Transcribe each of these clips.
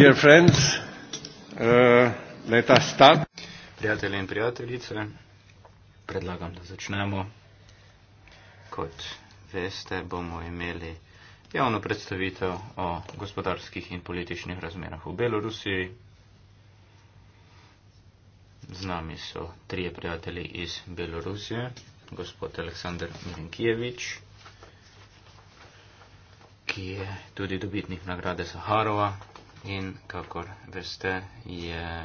Uh, prijatelji in prijateljice, predlagam, da začnemo. Kot veste, bomo imeli javno predstavitev o gospodarskih in političnih razmerah v Belorusiji. Z nami so trije prijatelji iz Belorusije, gospod Aleksandr Mlinkijevič, ki je tudi dobitnik nagrade Saharova, in kakor veste, je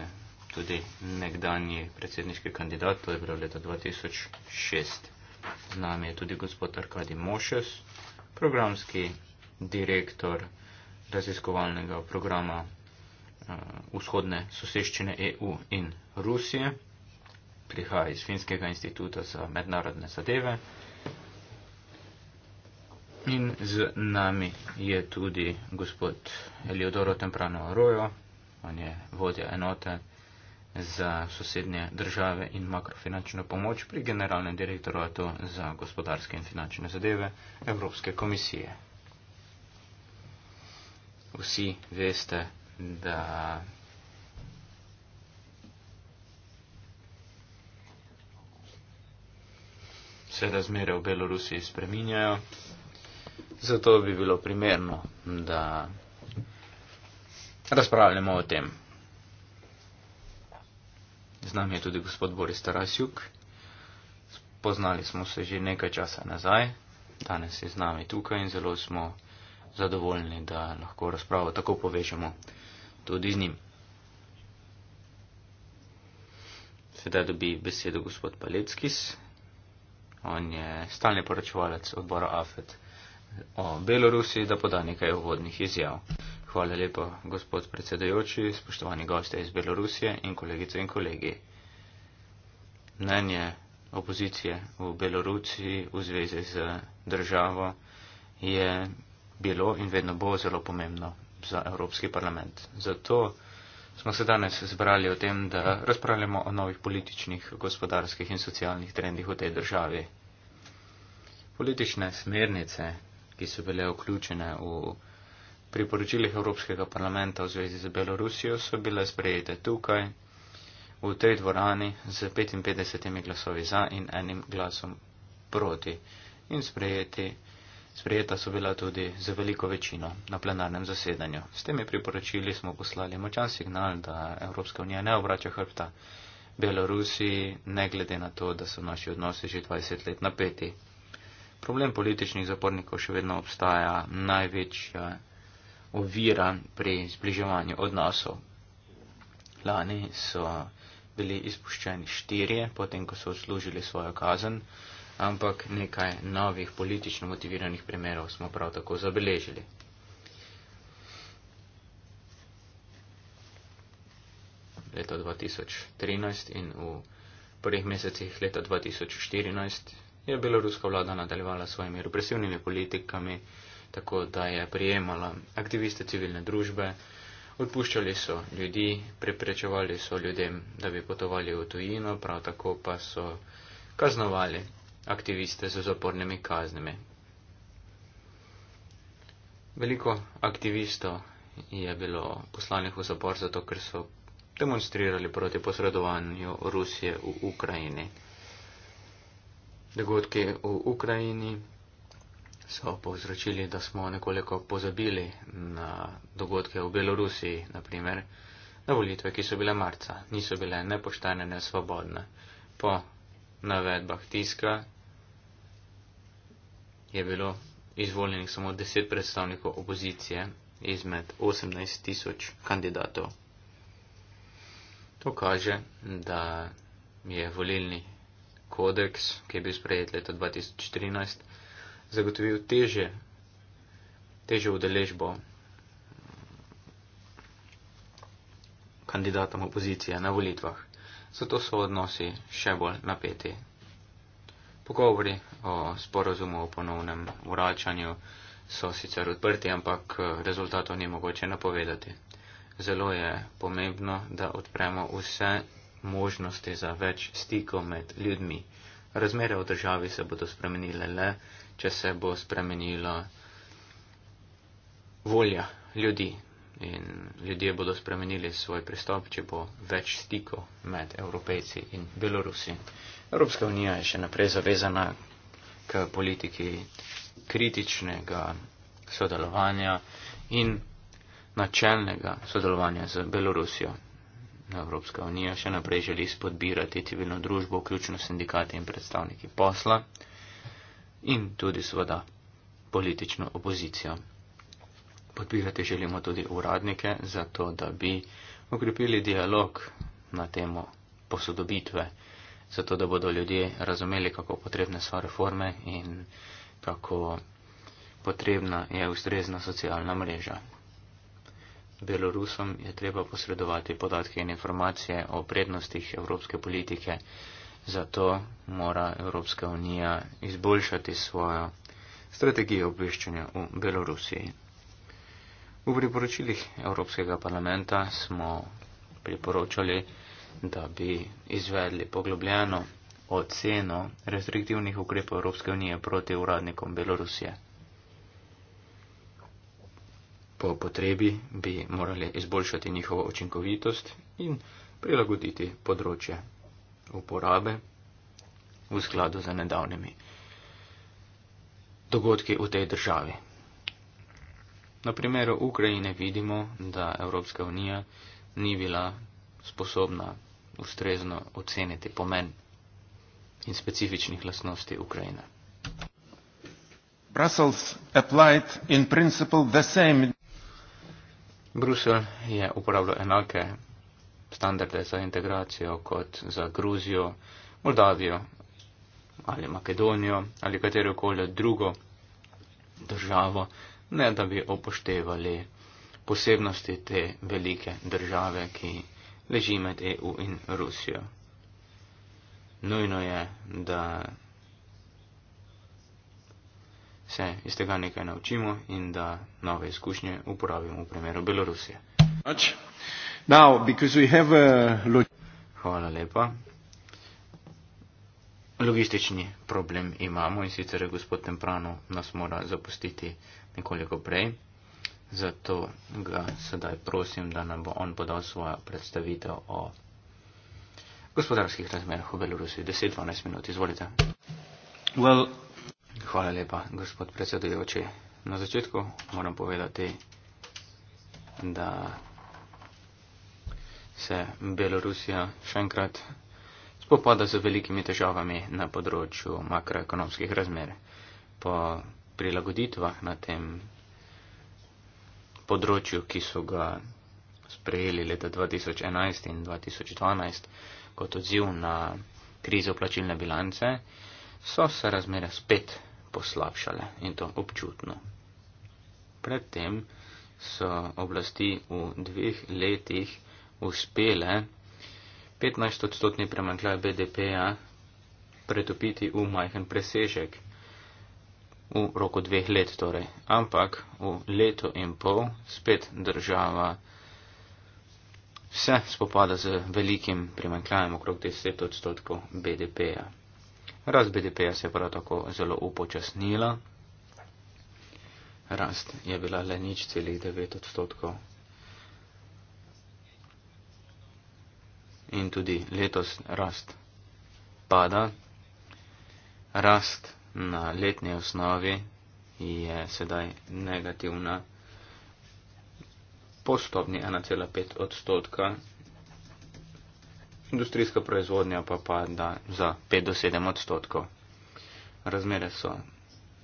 tudi nekdanji predsedniški kandidat, to je bilo leta 2006. Z nami je tudi gospod Arkadi Mošes, programski direktor raziskovalnega programa eh, vzhodne soseščine EU in Rusije, prihaja iz Finskega instituta za mednarodne zadeve. In z nami je tudi gospod Eliodoro Temprano Arojo, on je vodja enote za sosednje države in makrofinančno pomoč pri generalnem direktoratu za gospodarske in finančne zadeve Evropske komisije. Vsi veste, da se razmere v Belorusiji spreminjajo zato bi bilo primerno, da razpravljamo o tem. Z nami je tudi gospod Boris Tarasjuk. Poznali smo se že nekaj časa nazaj, danes je z nami tukaj in zelo smo zadovoljni, da lahko razpravo tako povežemo tudi z njim. Sedaj dobi besedo gospod Paleckis. On je stalni poročevalec odbora AFED o Belorusiji, da poda nekaj uvodnih izjav. Hvala lepo, gospod predsedajoči, spoštovani goste iz Belorusije in kolegice in kolegi. Mnenje opozicije v Belorusiji v zvezi z državo je bilo in vedno bo zelo pomembno za Evropski parlament. Zato smo se danes zbrali o tem, da razpravljamo o novih političnih, gospodarskih in socialnih trendih v tej državi. Politične smernice ki so bile vključene v priporočilih Evropskega parlamenta v zvezi z Belorusijo, so bile sprejete tukaj, v tej dvorani, z 55 glasovi za in enim glasom proti. In sprejeti, sprejeta so bila tudi z veliko večino na plenarnem zasedanju. S temi priporočili smo poslali močan signal, da Evropska unija ne obrača hrbta Belorusiji, ne glede na to, da so naši odnosi že 20 let napeti problem političnih zapornikov še vedno obstaja največja ovira pri zbliževanju odnosov. Lani so bili izpuščeni štirje, potem ko so odslužili svojo kazen, ampak nekaj novih politično motiviranih primerov smo prav tako zabeležili. Leto 2013 in v prvih mesecih leta 2014 je beloruska vlada nadaljevala svojimi represivnimi politikami, tako da je prijemala aktiviste civilne družbe, odpuščali so ljudi, preprečevali so ljudem, da bi potovali v tujino, prav tako pa so kaznovali aktiviste z zapornimi kaznimi. Veliko aktivistov je bilo poslanih v zapor zato, ker so demonstrirali proti posredovanju Rusije v Ukrajini dogodki v Ukrajini so povzročili, da smo nekoliko pozabili na dogodke v Belorusiji, naprimer na volitve, ki so bile marca. Niso bile nepoštene, nesvobodne. Po navedbah tiska je bilo izvoljenih samo 10 predstavnikov opozicije izmed 18 tisoč kandidatov. To kaže, da je volilni kodeks, ki je bil sprejet leta 2013, zagotovil teže, teže udeležbo kandidatom opozicije na volitvah. Zato so odnosi še bolj napeti. Pogovori o sporozumu o ponovnem vračanju so sicer odprti, ampak eh, rezultatov ni mogoče napovedati. Zelo je pomembno, da odpremo vse možnosti za več stikov med ljudmi. Razmere v državi se bodo spremenile le, če se bo spremenila volja ljudi in ljudje bodo spremenili svoj pristop, če bo več stikov med evropejci in belorusi. Evropska unija je še naprej zavezana k politiki kritičnega sodelovanja in načelnega sodelovanja z Belorusijo. No, Evropska unija še naprej želi spodbirati civilno družbo, vključno sindikate in predstavniki posla in tudi seveda politično opozicijo. Podpirati želimo tudi uradnike, zato da bi okrepili dialog na temo posodobitve, zato da bodo ljudje razumeli, kako potrebne so reforme in kako potrebna je ustrezna socialna mreža. Belorusom je treba posredovati podatke in informacije o prednostih evropske politike. Zato mora Evropska unija izboljšati svojo strategijo obveščanja v Belorusiji. V priporočilih Evropskega parlamenta smo priporočali, da bi izvedli poglobljeno oceno restriktivnih ukrepov Evropske unije proti uradnikom Belorusije po potrebi bi morali izboljšati njihovo očinkovitost in prilagoditi področje uporabe v skladu z nedavnimi dogodki v tej državi. Na primeru Ukrajine vidimo, da Evropska unija ni bila sposobna ustrezno oceniti pomen in specifičnih lastnosti Ukrajine. Brussels applied in principle the same Bruselj je uporabljal enake standarde za integracijo kot za Gruzijo, Moldavijo ali Makedonijo ali katero koli drugo državo, ne da bi opoštevali posebnosti te velike države, ki leži med EU in Rusijo. Nujno je, da se iz tega nekaj naučimo in da nove izkušnje uporabimo v primeru Belorusije. Now, Hvala lepa. Logistični problem imamo in sicer je gospod Temprano nas mora zapustiti nekoliko prej. Zato ga sedaj prosim, da nam bo on podal svojo predstavitev o gospodarskih razmerah v Belorusiji. 10-12 minut, izvolite. Well, Hvala lepa, gospod predsedujoči. Na začetku moram povedati, da se Belorusija še enkrat spopada z velikimi težavami na področju makroekonomskih razmer. Po prilagoditvah na tem področju, ki so ga sprejeli leta 2011 in 2012 kot odziv na krizo plačilne bilance, so se razmere spet poslabšale in to občutno. Predtem so oblasti v dveh letih uspele 15 odstotni premankljaj BDP-ja pretopiti v majhen presežek. V roku dveh let torej. Ampak v leto in pol spet država se spopada z velikim primankljajem okrog 10 odstotkov BDP-ja. Rast BDP-ja se je prav tako zelo upočasnila. Rast je bila le nič celih 9 odstotkov. In tudi letos rast pada. Rast na letni osnovi je sedaj negativna po stopni 1,5 odstotka industrijska proizvodnja pa pada za 5 do 7 odstotkov. Razmere so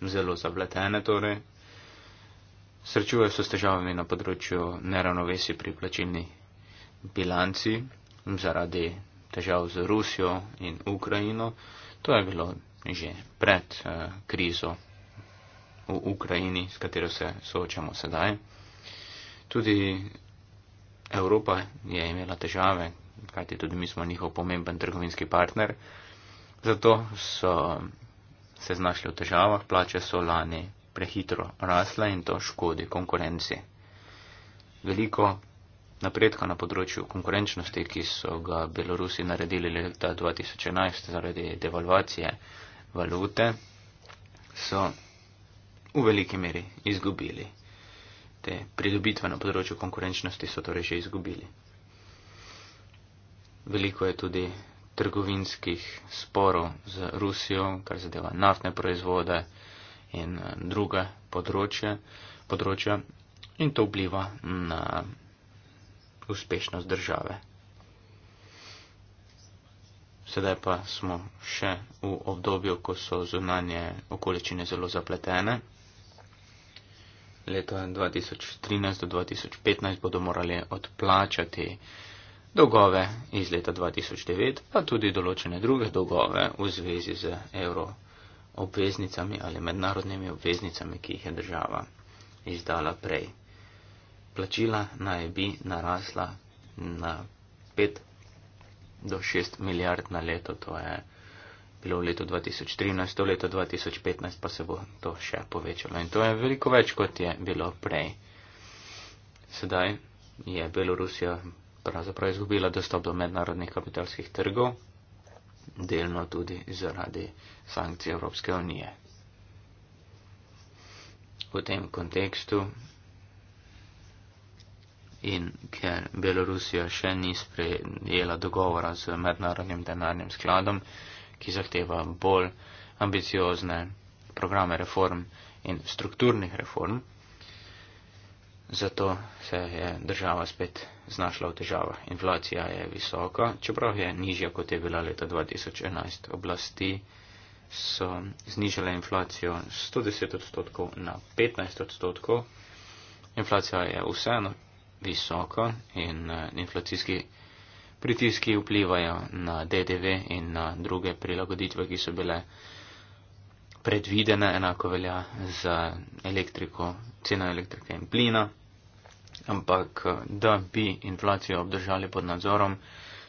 zelo zabletene, torej. Srečuje se s težavami na področju neravnovesi pri plačilni bilanci zaradi težav z Rusijo in Ukrajino. To je bilo že pred eh, krizo v Ukrajini, s katero se soočamo sedaj. Tudi Evropa je imela težave, kajti tudi mi smo njihov pomemben trgovinski partner. Zato so se znašli v težavah, plače so lani prehitro rasle in to škodi konkurenci. Veliko napredka na področju konkurenčnosti, ki so ga Belorusi naredili leta 2011 zaradi devalvacije valute, so v veliki meri izgubili. Te pridobitve na področju konkurenčnosti so torej že izgubili. Veliko je tudi trgovinskih sporov z Rusijo, kar zadeva naftne proizvode in eh, druge področje, področja in to vpliva na uspešnost države. Sedaj pa smo še v obdobju, ko so zunanje okoličine zelo zapletene. Leto 2013 do 2015 bodo morali odplačati dolgove iz leta 2009, pa tudi določene druge dolgove v zvezi z evro obveznicami ali mednarodnimi obveznicami, ki jih je država izdala prej. Plačila naj bi narasla na 5 do 6 milijard na leto, to je bilo v letu 2013, v letu 2015 pa se bo to še povečalo in to je veliko več, kot je bilo prej. Sedaj je Belorusija pravzaprav izgubila dostop do mednarodnih kapitalskih trgov, delno tudi zaradi sankcij Evropske unije. V tem kontekstu in ker Belorusija še ni sprejela dogovora z mednarodnim denarnim skladom, ki zahteva bolj ambiciozne programe reform in strukturnih reform, zato se je država spet znašla v težavah. Inflacija je visoka, čeprav je nižja, kot je bila leta 2011. Oblasti so znižale inflacijo z 110 odstotkov na 15 odstotkov. Inflacija je vseeno visoka in eh, inflacijski pritiski vplivajo na DDV in na druge prilagoditve, ki so bile predvidene, enako velja za elektriko, ceno elektrike in plina ampak da bi inflacijo obdržali pod nadzorom,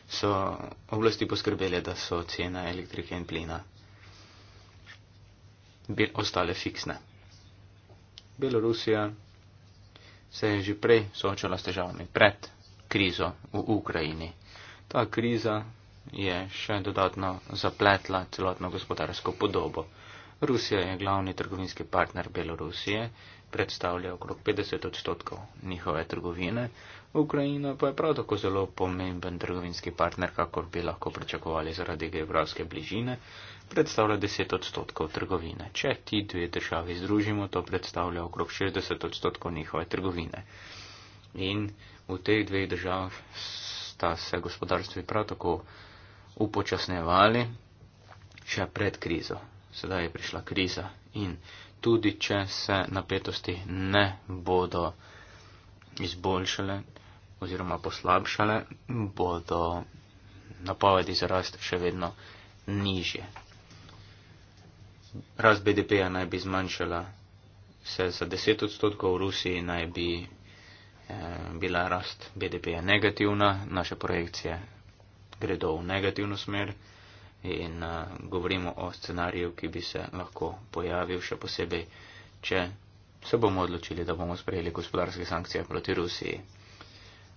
so oblasti poskrbele, da so cene elektrike in plina bi ostale fiksne. Belorusija se je že prej soočala s težavami pred krizo v Ukrajini. Ta kriza je še dodatno zapletla celotno gospodarsko podobo. Rusija je glavni trgovinski partner Belorusije predstavlja okrog 50 odstotkov njihove trgovine. Ukrajina pa je prav tako zelo pomemben trgovinski partner, kakor bi lahko pričakovali zaradi geografske bližine, predstavlja 10 odstotkov trgovine. Če ti dve državi združimo, to predstavlja okrog 60 odstotkov njihove trgovine. In v teh dveh državah sta se gospodarstvi prav tako upočasnevali še pred krizo. Sedaj je prišla kriza in tudi če se napetosti ne bodo izboljšale oziroma poslabšale, bodo napovedi za rast še vedno nižje. Rast BDP-ja naj bi zmanjšala se za 10 odstotkov, v Rusiji naj bi eh, bila rast BDP-ja negativna, naše projekcije gredo v negativno smer in uh, govorimo o scenariju, ki bi se lahko pojavil, še posebej, če se bomo odločili, da bomo sprejeli gospodarske sankcije proti Rusiji.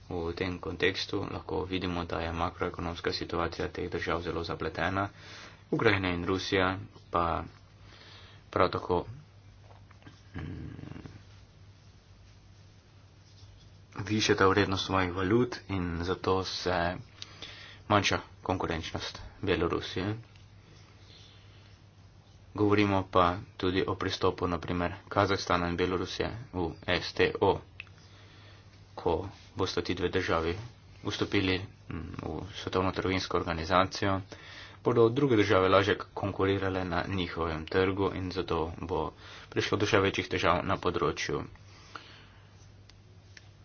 V tem kontekstu lahko vidimo, da je makroekonomska situacija teh držav zelo zapletena, Ukrajina in Rusija pa prav tako. Mm, Višata vrednost svojih valut in zato se manjša konkurenčnost Belorusije. Govorimo pa tudi o pristopu, naprimer, Kazahstana in Belorusije v STO, ko boste ti dve državi vstopili mm, v Svetovno trgovinsko organizacijo, bodo druge države lažje konkurirale na njihovem trgu in zato bo prišlo do še večjih težav na področju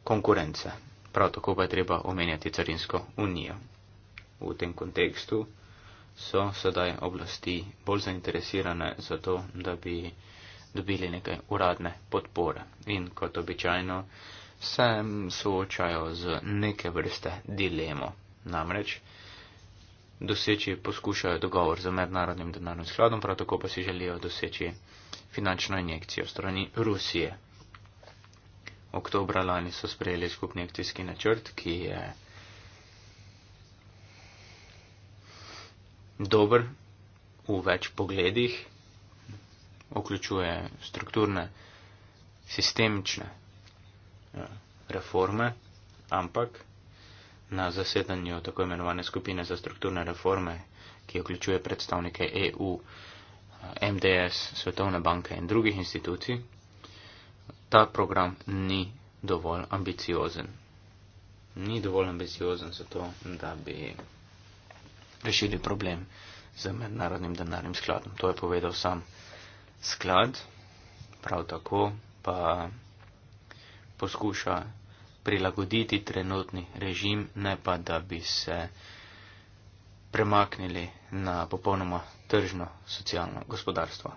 konkurence. Prav tako pa je treba omenjati carinsko unijo. V tem kontekstu so sedaj oblasti bolj zainteresirane za to, da bi dobili nekaj uradne podpore. In kot običajno se soočajo z neke vrste dilemo. Namreč doseči poskušajo dogovor z mednarodnim denarnim skladom, prav tako pa si želijo doseči finančno injekcijo strani Rusije. Oktobra lani so sprejeli skupni akcijski načrt, ki je dober v več pogledih, vključuje strukturne, sistemične eh, reforme, ampak na zasedanju tako imenovane skupine za strukturne reforme, ki vključuje predstavnike EU, eh, MDS, Svetovne banke in drugih institucij, ta program ni dovolj ambiciozen. Ni dovolj ambiciozen za to, da bi rešili problem z mednarodnim denarnim skladom. To je povedal sam sklad, prav tako pa poskuša prilagoditi trenutni režim, ne pa da bi se premaknili na popolnoma tržno socialno gospodarstvo.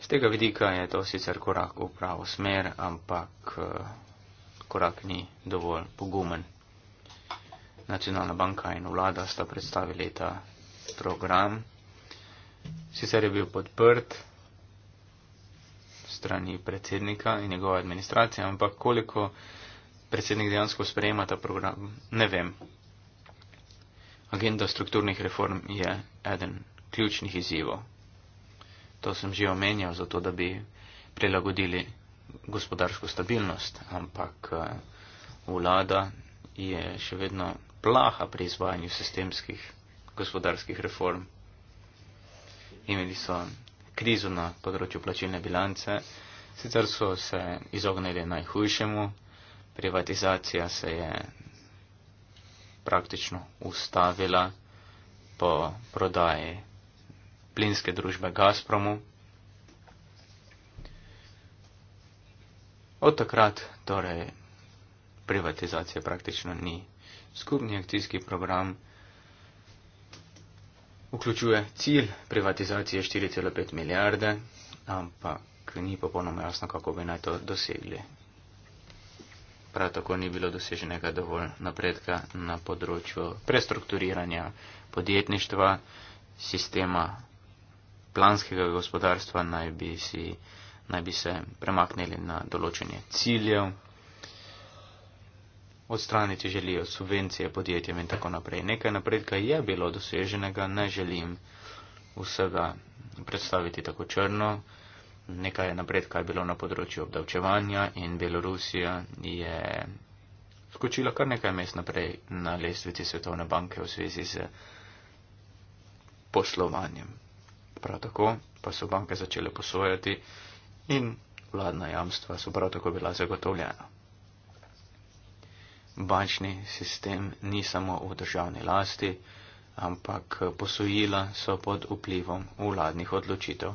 Z tega vidika je to sicer korak v pravo smer, ampak eh, korak ni dovolj pogumen. Nacionalna banka in vlada sta predstavili ta program. Sicer je bil podprt strani predsednika in njegove administracije, ampak koliko predsednik dejansko sprejema ta program, ne vem. Agenda strukturnih reform je eden ključnih izzivov. To sem že omenjal, zato da bi prilagodili gospodarsko stabilnost, ampak eh, vlada je še vedno plaha pri izvajanju sistemskih gospodarskih reform. Imeli so krizo na področju plačilne bilance, sicer so se izognili najhujšemu, privatizacija se je praktično ustavila po prodaji plinske družbe Gazpromu. Od takrat torej privatizacije praktično ni skupni akcijski program vključuje cilj privatizacije 4,5 milijarde, ampak ni popolnoma jasno, kako bi naj to dosegli. Prav tako ni bilo doseženega dovolj napredka na področju prestrukturiranja podjetništva, sistema planskega gospodarstva naj bi, si, naj bi se premaknili na določenje ciljev, odstraniti želijo subvencije podjetjem in tako naprej. Nekaj napredka je bilo doseženega, ne želim vsega predstaviti tako črno. Nekaj napredka je bilo na področju obdavčevanja in Belorusija je skočila kar nekaj mest naprej na lestvici Svetovne banke v zvezi z poslovanjem. Prav tako pa so banke začele posojati in vladna jamstva so prav tako bila zagotovljena bančni sistem ni samo v državni lasti, ampak posojila so pod vplivom vladnih odločitev.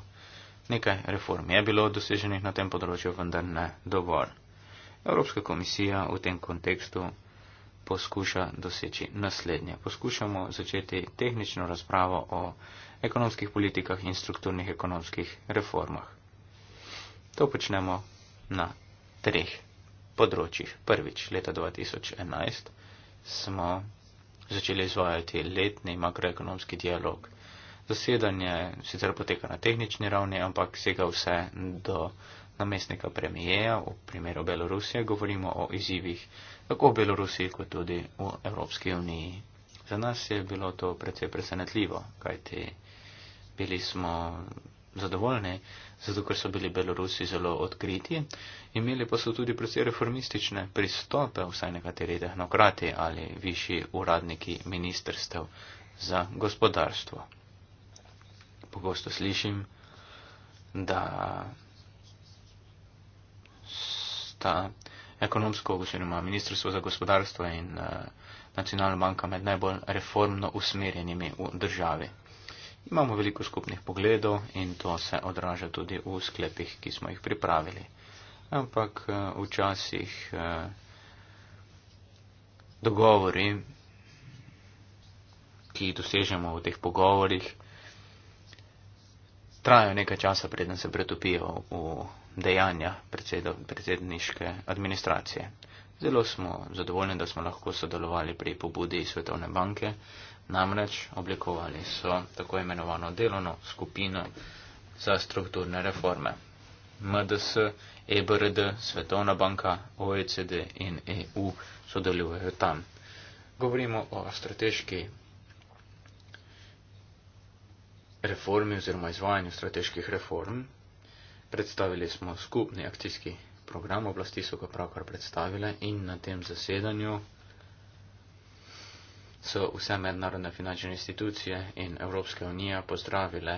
Nekaj reform je bilo doseženih na tem področju, vendar ne dovolj. Evropska komisija v tem kontekstu poskuša doseči naslednje. Poskušamo začeti tehnično razpravo o ekonomskih politikah in strukturnih ekonomskih reformah. To počnemo na treh področjih. Prvič, leta 2011, smo začeli izvajati letni makroekonomski dialog. Zasedanje sicer poteka na tehnični ravni, ampak sega vse do namestnika premijeja. V primeru Belorusije govorimo o izzivih tako v Belorusiji kot tudi v Evropski uniji. Za nas je bilo to precej presenetljivo, kajti bili smo zadovoljni, zato ker so bili Belorusi zelo odkriti, imeli pa so tudi precej reformistične pristope, vsaj nekateri tehnokrati ali višji uradniki ministrstev za gospodarstvo. Pogosto slišim, da sta ekonomsko, oziroma ministrstvo za gospodarstvo in uh, nacionalna banka med najbolj reformno usmerjenimi v državi. Imamo veliko skupnih pogledov in to se odraža tudi v sklepih, ki smo jih pripravili. Ampak eh, včasih eh, dogovori, ki jih dosežemo v teh pogovorih, trajajo nekaj časa, preden se pretopijo v dejanja predsedniške administracije. Zelo smo zadovoljni, da smo lahko sodelovali pri pobudi Svetovne banke, Namreč oblikovali so tako imenovano delovno skupino za strukturne reforme. MDS, EBRD, Svetovna banka, OECD in EU sodelujejo tam. Govorimo o strateški reformi oziroma izvajanju strateških reform. Predstavili smo skupni akcijski program, oblasti so ga pravkar predstavile in na tem zasedanju so vse mednarodne finančne institucije in Evropska unija pozdravile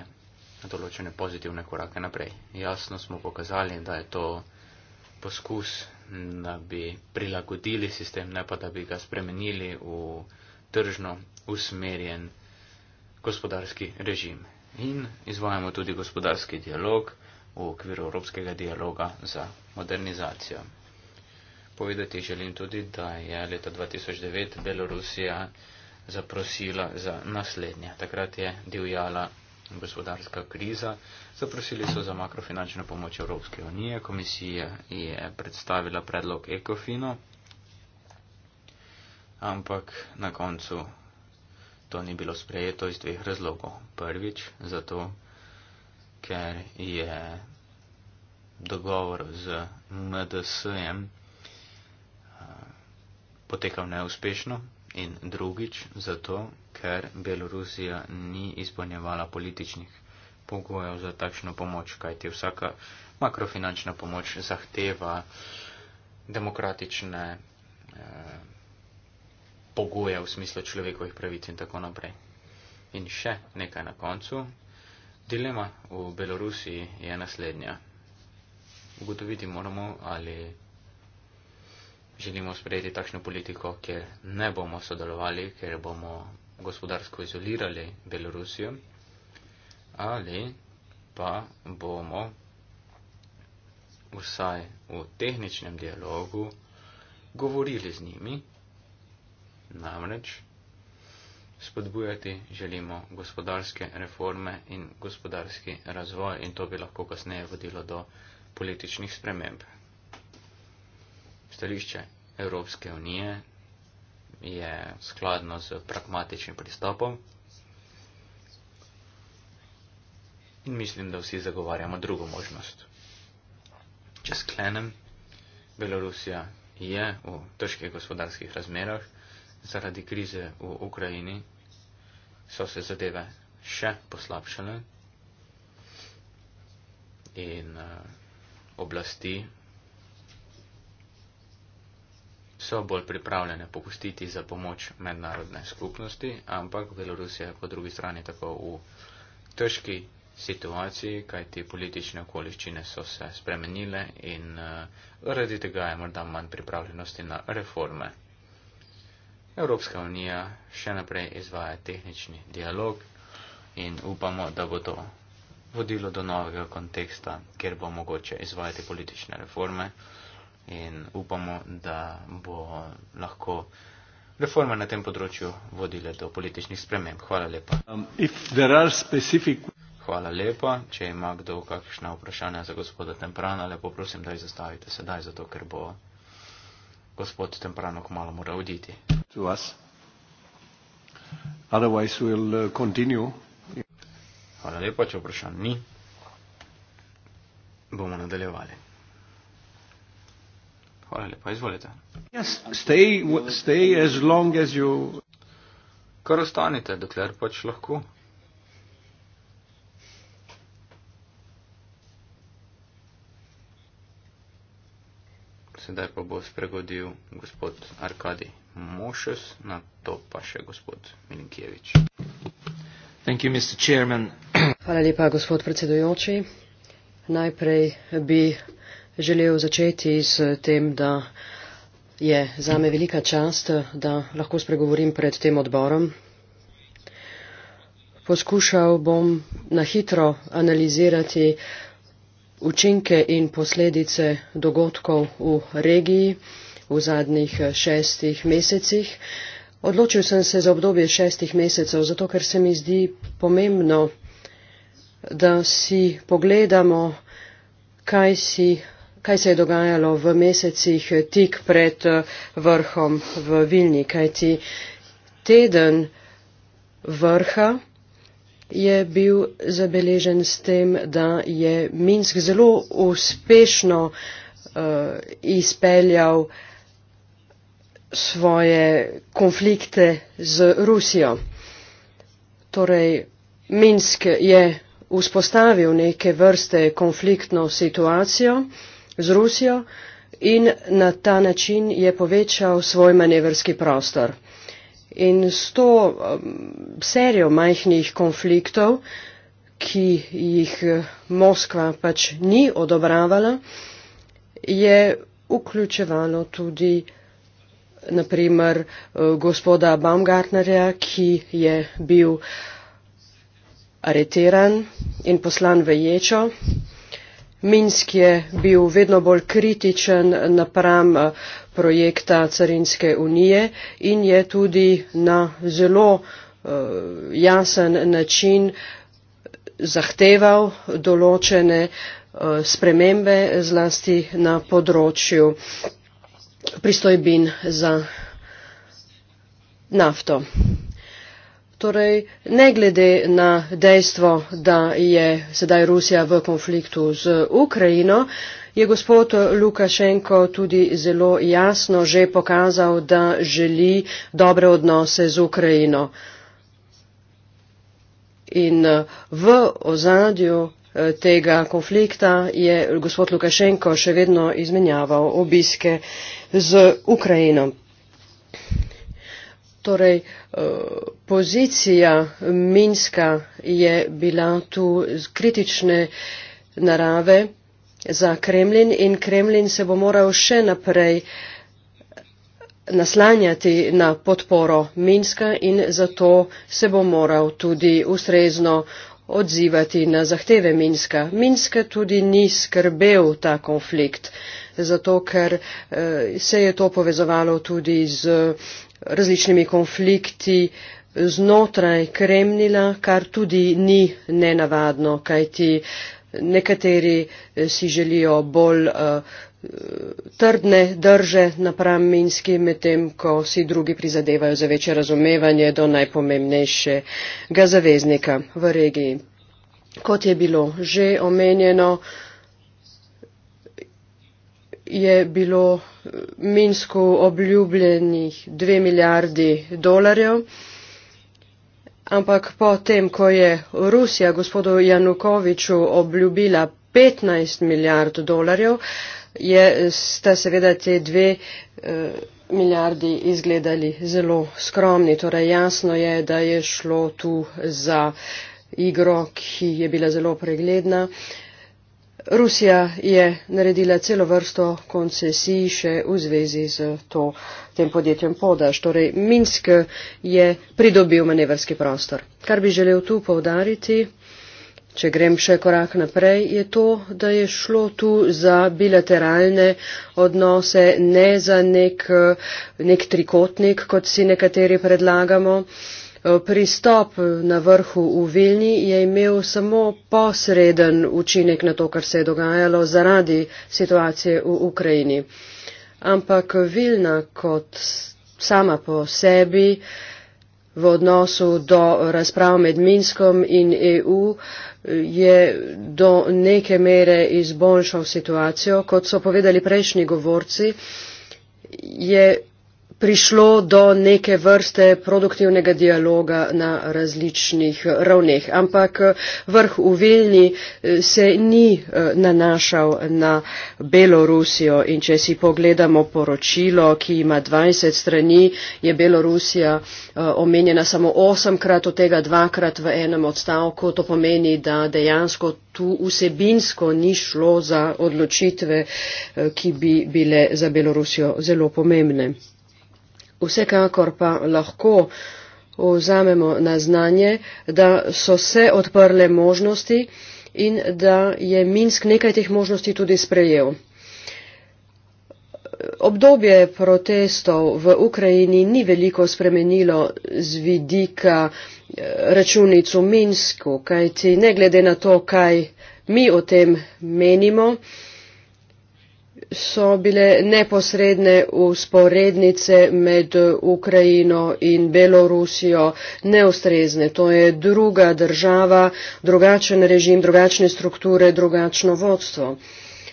določene pozitivne korake naprej. Jasno smo pokazali, da je to poskus, da bi prilagodili sistem, ne pa da bi ga spremenili v tržno usmerjen gospodarski režim. In izvajamo tudi gospodarski dialog v okviru Evropskega dialoga za modernizacijo. Povedati želim tudi, da je leta 2009 Belorusija zaprosila za naslednje. Takrat je divjala gospodarska kriza. Zaprosili so za makrofinančno pomoč Evropske unije. Komisija je predstavila predlog ECOFINO, ampak na koncu to ni bilo sprejeto iz dveh razlogov. Prvič, zato, ker je dogovor z MDS-jem potekal neuspešno, in drugič zato, ker Belorusija ni izpolnjevala političnih pogojev za takšno pomoč, kajti vsaka makrofinančna pomoč zahteva demokratične eh, pogoje v smislu človekovih pravic in tako naprej. In še nekaj na koncu. Dilema v Belorusiji je naslednja. Ugotoviti moramo, ali želimo sprejeti takšno politiko, kjer ne bomo sodelovali, kjer bomo gospodarsko izolirali Belorusijo, ali pa bomo vsaj v tehničnem dialogu govorili z njimi, namreč spodbujati želimo gospodarske reforme in gospodarski razvoj in to bi lahko kasneje vodilo do političnih sprememb. Stališče Evropske unije je skladno z pragmatičnim pristopom in mislim, da vsi zagovarjamo drugo možnost. Če sklenem, Belorusija je v težkih gospodarskih razmerah zaradi krize v Ukrajini, so se zadeve še poslabšale in uh, oblasti so bolj pripravljene popustiti za pomoč mednarodne skupnosti, ampak Belorusija je po drugi strani tako v težki situaciji, kaj ti politične okoliščine so se spremenile in zaradi eh, uh, tega je morda manj pripravljenosti na reforme. Evropska unija še naprej izvaja tehnični dialog in upamo, da bo to vodilo do novega konteksta, kjer bo mogoče izvajati politične reforme in upamo, da bo lahko reforme na tem področju vodile do političnih sprememb. Hvala lepa. Um, specific... Hvala lepa. Če ima kdo kakšna vprašanja za gospoda Temprana, lepo prosim, da jih zastavite sedaj, zato ker bo gospod Temprano kmalo mora oditi. We'll uh, Hvala lepa, če vprašanj ni, bomo nadaljevali. Hvala lepa, izvolite. Yes, stay, stay as long as you... Kar ostanite, dokler pač lahko. Sedaj pa bo spregodil gospod Arkadi Mošes, na to pa še gospod Milinkjevič. Thank you, Mr. Chairman. Hvala lepa, gospod predsedujoči. Najprej bi želel začeti s tem, da je zame velika čast, da lahko spregovorim pred tem odborom. Poskušal bom na hitro analizirati učinke in posledice dogodkov v regiji v zadnjih šestih mesecih. Odločil sem se za obdobje šestih mesecev, zato ker se mi zdi pomembno, da si pogledamo, kaj si kaj se je dogajalo v mesecih eh, tik pred eh, vrhom v Vilni, kajti teden vrha je bil zabeležen s tem, da je Minsk zelo uspešno uh, izpeljal svoje konflikte z Rusijo. Torej, Minsk je vzpostavil neke vrste konfliktno situacijo, z Rusijo in na ta način je povečal svoj manevrski prostor. In s to um, serijo majhnih konfliktov, ki jih eh, Moskva pač ni odobravala, je vključevalo tudi naprimer eh, gospoda Baumgartnerja, ki je bil areteran in poslan v Ječo minsk je bil vedno bolj kritičen napram eh, projekta carinske unije in je tudi na zelo eh, jasen način zahteval določene eh, spremembe zlasti na področju pristojbin za nafto. Torej, ne glede na dejstvo, da je sedaj Rusija v konfliktu z Ukrajino, je gospod Lukašenko tudi zelo jasno že pokazal, da želi dobre odnose z Ukrajino. In v ozadju eh, tega konflikta je gospod Lukašenko še vedno izmenjaval obiske z Ukrajino torej eh, pozicija Minska je bila tu kritične narave za Kremlin in Kremlin se bo moral še naprej naslanjati na podporo Minska in zato se bo moral tudi ustrezno odzivati na zahteve Minska. Minska tudi ni skrbel ta konflikt, zato ker eh, se je to povezovalo tudi z različnimi konflikti znotraj Kremlina, kar tudi ni nenavadno, kajti nekateri eh, si želijo bolj eh, trdne drže napram Minski, medtem ko si drugi prizadevajo za večje razumevanje do najpomembnejšega zaveznika v regiji. Kot je bilo že omenjeno, je bilo Minsku obljubljenih dve milijardi dolarjev. Ampak potem, ko je Rusija gospodu Janukoviču obljubila 15 milijard dolarjev, je, sta seveda te dve eh, milijardi izgledali zelo skromni. Torej jasno je, da je šlo tu za igro, ki je bila zelo pregledna. Eh, Rusija je naredila celo vrsto koncesij še v zvezi z to, tem podjetjem Podaž. Torej, Minsk je pridobil manevrski prostor. Kar bi želel tu povdariti, če grem še korak naprej, je to, da je šlo tu za bilateralne odnose, ne za nek, nek trikotnik, kot si nekateri predlagamo. Uh, Eh, pristop na vrhu v Vilni je imel samo posreden učinek na to, kar se je dogajalo zaradi situacije v Ukrajini. Ampak Vilna kot sama po sebi v odnosu do razprav med Minskom in EU je do neke mere izboljšal situacijo, kot so povedali prejšnji govorci, je prišlo do neke vrste produktivnega dialoga na različnih ravneh. Ampak eh, vrh v Vilni eh, se ni eh, nanašal na Belorusijo in če si pogledamo poročilo, ki ima 20 strani, je Belorusija omenjena samo osemkrat, od tega dvakrat v enem odstavku. To pomeni, da dejansko tu vsebinsko ni šlo za odločitve, ki bi bile za Belorusijo zelo pomembne. Vsekakor pa lahko vzamemo na znanje, da so se odprle možnosti in da je Minsk nekaj teh možnosti tudi sprejel. Obdobje protestov v Ukrajini ni veliko spremenilo z vidika eh, računic v Minsku, kajti ne glede na to, kaj mi o tem menimo, so bile neposredne usporednice med Ukrajino in Belorusijo neustrezne. To je druga država, drugačen režim, drugačne strukture, drugačno vodstvo.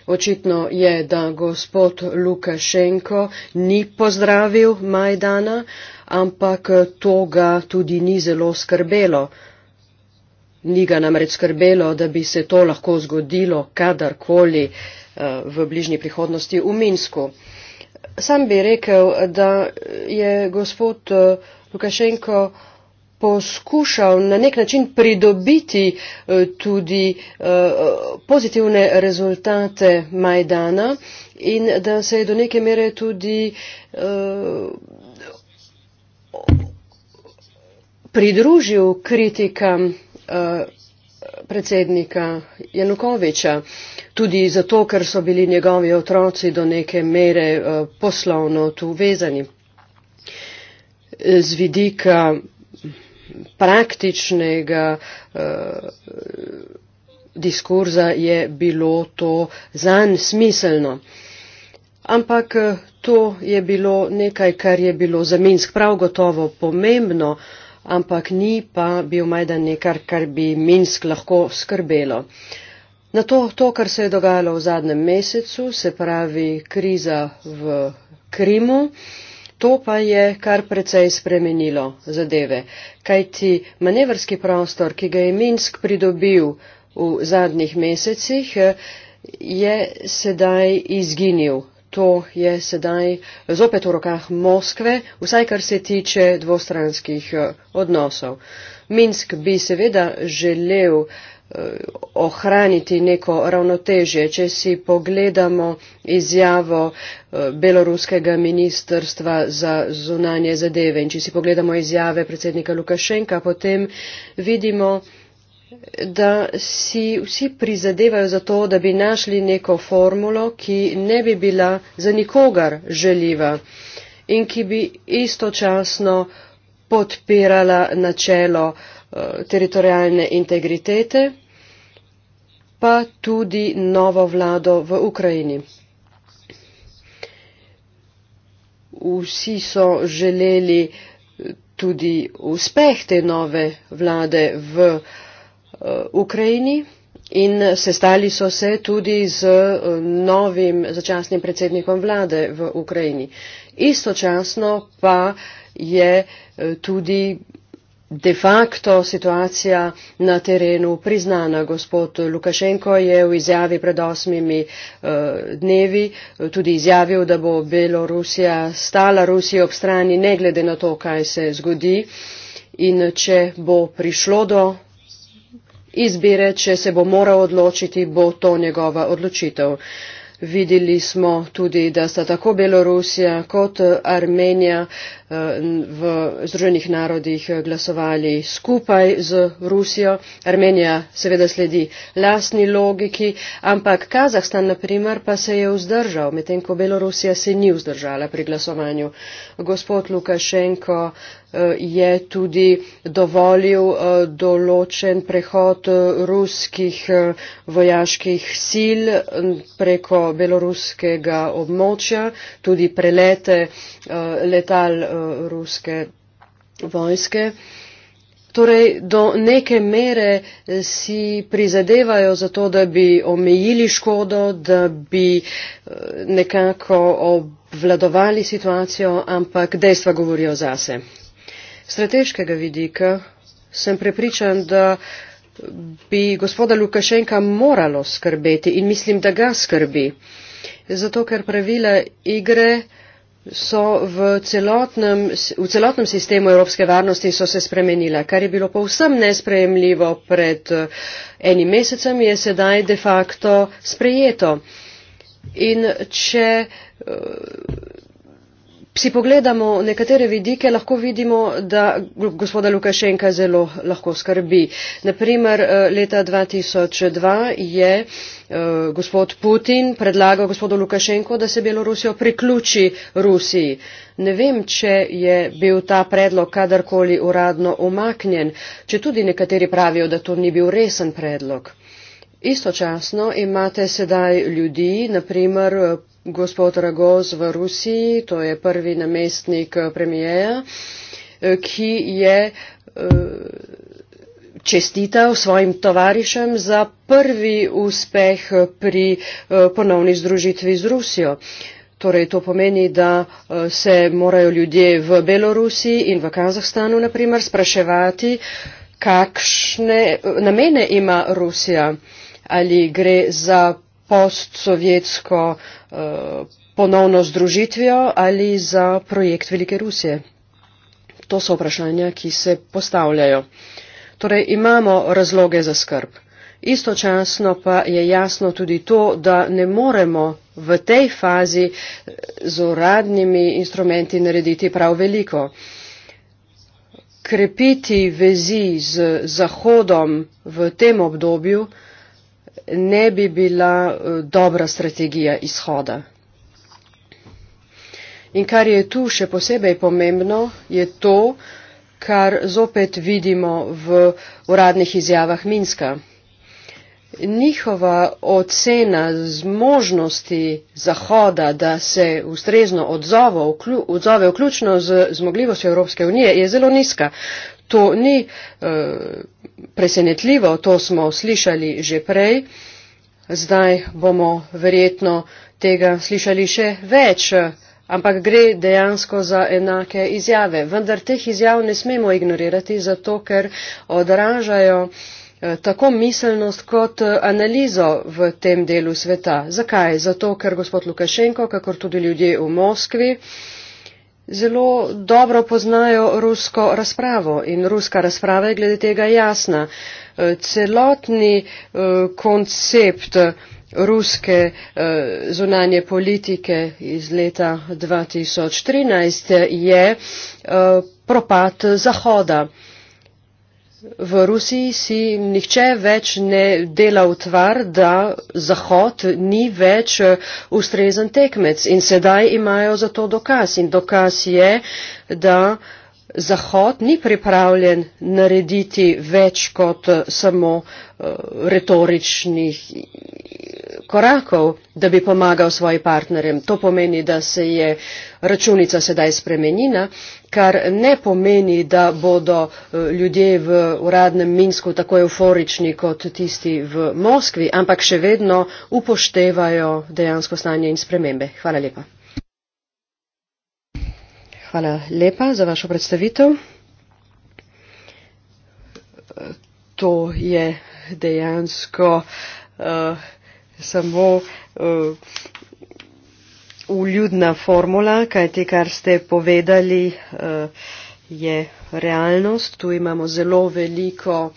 Očitno je, da gospod Lukašenko ni pozdravil Majdana, ampak to ga tudi ni zelo skrbelo. Ni ga namreč skrbelo, da bi se to lahko zgodilo kadarkoli v bližnji prihodnosti v Minsku. Sam bi rekel, da je gospod eh, Lukašenko poskušal na nek način pridobiti eh, tudi eh, pozitivne rezultate Majdana in da se je do neke mere tudi pridružil kritikam predsednika Janukoviča, tudi zato, ker so bili njegovi otroci do neke mere eh, poslovno tu vezani. Z vidika praktičnega eh, diskurza je bilo to zanj smiselno. Ampak eh, to je bilo nekaj, kar je bilo za Minsk prav gotovo pomembno ampak ni pa bil Majdan nekar, kar bi Minsk lahko skrbelo. Na to, to, kar se je dogajalo v zadnjem mesecu, se pravi kriza v Krimu, to pa je kar precej spremenilo zadeve. Kajti manevrski prostor, ki ga je Minsk pridobil v zadnjih mesecih, je sedaj izginil to je sedaj zopet v rokah Moskve, vsaj kar se tiče dvostranskih eh, odnosov. Minsk bi seveda želel eh, ohraniti neko ravnotežje. Če si pogledamo izjavo eh, beloruskega ministrstva za zunanje zadeve in če si pogledamo izjave predsednika Lukašenka, potem vidimo, da si vsi prizadevajo za to, da bi našli neko formulo, ki ne bi bila za nikogar želiva in ki bi istočasno podpirala načelo eh, teritorijalne integritete, pa tudi novo vlado v Ukrajini. Vsi so želeli tudi uspeh te nove vlade v Ukrajini. Eh, ukrajini in sestali so se tudi z eh, novim začasnim predsednikom vlade v ukrajini. Istočasno pa je eh, tudi de facto situacija na terenu priznana. Gospod Lukašenko je v izjavi pred osmimi dnevi tudi izjavil, da bo Belorusija stala Rusiji ob strani, ne glede na to, kaj se zgodi. In če bo prišlo do izbire, če se bo moral odločiti, bo to njegova odločitev. Videli smo tudi, da sta tako Belorusija kot Armenija eh, v Združenih narodih glasovali skupaj z Rusijo. Armenija seveda sledi lastni logiki, ampak Kazahstan naprimer pa se je vzdržal, medtem ko Belorusija se ni vzdržala pri glasovanju. Gospod Lukašenko, je tudi dovolil eh, določen prehod eh, ruskih eh, vojaških sil preko beloruskega območja, tudi prelete letal ruske vojske. Torej, do neke mere si prizadevajo za to, da bi omejili škodo, da bi nekako obvladovali situacijo, ampak dejstva govorijo zase strateškega vidika sem prepričan, da bi gospoda Lukašenka moralo skrbeti in mislim, da ga skrbi. Zato, ker pravila igre so v celotnem, v celotnem sistemu evropske varnosti so se spremenila, kar je bilo povsem nesprejemljivo pred eh, enim mesecem, je sedaj de facto sprejeto. In če eh, si pogledamo nekatere vidike lahko vidimo da gospoda lukašenka zelo lahko skrbi na primer eh, leta dva tisoč dva je eh, gospod putin predlagal gospodu lukašenku da se belorusijo priključi rusiji ne vem če je bil ta predlog kadarkoli uradno umaknjen četudi nekateri pravijo da to ni bil resen predlog istočasno imate sedaj ljudi na primer eh, gospod Ragoz v Rusiji, to je prvi namestnik eh, premijeja, eh, ki je eh, čestital svojim tovarišem za prvi uspeh pri ponovni združitvi z Rusijo. Torej, to pomeni, da se morajo ljudje v Belorusiji in v Kazahstanu, naprimer, spraševati, kakšne namene ima Rusija. Ali gre za postsovjetsko eh, ponovno združitvijo ali za projekt Velike Rusije. To so vprašanja, ki se postavljajo. Torej imamo razloge za skrb. Istočasno pa je jasno tudi to, da ne moremo v tej fazi eh, z uradnimi instrumenti narediti prav veliko. Krepiti vezi z Zahodom v tem obdobju, ne bi bila e, dobra strategija izhoda. In kar je tu še posebej pomembno, je to, kar zopet vidimo v uradnih izjavah Minska. Njihova ocena zmožnosti Zahoda, da se ustrezno odzove, vključno z zmogljivostjo Evropske unije, je zelo nizka. To ni eh, presenetljivo, to smo slišali že prej. Zdaj bomo verjetno tega slišali še več, eh, ampak gre dejansko za enake izjave. Vendar teh izjav ne smemo ignorirati, zato ker odražajo eh, tako miselnost kot eh, analizo v tem delu sveta. Zakaj? Zato, ker gospod Lukašenko, kakor tudi ljudje v Moskvi, eh, zelo dobro poznajo rusko razpravo in ruska razprava je glede tega jasna. E, celotni e, koncept ruske e, zunanje politike iz leta 2013 je propad Zahoda. V Rusiji si nihče več ne dela utvar, da Zahod ni več eh, ustrezen tekmec in sedaj imajo za to dokaz. In dokaz je, da Zahod ni pripravljen narediti več kot eh, samo eh, retoričnih korakov, da bi pomagal svojim partnerjem. To pomeni, da se je računica sedaj spremenjena kar ne pomeni da bodo eh, ljudje v uradnem minsku tako euforični kot tisti v moskvi ampak še vedno upoštevajo dejansko stanje in spremembe hvala lepa hvala lepa za vašo predstavitev to je dejansko uh, samo uh, uljudna formula, kaj ti, kar ste povedali, eh, je realnost. Tu imamo zelo veliko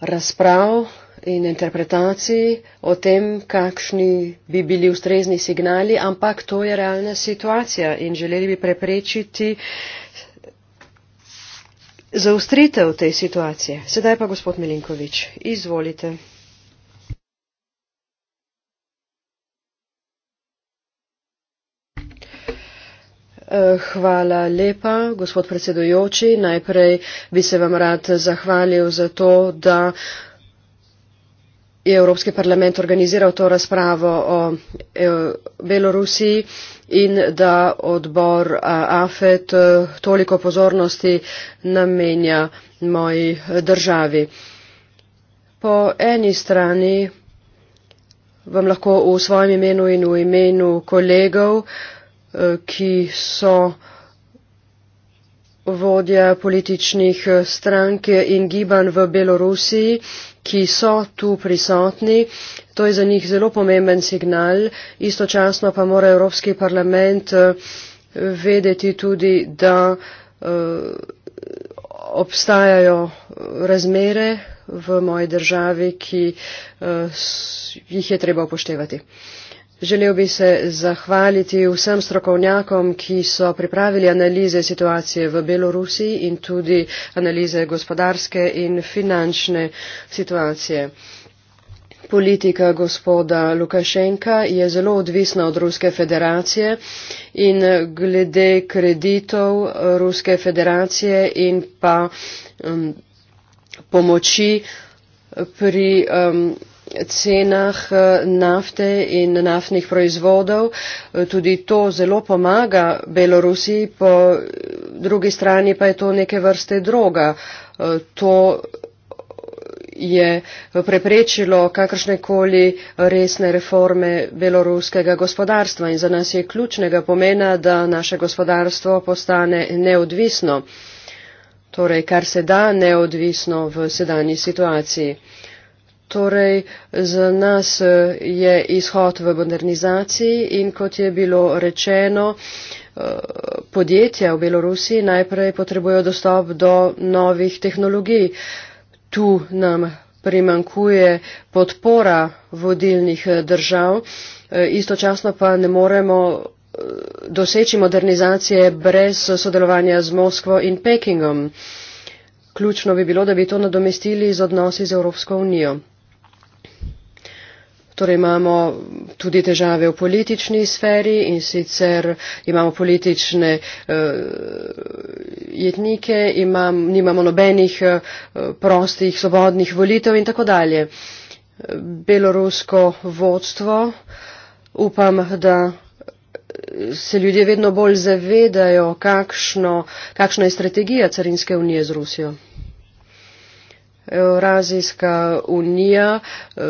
razprav in interpretacij o tem, kakšni bi bili ustrezni signali, ampak to je realna situacija in želeli bi preprečiti zaustritev te situacije. Sedaj pa gospod Milinkovič, izvolite. Eh, hvala lepa, gospod predsedujoči. Najprej bi se vam rad zahvalil za to, da je Evropski parlament organiziral to razpravo o eh, Belorusiji in da odbor eh, AFET toliko pozornosti namenja moji državi. Po eni strani vam lahko v svojem imenu in v imenu kolegov Eh, ki so vodja političnih eh, strank in gibanj v Belorusiji, ki so tu prisotni. To je za njih zelo pomemben signal. Istočasno pa mora Evropski parlament eh, vedeti tudi, da obstajajo razmere v moji državi, ki jih je treba upoštevati. Želel bi se zahvaliti vsem strokovnjakom, ki so pripravili analize situacije v Belorusiji in tudi analize gospodarske in finančne situacije. Politika gospoda Lukašenka je zelo odvisna od Ruske federacije in glede kreditov Ruske federacije in pa um, pomoči pri. Um, cenah eh, nafte in naftnih proizvodov. Eh, tudi to zelo pomaga Belorusiji, po drugi strani pa je to neke vrste droga. Eh, to je preprečilo kakršnekoli resne reforme beloruskega gospodarstva in za nas je ključnega pomena, da naše gospodarstvo postane neodvisno, torej kar se da neodvisno v sedanji situaciji. Torej, za nas eh, je izhod v modernizaciji in kot je bilo rečeno, eh, podjetja v Belorusiji najprej potrebujejo dostop do novih tehnologij. Tu nam primankuje podpora vodilnih eh, držav, istočasno pa ne moremo doseči modernizacije brez sodelovanja z Moskvo in Pekingom. Ključno bi bilo, da bi to nadomestili z odnosi z Evropsko unijo. Torej imamo tudi težave v politični sferi in sicer imamo politične uh, jetnike, imam, nimamo nobenih uh, prostih, svobodnih volitev in tako dalje. Belorusko vodstvo, upam, da eh, se ljudje vedno bolj zavedajo, kakšno, kakšna je strategija carinske unije z Rusijo. Evrazijska unija, eh,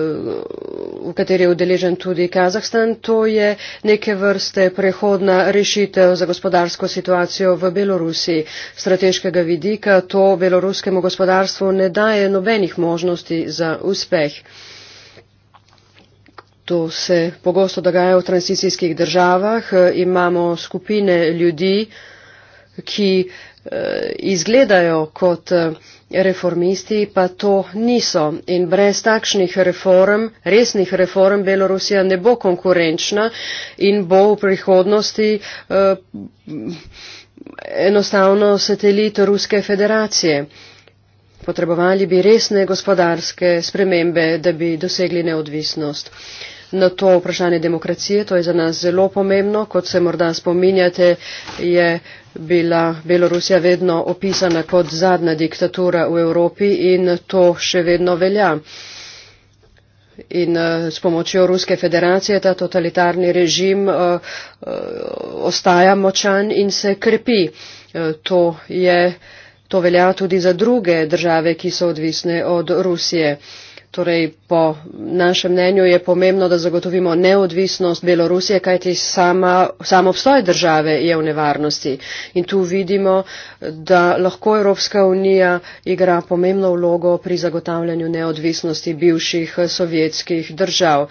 v kateri je udeležen tudi Kazahstan. To je neke vrste prehodna rešitev za gospodarsko situacijo v Belorusiji. Strateškega vidika to beloruskemu gospodarstvu ne daje nobenih možnosti za uspeh. To se pogosto dogaja v tranzicijskih državah. Imamo skupine ljudi, ki eh, izgledajo kot eh, reformisti pa to niso. In brez takšnih reform, resnih reform, Belorusija ne bo konkurenčna in bo v prihodnosti eh, enostavno satelit Ruske federacije. Potrebovali bi resne gospodarske spremembe, da bi dosegli neodvisnost. Na to vprašanje demokracije, to je za nas zelo pomembno, kot se morda spominjate, je uh, bila Belorusija vedno opisana kot zadnja diktatura v Evropi in to še vedno velja. In eh, s pomočjo Ruske federacije ta totalitarni režim eh, eh, ostaja močan in se krepi. To, je, to velja tudi za druge države, ki so odvisne od Rusije. Torej, po našem mnenju je pomembno, da zagotovimo neodvisnost Belorusije, kajti sama, samo obstoj države je v nevarnosti. In tu vidimo, da lahko Evropska unija igra pomembno vlogo pri zagotavljanju neodvisnosti bivših sovjetskih držav.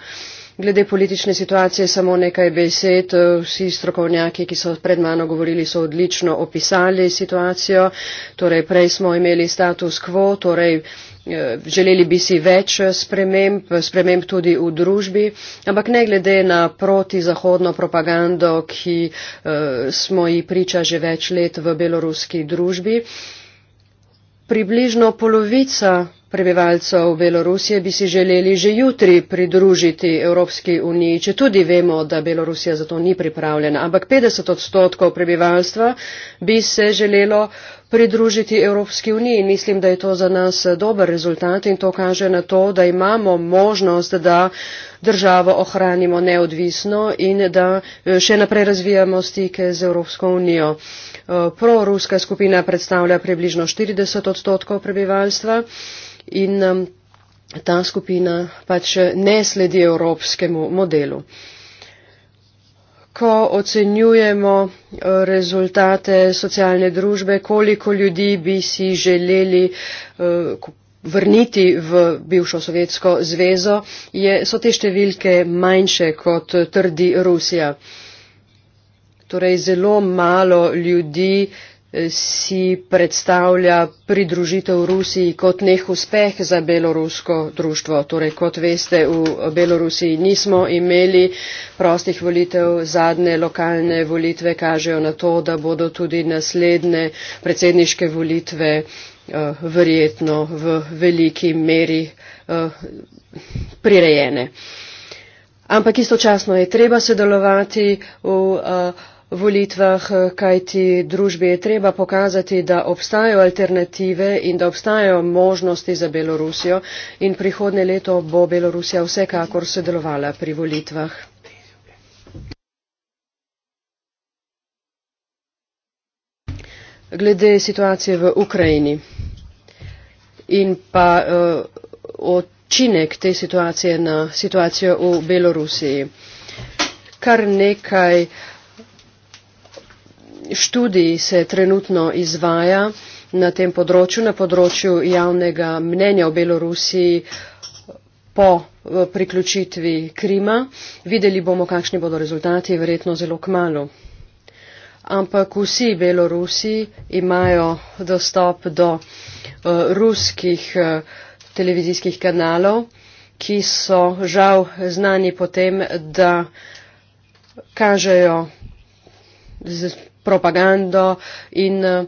Glede politične situacije samo nekaj besed. Vsi strokovnjaki, ki so pred mano govorili, so odlično opisali situacijo. Torej, prej smo imeli status quo, torej Eh, želeli bi si več eh, sprememb, sprememb tudi v družbi, ampak ne glede na protizahodno propagando, ki eh, smo ji priča že več let v beloruski družbi. Približno polovica prebivalcev Belorusije bi si želeli že jutri pridružiti Evropski uniji, če tudi vemo, da Belorusija za to ni pripravljena. Ampak 50 odstotkov prebivalstva bi se želelo pridružiti Evropski uniji in mislim, da je to za nas dober rezultat in to kaže na to, da imamo možnost, da državo ohranimo neodvisno in da eh, še naprej razvijamo stike z Evropsko unijo. Eh, proruska skupina predstavlja približno 40 odstotkov prebivalstva in ta skupina pač ne sledi evropskemu modelu ko ocenjujemo eh, rezultate socialne družbe, koliko ljudi bi si želeli eh, vrniti v bivšo Sovjetsko zvezo, je, so te številke manjše, kot trdi Rusija. Torej zelo malo ljudi uh, si predstavlja pridružitev Rusiji kot nek uspeh za belorusko društvo. Torej, kot veste, v Belorusiji nismo imeli prostih volitev, zadnje lokalne volitve kažejo na to, da bodo tudi naslednje predsedniške volitve eh, verjetno v veliki meri eh, prirejene. Ampak istočasno je treba sodelovati v uh, volitvah, eh, kajti družbi je treba pokazati, da obstajajo alternative in da obstajajo možnosti za Belorusijo in prihodne leto bo Belorusija vsekakor sodelovala pri volitvah. Glede situacije v Ukrajini in pa uh, eh, očinek te situacije na situacijo v Belorusiji. Kar nekaj uh, študij se trenutno izvaja na tem področju, na področju javnega mnenja o Belorusiji po priključitvi Krima. Videli bomo, kakšni bodo rezultati, verjetno zelo kmalo. Ampak vsi Belorusi imajo dostop do uh, ruskih uh, televizijskih kanalov, ki so žal znani potem, da kažejo z, propagando in eh,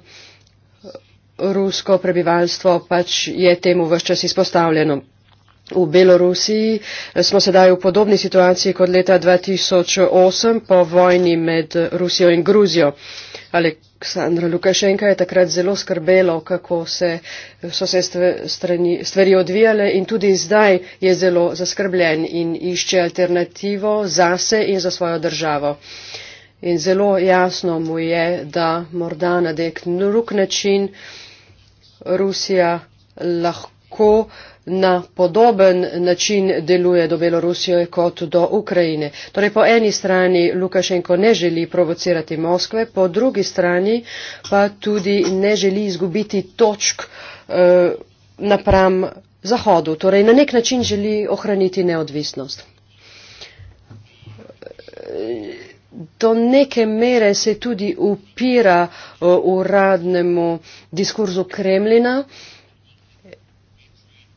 rusko prebivalstvo pač je temu vse čas izpostavljeno. V Belorusiji eh, smo sedaj v podobni situaciji kot leta 2008 po vojni med Rusijo in Gruzijo. Aleksandra Lukašenka je takrat zelo skrbelo, kako se, so se stvari, stvari odvijale in tudi zdaj je zelo zaskrbljen in išče alternativo zase in za svojo državo. Uh, in zelo jasno mu je, da morda na nek drug način Rusija lahko na podoben način deluje do Belorusije kot do Ukrajine. Torej po eni strani Lukašenko ne želi provocirati Moskve, po drugi strani pa tudi ne želi izgubiti točk eh, napram Zahodu. Torej na nek način želi ohraniti neodvisnost do neke mere se tudi upira uradnemu diskurzu Kremlina.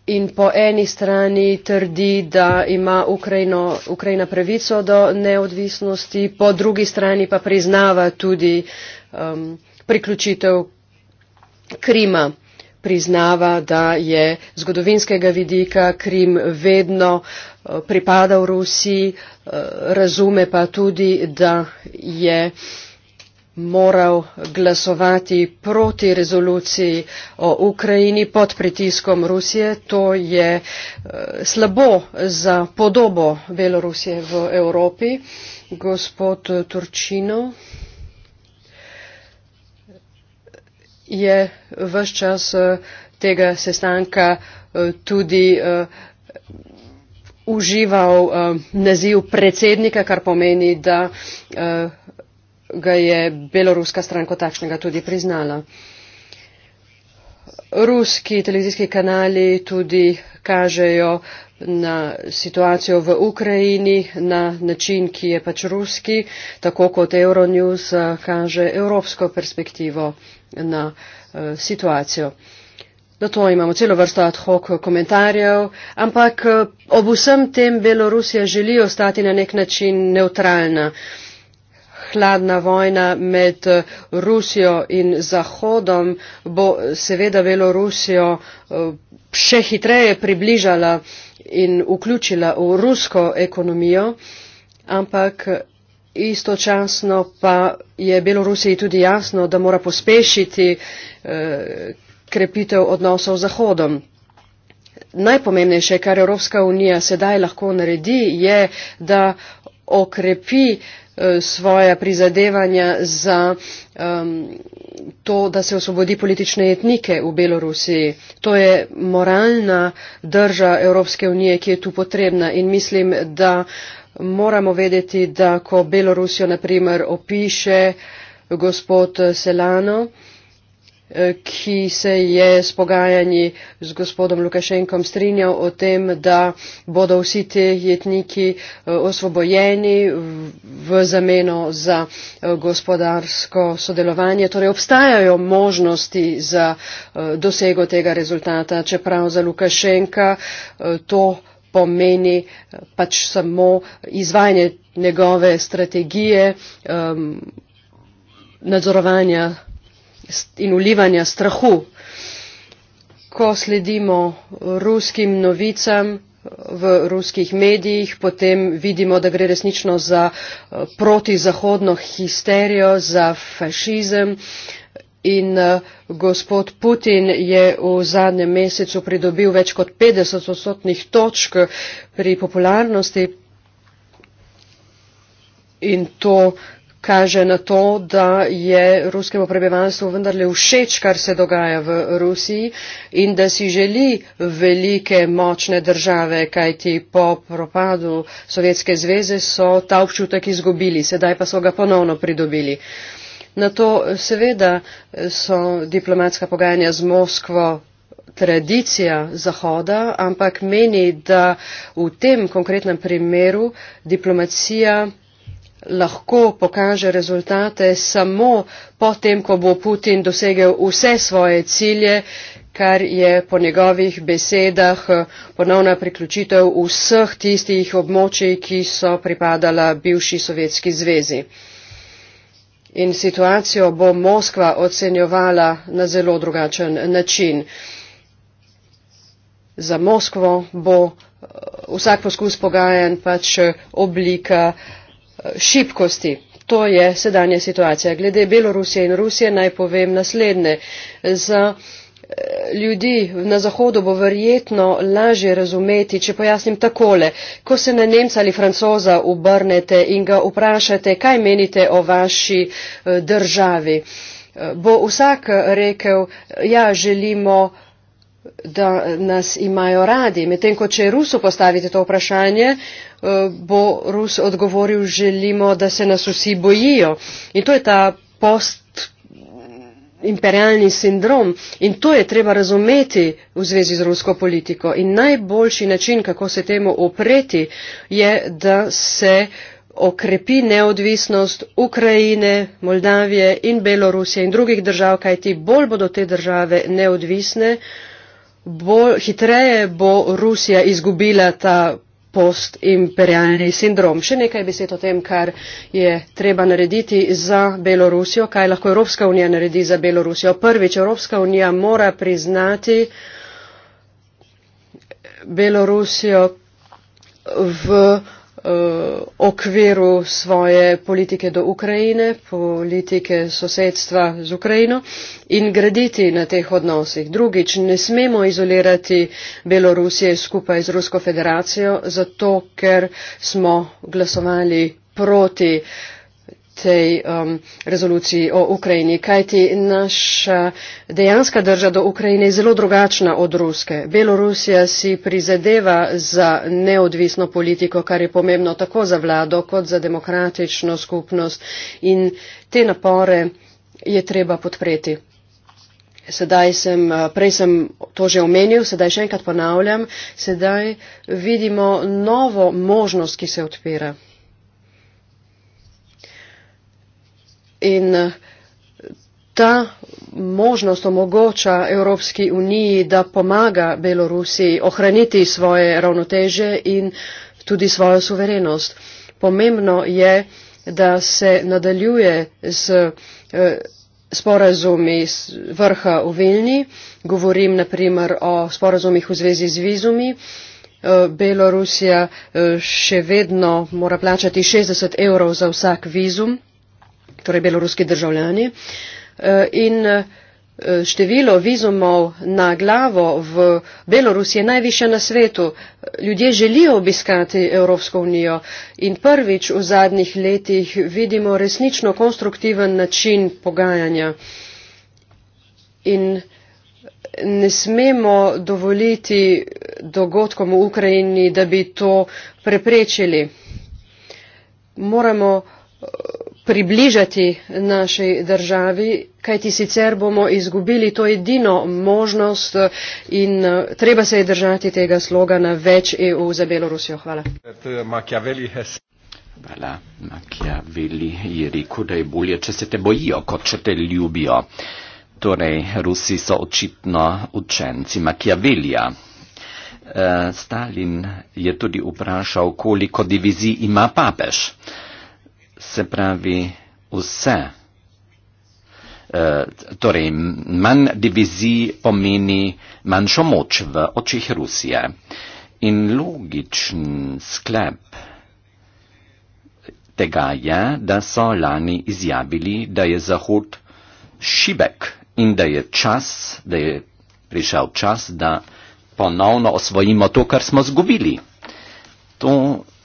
In po eni strani trdi, da ima Ukrajino, Ukrajina pravico do neodvisnosti, po drugi strani pa priznava tudi um, priključitev Krima. Priznava, da je zgodovinskega vidika Krim vedno uh, pripadal Rusiji, eh, razume pa tudi, da je moral glasovati proti rezoluciji o Ukrajini pod pritiskom Rusije. To je eh, slabo za podobo Belorusije v Evropi. Gospod Turčino je v čas eh, tega sestanka tudi uh, užival uh, naziv predsednika, kar pomeni, da uh, ga je beloruska stran kot takšnega tudi priznala. Ruski televizijski kanali tudi kažejo na situacijo v Ukrajini na način, ki je pač ruski, tako kot Euronews eh, kaže evropsko perspektivo na uh, situacijo. Na to imamo celo vrsto ad hoc komentarjev, ampak eh, ob vsem tem Belorusija želi ostati na nek način neutralna. Hladna vojna med eh, Rusijo in Zahodom bo seveda Belorusijo eh, še hitreje približala in vključila v rusko ekonomijo, ampak istočasno pa je Belorusiji tudi jasno, da mora pospešiti eh, krepitev odnosov z Zahodom. Najpomembnejše, kar Evropska unija sedaj lahko naredi, je, da okrepi eh, svoja prizadevanja za um, to, da se osvobodi politične etnike v Belorusiji. To je moralna drža Evropske unije, ki je tu potrebna in mislim, da moramo vedeti, da ko Belorusijo naprimer opiše gospod Selano, um, ki se je s pogajanji z gospodom Lukašenkom strinjal o tem, da bodo vsi te jetniki eh, osvobojeni v zameno za eh, gospodarsko sodelovanje. Torej obstajajo možnosti za eh, dosego tega rezultata, čeprav za Lukašenka to pomeni pač samo izvajanje njegove strategije um, nadzorovanja in ulivanja strahu. Ko sledimo ruskim novicam v ruskih medijih, potem vidimo, da gre resnično za eh, protizahodno histerijo, za fašizem. In eh, gospod Putin je v zadnjem mesecu pridobil več kot 50 odstotnih točk pri popularnosti. In to kaže na to, da je ruskemu prebivalstvu vendarle všeč, kar se dogaja v Rusiji in da si želi velike, močne države, kajti po propadu Sovjetske zveze so ta občutek izgubili, sedaj pa so ga ponovno pridobili. Na to seveda so diplomatska pogajanja z Moskvo tradicija Zahoda, ampak meni, da v tem konkretnem primeru diplomacija lahko pokaže rezultate samo potem, ko bo Putin dosegel vse svoje cilje, kar je po njegovih besedah eh, ponovna priključitev vseh tistih območij, ki so pripadala bivši Sovjetski zvezi. In situacijo bo Moskva ocenjevala na zelo drugačen način. Za Moskvo bo eh, vsak poskus pogajanj pač eh, oblika Eh, šibkosti to je sedanja situacija. glede belorusije in rusije naj povem naslednje za eh, ljudi na zahodu bo verjetno lažje razumeti če pojasnim takole ko se na nemca ali francoza obrnete in ga vprašate kaj menite o vaši eh, državi bo vsak rekel ja želimo da nas imajo radi. Medtem, ko če Rusu postavite to vprašanje, eh, bo Rus odgovoril, želimo, da se nas vsi bojijo. In to je ta postimperialni sindrom. In to je treba razumeti v zvezi z rusko politiko. In najboljši način, kako se temu opreti, je, da se okrepi neodvisnost Ukrajine, Moldavije in Belorusije in drugih držav, kajti bolj bodo te države neodvisne, bolj hitreje bo Rusija izgubila ta postimperialni sindrom. Še nekaj besed o tem, kar je treba narediti za Belorusijo, kaj lahko Evropska unija naredi za Belorusijo. Prvič, Evropska unija mora priznati Belorusijo v uh, okviru svoje politike do Ukrajine, politike sosedstva z Ukrajino in graditi na teh odnosih. Drugič, ne smemo izolirati Belorusije skupaj z Rusko federacijo, zato ker smo glasovali proti uh, tej um, rezoluciji o Ukrajini, kajti naša dejanska drža do Ukrajine je zelo drugačna od ruske. Belorusija si prizadeva za neodvisno politiko, kar je pomembno tako za vlado kot za demokratično skupnost in te napore je treba podpreti. Sedaj sem, uh, prej sem to že omenil, sedaj še enkrat ponavljam, sedaj vidimo novo možnost, ki se odpira. in eh, ta možnost omogoča Evropski uniji, da pomaga Belorusiji ohraniti svoje ravnoteže in tudi svojo suverenost. Pomembno je, da se nadaljuje z eh, sporazumi z vrha v Vilni, govorim naprimer o sporazumih v zvezi z vizumi. Eh, Belorusija še vedno mora plačati 60 evrov za vsak vizum torej beloruski državljani. Eh, in eh, Število vizumov na glavo v Belorusiji je najviše na svetu. Ljudje želijo obiskati Evropsko unijo in prvič v zadnjih letih vidimo resnično konstruktiven način pogajanja. In ne smemo dovoliti dogodkom v Ukrajini, da bi to preprečili. Moramo eh, približati našej državi, kajti sicer bomo izgubili to edino možnost eh, in eh, treba se je držati tega slogana več EU za Belorusijo. Hvala. Hvala, Machiavelli je rekel, da je bolje, če se te bojijo, kot če te ljubijo. Torej, Rusi so očitno učenci Machiavellija. Eh, Stalin je tudi vprašal, koliko divizij ima papež se pravi vse. E, torej, manj divizij pomeni manjšo moč v očih Rusije. In logičen sklep tega je, da so lani izjavili, da je Zahod šibek in da je čas, da je prišel čas, da ponovno osvojimo to, kar smo zgubili. To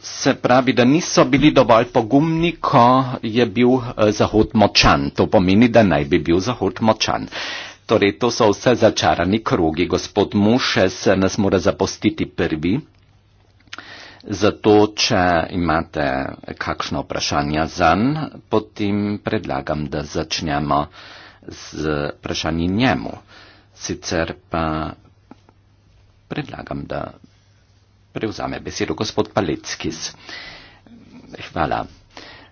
Se pravi, da niso bili dovolj pogumni, ko je bil eh, Zahod močan. To pomeni, da naj bi bil Zahod močan. Torej, to so vse začarani krogi. Gospod Mušes nas mora zapustiti prvi. Zato, če imate kakšno vprašanje za njim, potem predlagam, da začnemo z vprašanji njemu. Sicer pa predlagam, da Prevzame besedo gospod Paleckis. Hvala.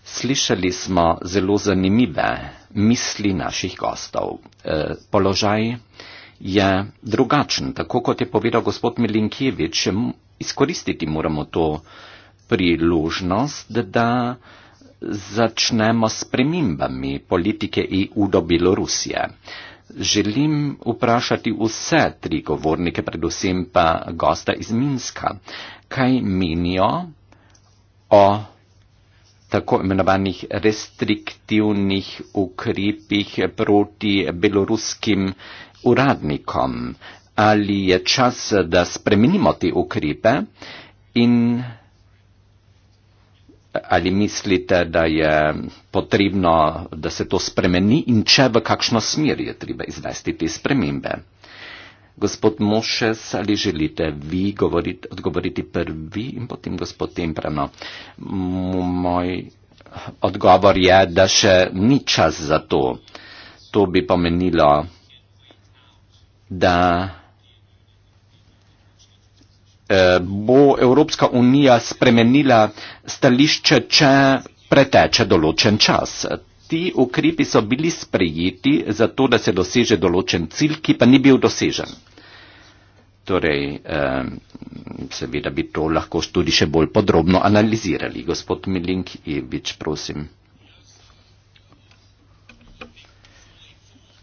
Slišali smo zelo zanimive misli naših gostov. E, položaj je drugačen, tako kot je povedal gospod Milinkjevič. Izkoristiti moramo to priložnost, da začnemo s premembami politike EU do Belorusije. E, želim vprašati vse tri govornike, predvsem pa gosta iz Minska, kaj menijo o tako imenovanih restriktivnih ukrepih proti beloruskim uradnikom. Ali je čas, da spremenimo te ukrepe in ali mislite, da je potrebno, da se to spremeni in če v kakšno smer je treba izvesti te spremembe. Gospod Mošes, ali želite vi govoriti, odgovoriti prvi in potem gospod Temprano? Moj odgovor je, da še ni čas za to. To bi pomenilo, da Eh, bo Evropska unija spremenila stališče, če preteče določen čas. Ti ukrepi so bili sprejeti za to, da se doseže določen cilj, ki pa ni bil dosežen. Torej, eh, seveda bi to lahko tudi še bolj podrobno analizirali. Gospod Milink Ivič, prosim.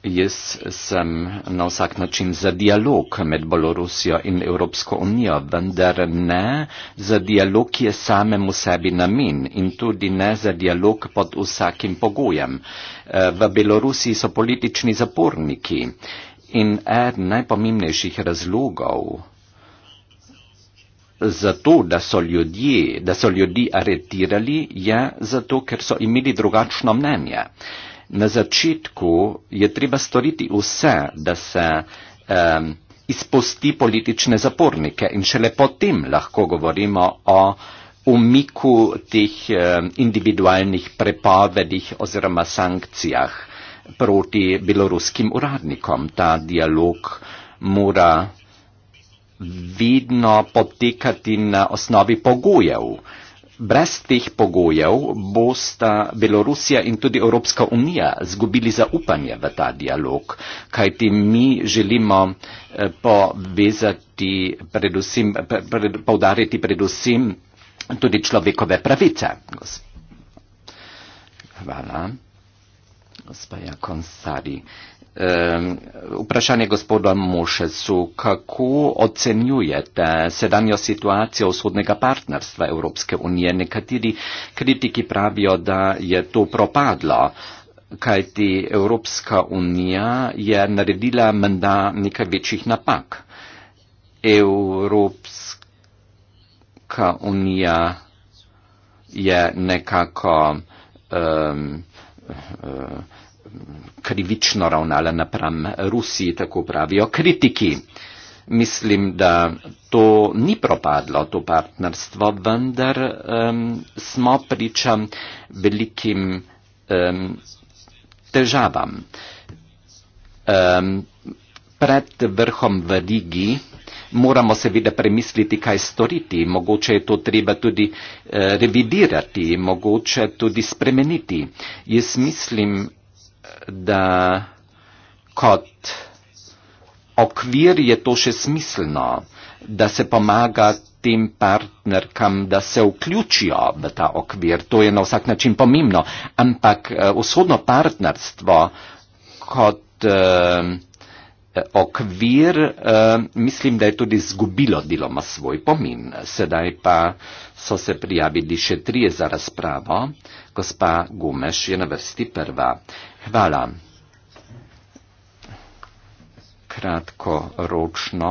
Jaz sem na vsak način za dialog med Belorusijo in Evropsko unijo, vendar ne za dialog, ki je samemu sebi namen in tudi ne za dialog pod vsakim pogojem. Eh, v Belorusiji so politični zaporniki in eden najpomembnejših razlogov za to, da so ljudje, da so ljudi aretirali, je zato, ker so imeli drugačno mnenje na začetku je treba storiti vse, da se um, izpusti politične zapornike in šele potem lahko govorimo o umiku teh um, individualnih prepovedih oziroma sankcijah proti beloruskim uradnikom. Ta dialog mora vedno potekati na osnovi pogojev. Uh, Brez teh pogojev bosta Belorusija in tudi Evropska unija zgubili zaupanje v ta dialog, kajti mi želimo eh, povezati, predvsem, pred, povdariti predvsem tudi človekove pravice. Hvala. Gospa Jakonsari vprašanje gospoda Mošesu, kako ocenjujete sedanjo situacijo vzhodnega partnerstva Evropske unije? Nekateri kritiki pravijo, da je to propadlo, kajti Evropska unija je naredila menda nekaj večjih napak. Evropska unija je nekako um, um, krivično ravnala napram Rusiji, tako pravijo kritiki. Mislim, da to ni propadlo, to partnerstvo, vendar um, smo priča velikim um, težavam. Um, pred vrhom v Rigi moramo seveda premisliti, kaj storiti. Mogoče je to treba tudi uh, revidirati, mogoče tudi spremeniti. Jaz mislim, da kot okvir je to še smiselno, da se pomaga tem partnerkam, da se vključijo v ta okvir. To je na vsak način pomembno. Ampak eh, usodno partnerstvo kot eh, okvir, eh, mislim, da je tudi zgubilo deloma svoj pomen. Sedaj pa so se prijavili še trije za razpravo. Gospa Gumeš je na vrsti prva. Hvala. Kratko ročno.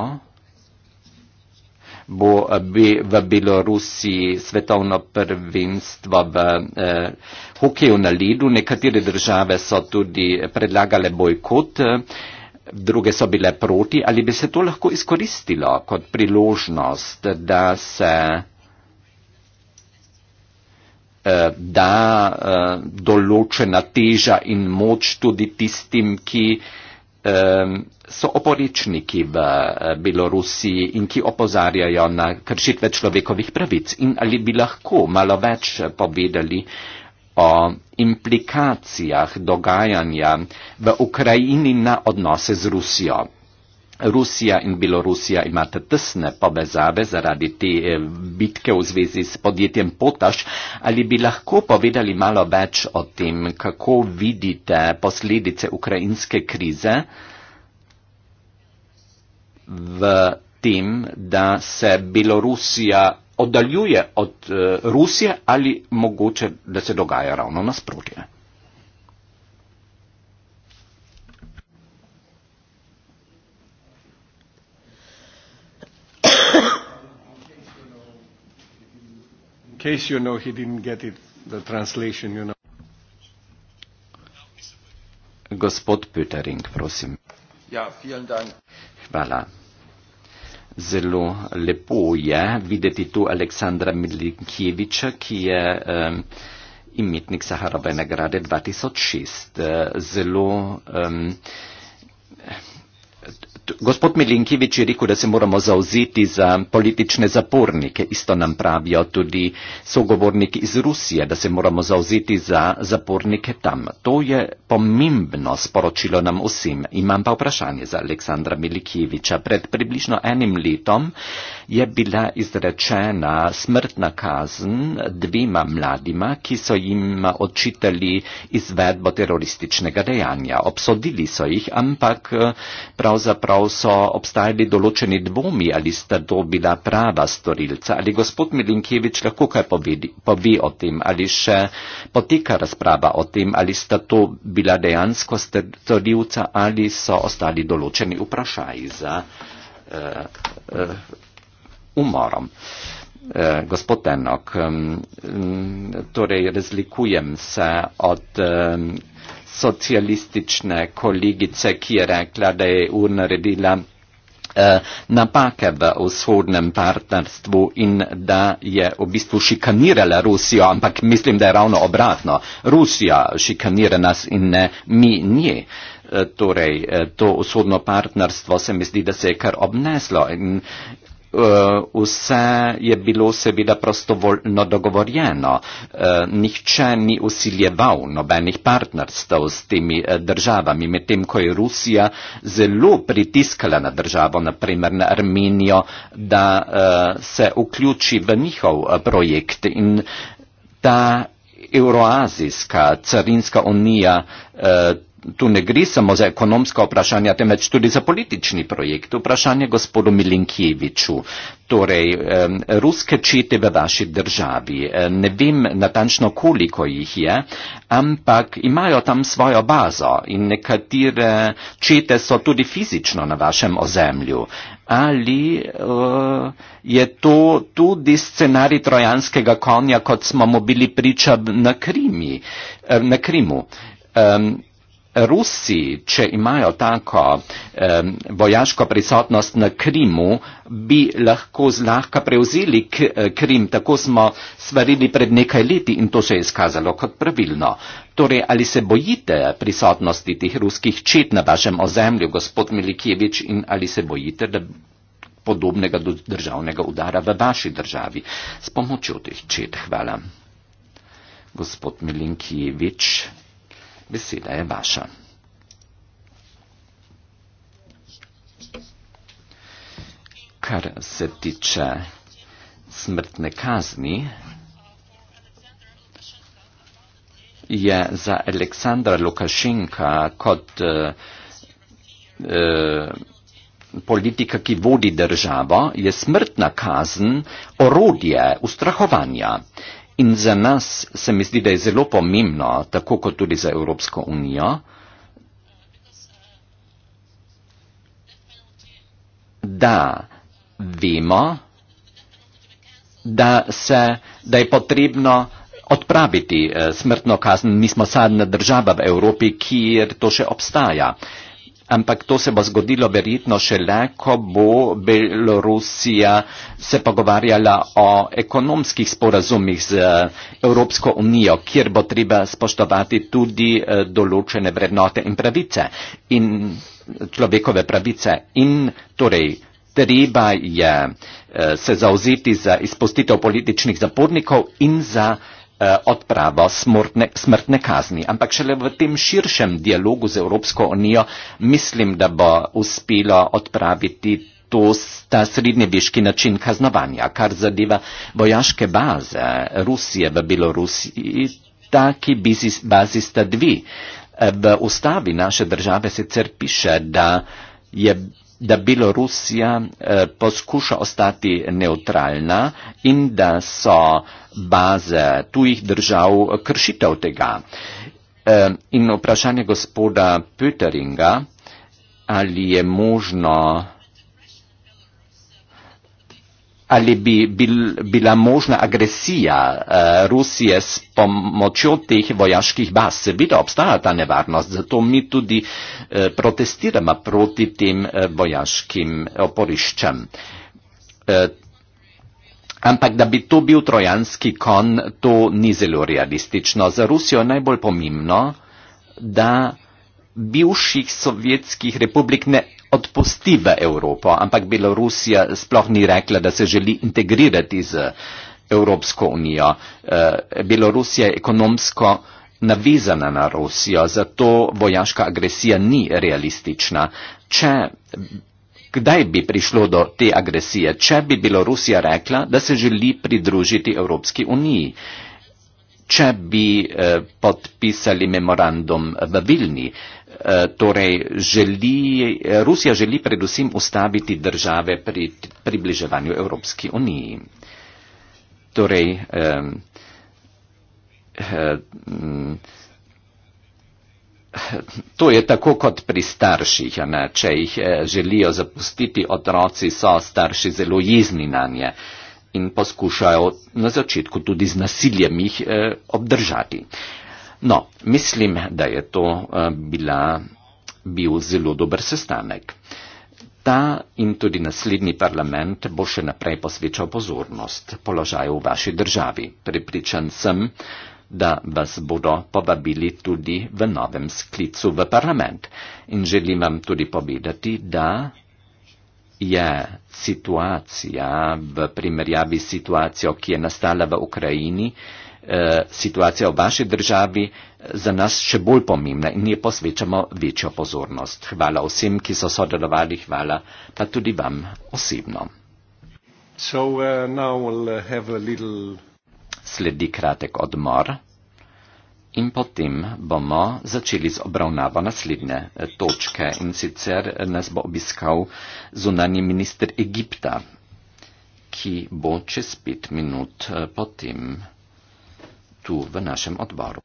Bo v Belorusiji svetovno prvenstvo v eh, hokeju na ledu. Nekatere države so tudi predlagale bojkot, druge so bile proti. Ali bi se to lahko izkoristilo kot priložnost, da se eh, da eh, določena teža in moč tudi tistim, ki eh, so oporečniki v eh, Belorusiji in ki opozarjajo na kršitve človekovih pravic. In ali bi lahko malo več povedali o implikacijah dogajanja v Ukrajini na odnose z Rusijo. Rusija in Belorusija imate tesne povezave zaradi te eh, bitke v zvezi s podjetjem Potaš. Ali bi lahko povedali malo več o tem, kako vidite posledice ukrajinske krize v tem, da se Belorusija oddaljuje od eh, Rusije ali mogoče, da se dogaja ravno nasprotje? case you know he didn't get it, the translation, you know. Gospod Pütering, prosim. Ja, vielen Dank. Hvala. Zelo lepo je videti tu Aleksandra Milinkjeviča, ki je um, imetnik Saharove nagrade 2006. Zelo um, Gospod Milinkovič je rekel, da se moramo zauzeti za politične zapornike, isto nam pravijo tudi sogovorniki iz Rusije, da se moramo zauzeti za zapornike tam. To je pomembno sporočilo nam vsem. Imam pa vprašanje za Aleksandra Milinkoviča. Pred približno enim letom je bila izrečena smrtna kazen dvema mladima, ki so jim očitali izvedbo terorističnega dejanja. Obsodili so jih, ampak eh, pravzaprav čeprav so obstajali določeni dvomi, ali sta to bila prava storilca. Ali gospod Milinkjevič lahko kaj pove o tem, ali še poteka razprava o tem, ali sta to bila dejansko storilca, ali so ostali določeni vprašaji za uh, uh, umorom. Eh, gospod Tenok, eh, torej razlikujem se od eh, socialistične kolegice, ki je rekla, da je EU naredila eh, napake v vzhodnem partnerstvu in da je v bistvu šikanirala Rusijo, ampak mislim, da je ravno obratno. Rusija šikanira nas in ne mi nje. Eh, torej, eh, to vzhodno partnerstvo se mi zdi, da se je kar obneslo in uh, vse je bilo seveda prostovoljno dogovorjeno. Uh, nihče ni usiljeval nobenih partnerstv s temi uh, državami, medtem ko je Rusija zelo pritiskala na državo, naprimer na Armenijo, da uh, se vključi v njihov uh, projekt in ta Euroazijska carinska unija uh, tu ne gre samo za ekonomska vprašanja, temveč tudi za politični projekt. Vprašanje gospodu Milinkjeviču. Torej, eh, ruske čete v vaši državi, eh, ne vem natančno koliko jih je, ampak imajo tam svojo bazo in nekatere čete so tudi fizično na vašem ozemlju. Ali eh, je to tudi scenarij trojanskega konja, kot smo mu bili priča na, Krimi, eh, na Krimu? Eh, Rusi, če imajo tako eh, vojaško prisotnost na Krimu, bi lahko zlahka prevzeli k, eh, Krim, tako smo svarili pred nekaj leti in to se je izkazalo kot pravilno. Torej, ali se bojite prisotnosti tih ruskih čet na vašem ozemlju, gospod Milikjevič, in ali se bojite podobnega državnega udara v vaši državi s pomočjo teh čet? Hvala. Gospod Milinkijevič, Beseda je vaša. Kar se tiče smrtne kazni, je za Aleksandra Lukašenka kot eh, eh, politika, ki vodi državo, je smrtna kazen orodje ustrahovanja. In za nas se mi zdi, da je zelo pomembno, tako kot tudi za Evropsko unijo, da vemo, da, se, da je potrebno odpraviti eh, smrtno kazen. Mi smo sadna država v Evropi, kjer to še obstaja ampak to se bo zgodilo verjetno šele, ko bo Belorusija se pogovarjala o ekonomskih sporazumih z eh, Evropsko unijo, kjer bo treba spoštovati tudi eh, določene vrednote in pravice in eh, človekove pravice. In torej, treba je se zauzeti za izpustitev političnih zapornikov in za Eh, odpravo smrtne, smrtne kazni. Ampak šele v tem širšem dialogu z Evropsko unijo mislim, da bo uspelo odpraviti to, ta srednjeveški način kaznovanja, kar zadeva vojaške baze Rusije v Belorusiji, taki bazi sta dve. Eh, v ustavi naše države sicer piše, da je da Belorusija eh, poskuša ostati neutralna in da so baze tujih držav kršitev tega. Eh, in vprašanje gospoda Pöteringa, ali je možno ali bi bil, bila možna agresija uh, Rusije s pomočjo teh vojaških baz. Seveda obstaja ta nevarnost, zato mi tudi uh, protestiramo proti tem uh, vojaškim oporiščam. Uh, Ampak, da bi to bil trojanski kon, to ni zelo realistično. Za Rusijo je najbolj pomembno, da bivših sovjetskih republik ne odpusti v Evropo, ampak Belorusija sploh ni rekla, da se želi integrirati z Evropsko unijo. Eh, Belorusija je ekonomsko navezana na Rusijo, zato vojaška agresija ni realistična. Če, kdaj bi prišlo do te agresije, če bi Belorusija rekla, da se želi pridružiti Evropski uniji? Če bi eh, podpisali memorandum v Vilni, Eh, torej želi, Rusija želi predvsem ustaviti države pri približevanju Evropski uniji. Torej, To je tako kot pri starših, ne? če jih eh, želijo zapustiti otroci, so starši zelo jezni na nje in poskušajo na začetku tudi z nasiljem jih eh, obdržati. No, mislim, da je to eh, bila, bil zelo dober sestanek. Ta in tudi naslednji parlament bo še naprej posvečal pozornost položaju v vaši državi. Pripričan sem, da vas bodo povabili tudi v novem sklicu v parlament. In želim vam tudi povedati, da je situacija v primerjavi s situacijo, ki je nastala v Ukrajini, Eh, situacija v vaši državi eh, za nas še bolj pomembna in ji posvečamo večjo pozornost. Hvala vsem, ki so sodelovali, hvala pa tudi vam osebno. So, uh, uh little... Sledi kratek odmor in potem bomo začeli z obravnavo naslednje eh, točke in sicer nas bo obiskal zunani minister Egipta, ki bo čez pet minut potem tu v našem odboru.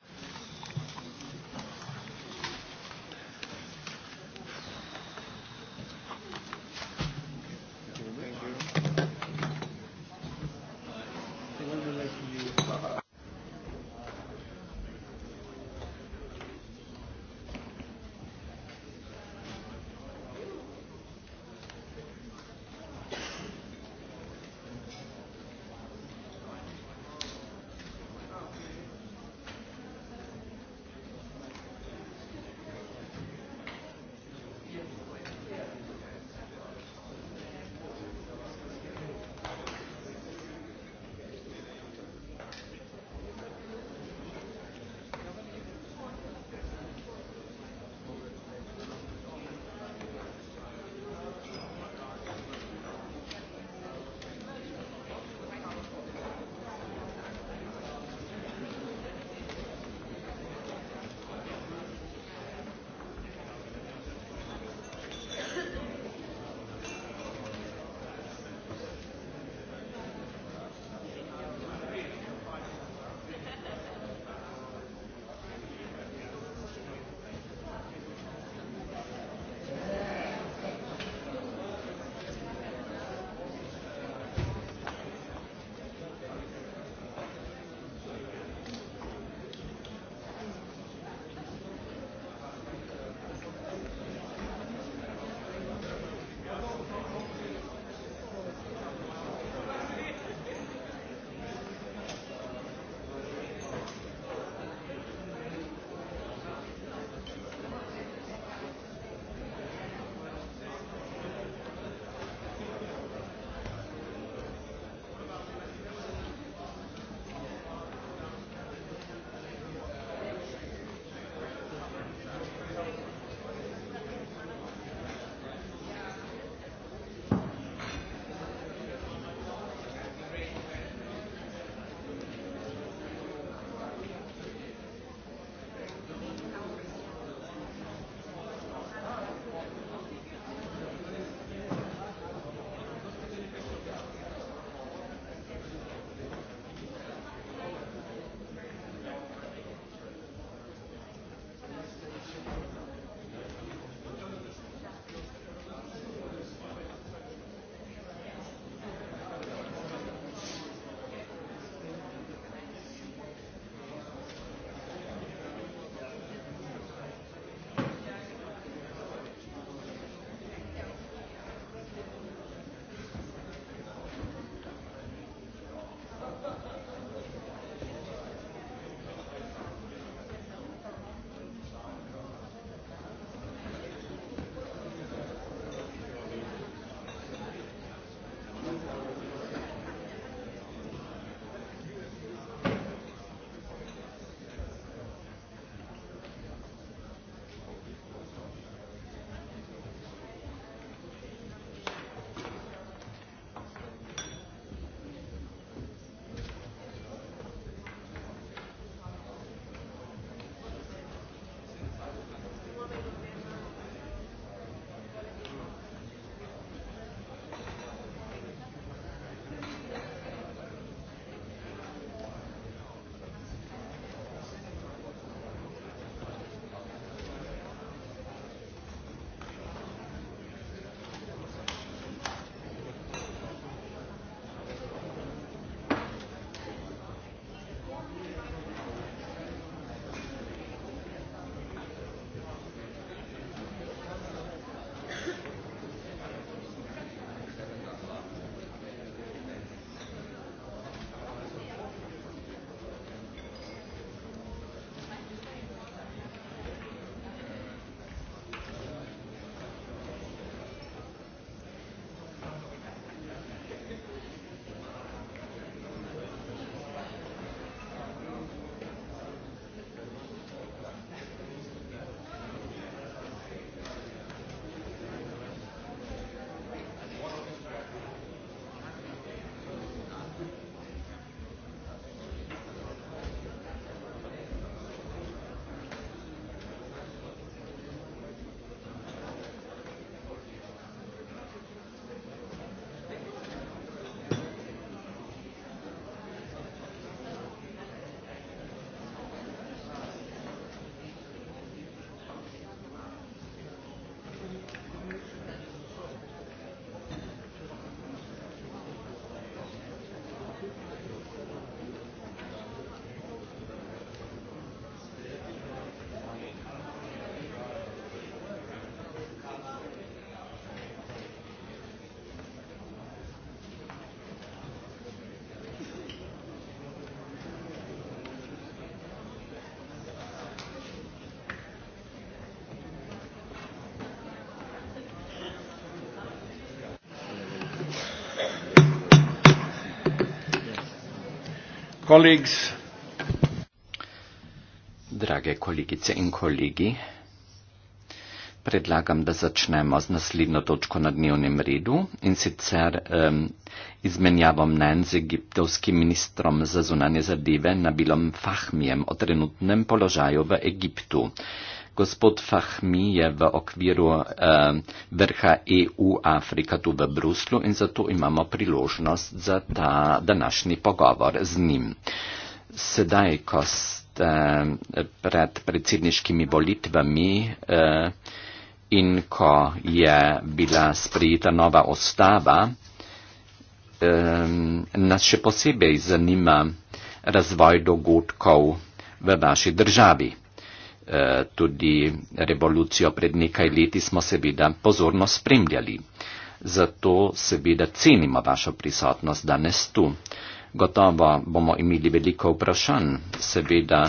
colleagues. Drage kolegice in kolegi, predlagam, da začnemo z naslednjo točko na dnevnem redu in sicer um, izmenjavo mnen z egiptovskim ministrom za zunanje zadeve Nabilom Fahmijem o trenutnem položaju v Egiptu. Gospod Fahmi je v okviru eh, vrha EU Afrika tu v Bruslu in zato imamo priložnost za ta današnji pogovor z njim. Sedaj, ko ste eh, pred predsedniškimi volitvami eh, in ko je bila sprejeta nova ostava, eh, nas še posebej zanima razvoj dogodkov v vaši državi tudi revolucijo pred nekaj leti smo seveda pozorno spremljali. Zato seveda cenimo vašo prisotnost danes tu. Gotovo bomo imeli veliko vprašanj, seveda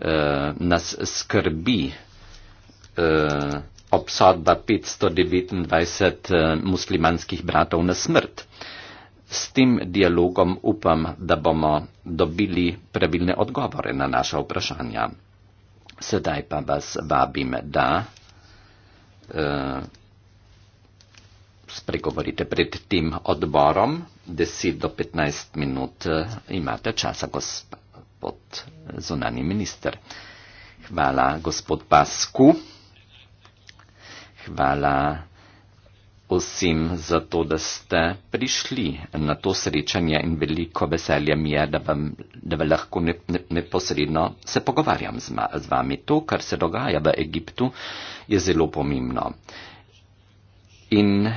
eh, nas skrbi eh, obsodba 529 eh, muslimanskih bratov na smrt. S tem dialogom upam, da bomo dobili pravilne odgovore na naša vprašanja. Sedaj pa vas vabim, da uh, spregovorite pred tem odborom. 10 do 15 minut eh, imate časa, gospod zunani minister. Hvala, gospod Pasku. Hvala vsem za to, da ste prišli na to srečanje in veliko veselje mi je, da, vam, da vam lahko neposredno ne, ne se pogovarjam z, z vami. To, kar se dogaja v Egiptu, je zelo pomembno. In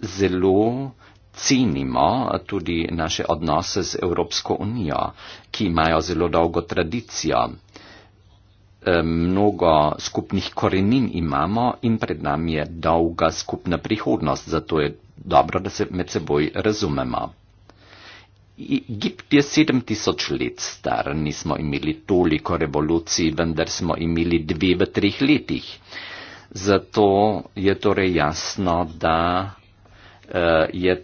zelo cenimo tudi naše odnose z Evropsko unijo, ki imajo zelo dolgo tradicijo. Eh, mnogo skupnih korenin imamo in pred nami je dolga skupna prihodnost, zato je dobro, da se med seboj razumemo. Egipt je sedem tisoč let star, nismo imeli toliko revolucij, vendar smo imeli dve v treh letih. Zato je torej jasno, da uh, je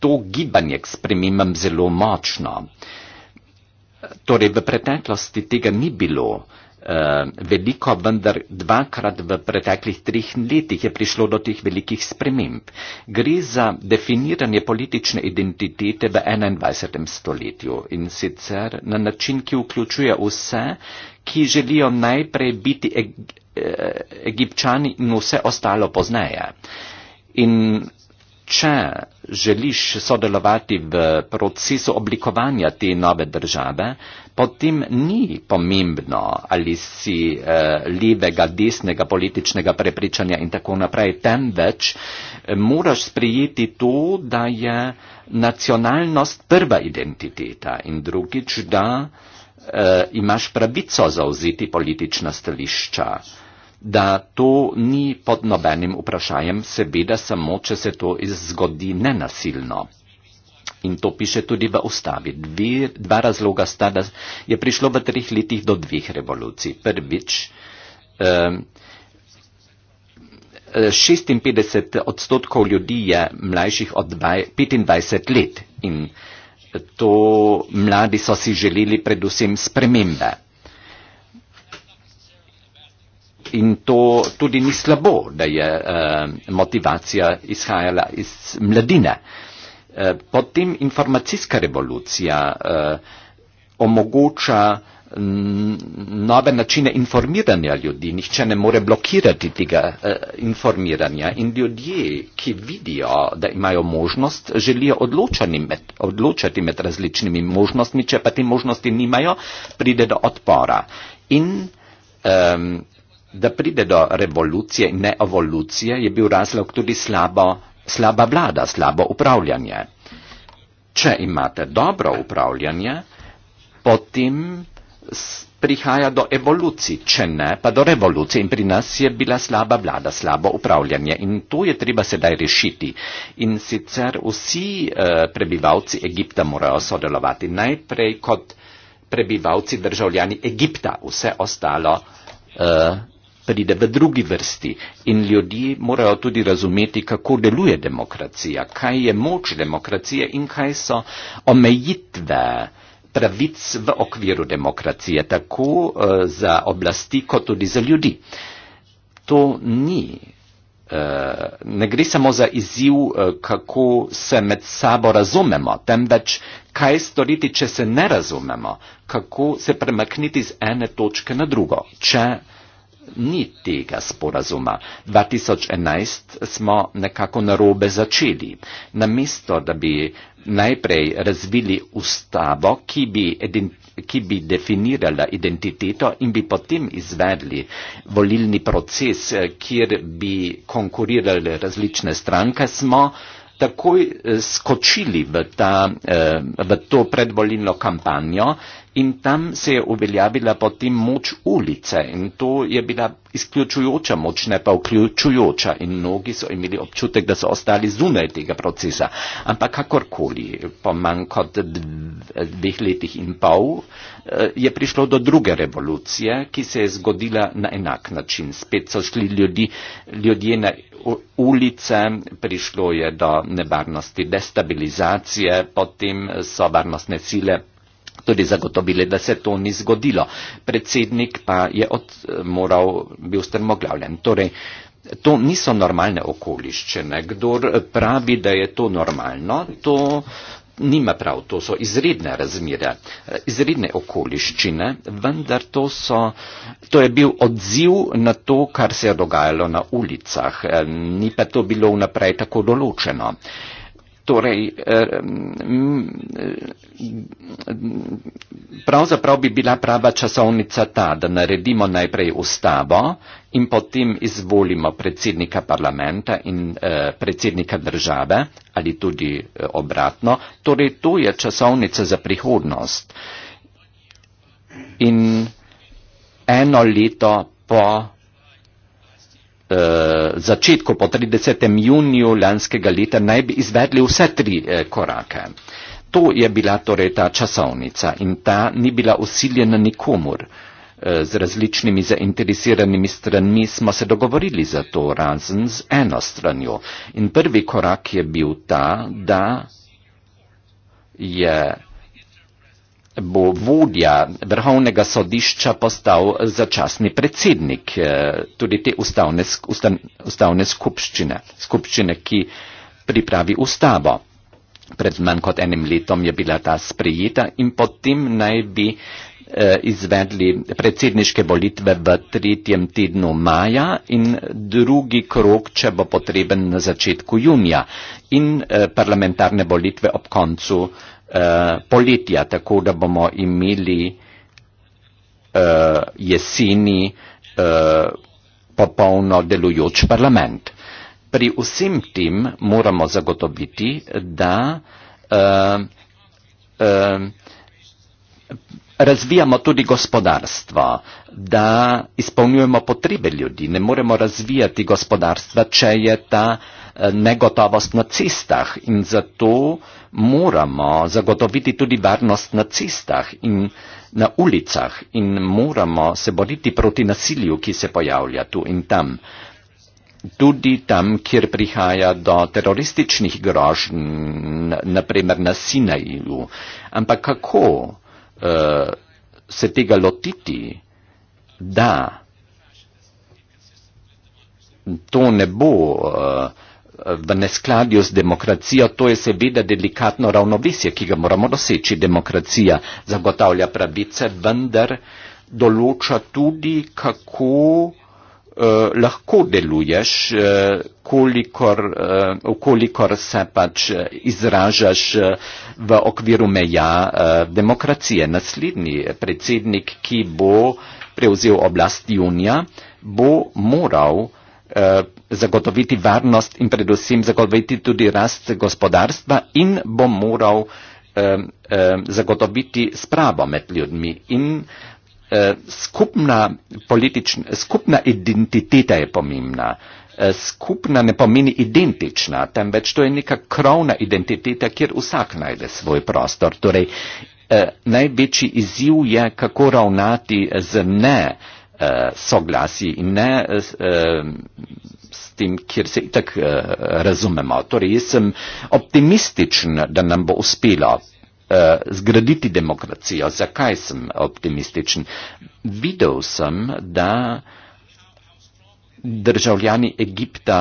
to gibanje k spremembam zelo močno. Uh, Torej, v preteklosti tega ni bilo uh, veliko, vendar dvakrat v preteklih trih letih je prišlo do teh velikih sprememb. Gre za definiranje politične identitete v 21. stoletju in sicer na način, ki vključuje vse, ki želijo najprej biti eg eh, egipčani in vse ostalo pozneje. In če želiš sodelovati v procesu oblikovanja te nove države, potem ni pomembno, ali si eh, levega, desnega političnega prepričanja in tako naprej, temveč eh, moraš sprijeti to, da je nacionalnost prva identiteta in drugič, da eh, imaš pravico zauzeti politična stališča. Eh, da to ni pod nobenim vprašanjem, seveda samo, če se to zgodi nenasilno. In to piše tudi v ustavi. Dve, dva razloga sta, da je prišlo v treh letih do dveh revolucij. Prvič, eh, 56 odstotkov ljudi je mlajših od 25 let in to mladi so si želeli predvsem spremembe. in to tudi ni slabo, da je eh, motivacija izhajala iz mladine. Eh, potem informacijska revolucija eh, omogoča mm, nove načine informiranja ljudi, nihče ne more blokirati tega eh, informiranja in ljudje, ki vidijo, da imajo možnost, želijo med, odločati med različnimi možnostmi, če pa te možnosti nimajo, pride do odpora. In eh, da pride do revolucije in ne evolucije, je bil razlog tudi slabo, slaba vlada, slabo upravljanje. Če imate dobro upravljanje, potem prihaja do evolucije, če ne, pa do revolucije. In pri nas je bila slaba vlada, slabo upravljanje. In to je treba sedaj rešiti. In sicer vsi eh, prebivalci Egipta morajo sodelovati. Najprej kot prebivalci državljani Egipta. Vse ostalo. Eh, pride v drugi vrsti in ljudje morajo tudi razumeti, kako deluje demokracija, kaj je moč demokracije in kaj so omejitve pravic v okviru demokracije, tako uh, za oblasti, kot tudi za ljudi. To ni. Uh, ne gre samo za izziv, uh, kako se med sabo razumemo, temveč kaj storiti, če se ne razumemo, kako se premakniti z ene točke na drugo. Če uh, ni tega sporazuma. 2011 smo nekako narobe začeli. Namesto, da bi najprej razvili ustavo, ki bi, eden, ki bi definirala identiteto in bi potem izvedli volilni proces, kjer bi konkurirali različne stranke, smo takoj eh, skočili v, ta, eh, v to predvolilno kampanjo In tam se je uveljavila potem moč ulice in to je bila izključujoča moč, ne pa vključujoča. In mnogi so imeli občutek, da so ostali zunaj tega procesa. Ampak kakorkoli, po manj kot dveh letih in pol, eh, je prišlo do druge revolucije, ki se je zgodila na enak način. Spet so šli ljudi, ljudje na ulice, prišlo je do nevarnosti destabilizacije, potem so varnostne sile tudi zagotovili, da se to ni zgodilo. Predsednik pa je od, moral bil strmoglavljen. Torej, to niso normalne okoliščine. Kdor pravi, da je to normalno, to nima prav. To so izredne razmere, izredne okoliščine, vendar to, so, to je bil odziv na to, kar se je dogajalo na ulicah. Ni pa to bilo vnaprej tako določeno. Torej, eh, mm, pravzaprav bi bila prava časovnica ta, da naredimo najprej ustavo in potem izvolimo predsednika parlamenta in eh, predsednika države ali tudi eh, obratno. Torej, to je časovnica za prihodnost. In eno leto po eh, začetku, po 30. juniju lanskega leta, naj bi izvedli vse tri eh, korake. To je bila torej ta časovnica in ta ni bila usiljena nikomur. Eh, z različnimi zainteresiranimi stranmi smo se dogovorili za to razen z eno stranjo. In prvi korak je bil ta, da je bo vodja vrhovnega sodišča postal začasni predsednik eh, tudi te ustavne, ustan, ustavne skupščine, skupščine, ki pripravi ustavo. Pred manj kot enim letom je bila ta sprejeta in potem naj bi eh, izvedli predsedniške volitve v tretjem tednu maja in drugi krok, če bo potreben, na začetku junija in eh, parlamentarne volitve ob koncu Eh, poletja, tako da bomo imeli uh, jeseni uh, popolno delujoč parlament. Pri vsem tem moramo zagotoviti, da uh, uh, razvijamo tudi gospodarstvo, da izpolnjujemo potrebe ljudi. Ne moremo razvijati gospodarstva, če je ta uh, negotovost na cestah in zato uh, moramo zagotoviti tudi varnost na cestah in na ulicah in moramo se boriti proti nasilju, ki se pojavlja tu in tam. Tudi tam, kjer prihaja do terorističnih grožn, naprimer na Sinaju. Ampak kako uh, se tega lotiti, da to ne bo. Uh, v neskladju z demokracijo, to je seveda delikatno ravnovesje, ki ga moramo doseči. Demokracija zagotavlja pravice, vendar določa tudi, kako eh, lahko deluješ, eh, kolikor, eh, kolikor se pač eh, izražaš eh, v okviru meja eh, demokracije. Naslednji predsednik, ki bo prevzel oblast junija, bo moral Eh, zagotoviti varnost in predvsem zagotoviti tudi rast gospodarstva in bo moral eh, eh, zagotoviti spravo med ljudmi. In skupna, skupna identiteta je pomembna. Skupna ne pomeni identična, temveč to je neka krovna identiteta, kjer vsak najde svoj prostor. Torej, eh, največji izziv je, kako ravnati z ne, eh, Eh, soglasji in ne eh, eh, s tem, kjer se itak razumemo. Torej, jaz sem optimističen, da nam bo uspelo zgraditi demokracijo. Zakaj sem optimističen? Videl sem, da državljani Egipta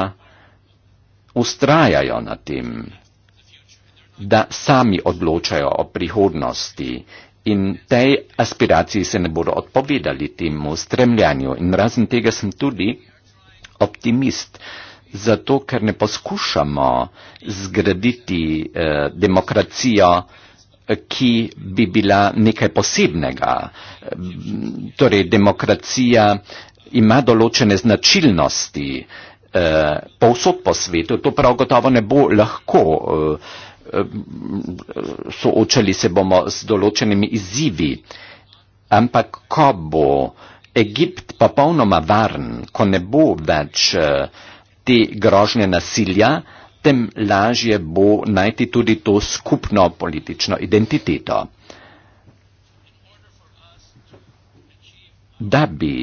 ustrajajo na tem, da sami odločajo o prihodnosti In tej aspiraciji se ne bodo odpovedali temu stremljanju. In razen tega sem tudi optimist. Zato, ker ne poskušamo zgraditi eh, demokracijo, eh, ki bi bila nekaj posebnega. Eh, torej, demokracija ima določene značilnosti eh, povsod po svetu. To prav gotovo ne bo lahko. Eh, Eh, soočali se bomo z določenimi izzivi. Ampak ko bo Egipt popolnoma varen, ko ne bo več eh, te grožnje nasilja, tem lažje bo najti tudi to skupno politično identiteto. Da bi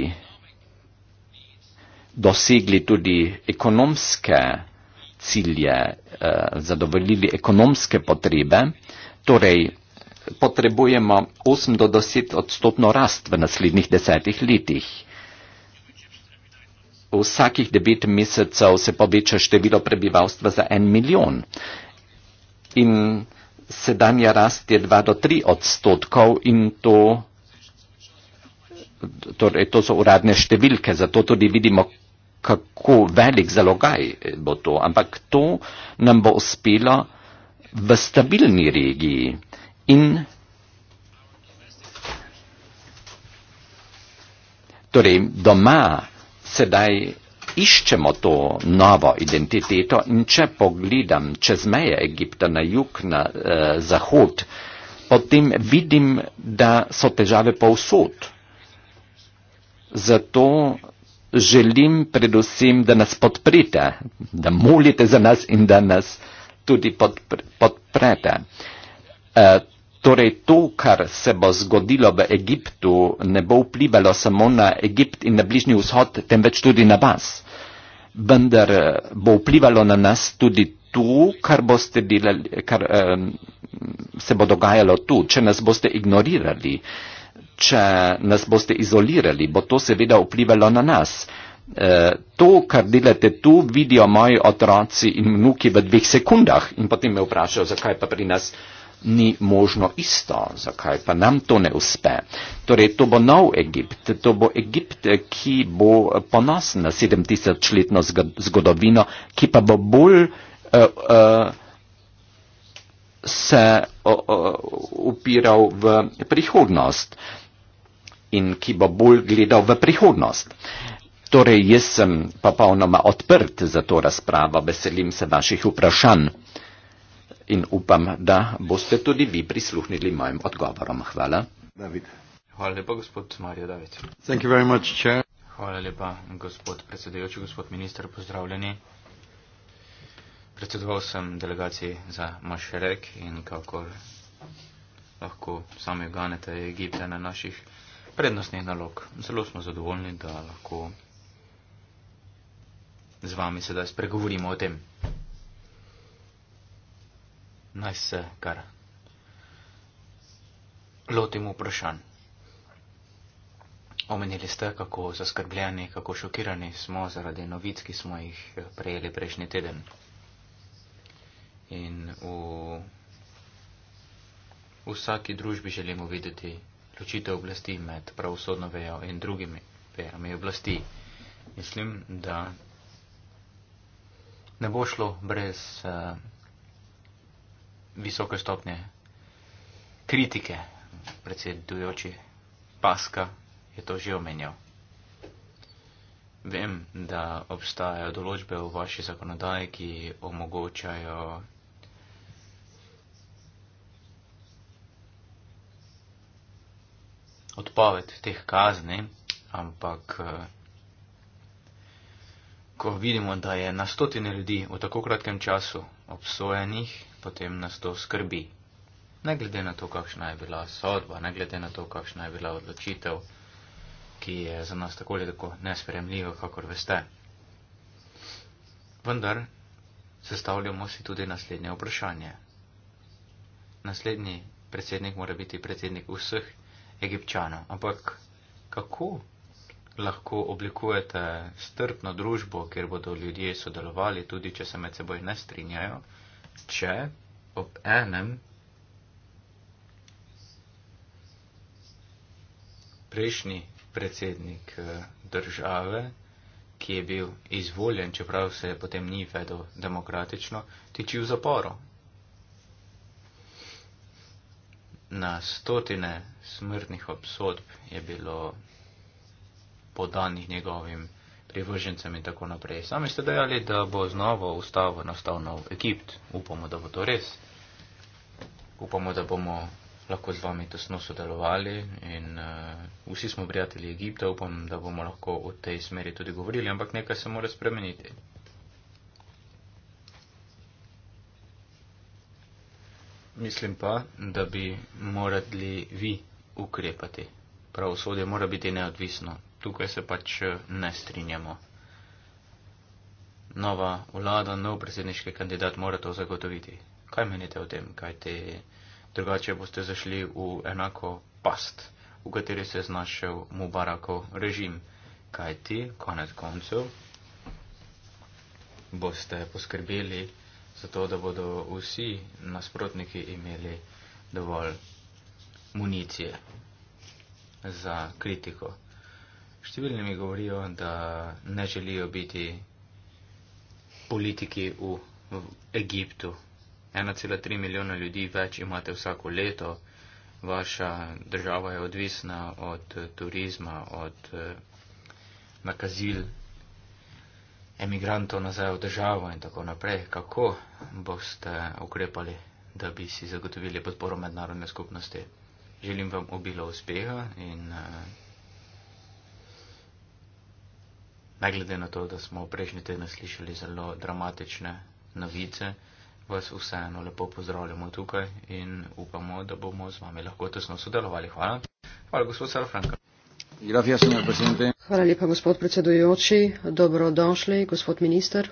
dosegli tudi ekonomske cilje Eh, zadovoljili ekonomske potrebe, torej potrebujemo 8 do 10 odstotno rast v naslednjih desetih letih. Vsakih devet mesecev se poveča število prebivalstva za en milijon in sedanja rast je 2 do 3 odstotkov in to, torej, to so uradne številke, zato tudi vidimo, kako velik zalogaj bo to, ampak to nam bo uspelo v stabilni regiji in torej doma sedaj iščemo to novo identiteto in če pogledam čez meje Egipta na jug, na eh, zahod, potem vidim, da so težave povsod. Zato želim predvsem, da nas podprete, da molite za nas in da nas tudi podprete. E, torej to, kar se bo zgodilo v Egiptu, ne bo vplivalo samo na Egipt in na Bližnji vzhod, temveč tudi na vas. Vendar e, bo vplivalo na nas tudi tu, kar, delali, kar um, se bo dogajalo tu, če nas boste ignorirali. Uh, če nas boste izolirali, bo to seveda vplivalo na nas. Eh, to, kar delate tu, vidijo moji otroci in vnuki v dveh sekundah in potem me vprašajo, zakaj pa pri nas ni možno isto, zakaj pa nam to ne uspe. Torej, to bo nov Egipt, to bo Egipt, eh, ki bo ponosen na 7000-letno zgodovino, ki pa bo bolj uh, uh, se uh, uh, upiral v prihodnost. Uh, in ki bo bolj gledal v prihodnost. Torej, jaz sem popolnoma odprt za to razpravo, veselim se vaših vprašanj in upam, da boste tudi vi prisluhnili mojim odgovorom. Hvala. David. Hvala lepa, gospod Marija David. Thank you very much, chair. Hvala lepa, gospod predsedujoči, gospod minister, pozdravljeni. Predsedoval sem delegaciji za Mašerek in kako lahko sami ganete Egipte na naših prednostnih nalog. Zelo smo zadovoljni, da lahko z vami sedaj spregovorimo o tem. Naj se kar lotimo vprašanj. Omenili ste, kako zaskrbljeni, kako šokirani smo zaradi novic, ki smo jih prejeli prejšnji teden. In v vsaki družbi želimo videti ločitev oblasti med pravosodno vejo in drugimi vejami oblasti. Mislim, da ne bo šlo brez uh, visoke stopnje kritike. Predsedujoči Paska je to že omenjal. Vem, da obstajajo določbe v vaši zakonodaji, ki omogočajo odpoved teh kazni, ampak eh, ko vidimo, da je na stotine ljudi v tako kratkem času obsojenih, potem nas to skrbi. Ne glede na to, kakšna je bila sodba, ne glede na to, kakšna je bila odločitev, ki je za nas tako ali tako nespremljiva, kakor veste. Vendar sestavljamo si tudi naslednje vprašanje. Naslednji predsednik mora biti predsednik vseh egipčanov. Ampak kako lahko oblikujete strpno družbo, kjer bodo ljudje sodelovali, tudi če se med seboj ne strinjajo, če ob enem prejšnji predsednik eh, države, ki je bil izvoljen, čeprav se potem ni vedel demokratično, tiči v zaporu. na stotine smrtnih obsodb je bilo podanih njegovim privržencem in tako naprej. Sami ste dejali, da bo z novo ustavo nastal nov Egipt. Upamo, da bo to res. Upamo, da bomo lahko z vami tesno sodelovali in uh, vsi smo prijatelji Egipta, upam, da bomo lahko o tej smeri tudi govorili, ampak nekaj se mora spremeniti. Mislim pa, da bi morali vi ukrepati. Pravosodje mora biti neodvisno. Tukaj se pač eh, ne strinjamo. Nova vlada, nov predsedniški kandidat mora to zagotoviti. Kaj menite o tem? Kaj te drugače boste zašli v enako past, v kateri se je znašel Mubarako režim? Kaj ti, konec koncev, boste poskrbeli? zato da bodo vsi nasprotniki imeli dovolj municije za kritiko. Številni mi govorijo, da ne želijo biti politiki v, v Egiptu. 1,3 milijona ljudi več imate vsako leto, vaša država je odvisna od turizma, od eh, nakazil. Mm emigrantov nazaj v državo in tako naprej. Kako boste ukrepali, da bi si zagotovili podporo mednarodne skupnosti? Želim vam obilo uspeha in eh, ne glede na to, da smo prejšnji teden slišali zelo dramatične novice, vas vseeno lepo pozdravljamo tukaj in upamo, da bomo z vami lahko tesno sodelovali. Hvala. Hvala, gospod Sarfranka. Gracias, señor presidente. Hvala lepa, gospod predsedujoči. Dobrodošli, gospod minister.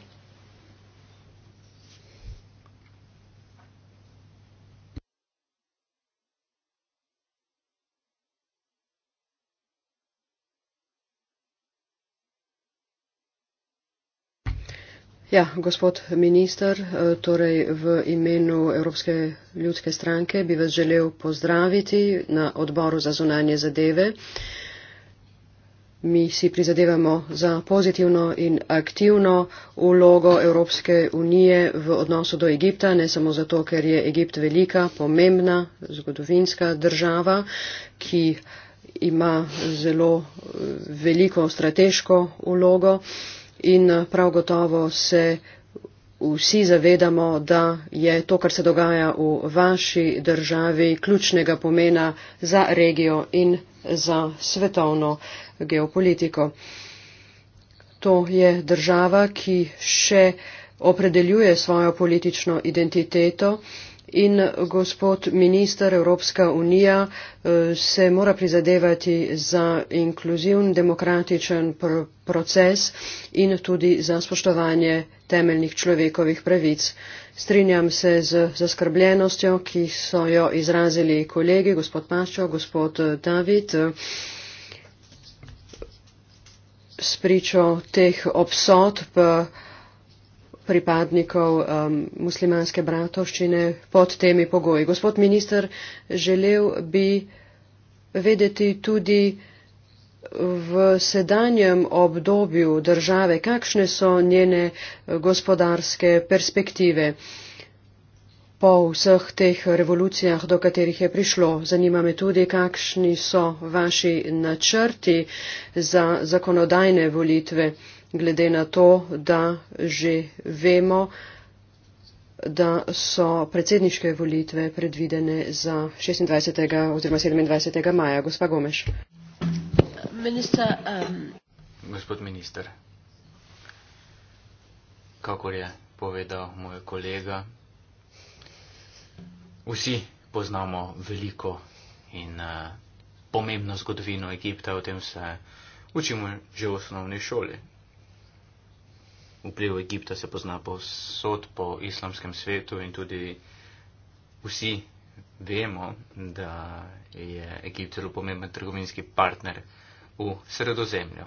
Ja, gospod minister, eh, torej v imenu Evropske ljudske stranke bi vas želel pozdraviti na odboru za zunanje zadeve. Mi si prizadevamo za pozitivno in aktivno ulogo Evropske unije v odnosu do Egipta, ne samo zato, ker je Egipt velika, pomembna, zgodovinska država, ki ima zelo eh, veliko strateško ulogo in eh, prav gotovo se vsi zavedamo, da je to, kar se dogaja v vaši državi, ključnega pomena za regijo in za svetovno geopolitiko. To je država, ki še opredeljuje svojo politično identiteto in gospod minister evropska unija eh, se mora prizadevati za inkluziven demokratičen pr proces in tudi za spoštovanje temeljnih človekovih pravic. Strinjam se z zaskrbljenostjo, ki so jo izrazili kolegi gospod Paščo, gospod eh, David, eh, s pričo teh obsodb pripadnikov um, muslimanske bratovščine pod temi pogoji. Gospod minister, želel bi vedeti tudi v sedanjem obdobju države, kakšne so njene eh, gospodarske perspektive po vseh teh revolucijah, do katerih je prišlo. Zanima me tudi, kakšni so vaši načrti za zakonodajne volitve glede na to, da že vemo, da so predsedniške volitve predvidene za 26. oziroma 27. maja. Gospa Gomeš. Minister, um... Gospod minister, kakor je povedal moj kolega, vsi poznamo veliko in uh, pomembno zgodovino Egipta, o tem se učimo že v osnovni šoli vpliv Egipta se pozna povsod po islamskem svetu in tudi vsi vemo, da je Egipt zelo pomemben trgovinski partner v sredozemlju.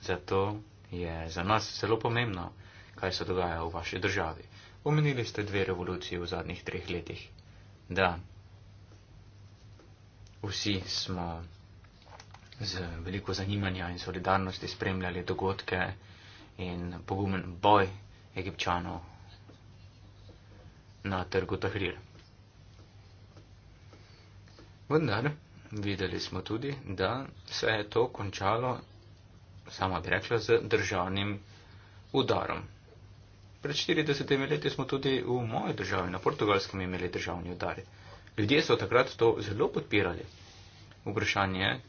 Zato je za nas zelo pomembno, kaj se dogaja v vaši državi. Omenili ste dve revoluciji v zadnjih treh letih. Da, vsi smo z veliko zanimanja in solidarnosti spremljali dogodke in pogumen boj egipčanov na trgu Tahrir. Vendar videli smo tudi, da se je to končalo, sama bi rekla, z državnim udarom. Pred 40 leti smo tudi v moji državi, na portugalskem, imeli državni udar. Ljudje so takrat to zelo podpirali. Vprašanje je,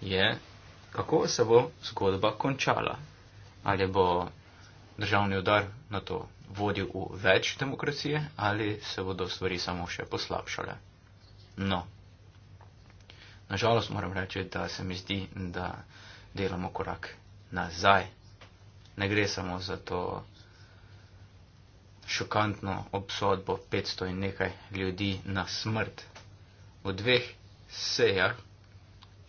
je, kako se bo zgodba končala. Ali bo državni udar na to vodil v več demokracije, ali se bodo stvari samo še poslabšale. No, nažalost moram reči, da se mi zdi, da delamo korak nazaj. Ne gre samo za to šokantno obsodbo 500 in nekaj ljudi na smrt. V dveh sejah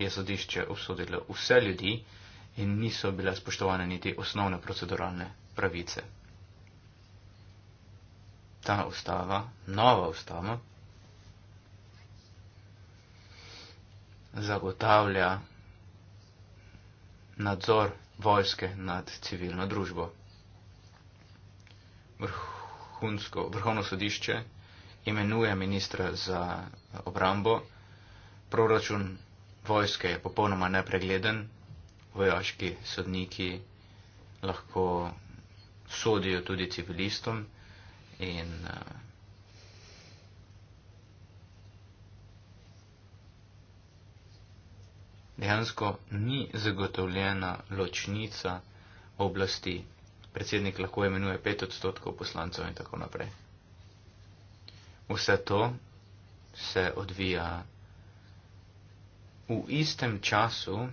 je sodišče obsodilo vse ljudi in niso bile spoštovane niti osnovne proceduralne pravice. Ta ustava, nova ustava, zagotavlja nadzor vojske nad civilno družbo. Vrhunsko, vrhovno sodišče imenuje ministra za obrambo, proračun vojske je popolnoma nepregleden, vojaški sodniki lahko sodijo tudi civilistom in eh, dejansko ni zagotovljena ločnica oblasti. Predsednik lahko imenuje pet odstotkov poslancev in tako naprej. Vse to se odvija v istem času,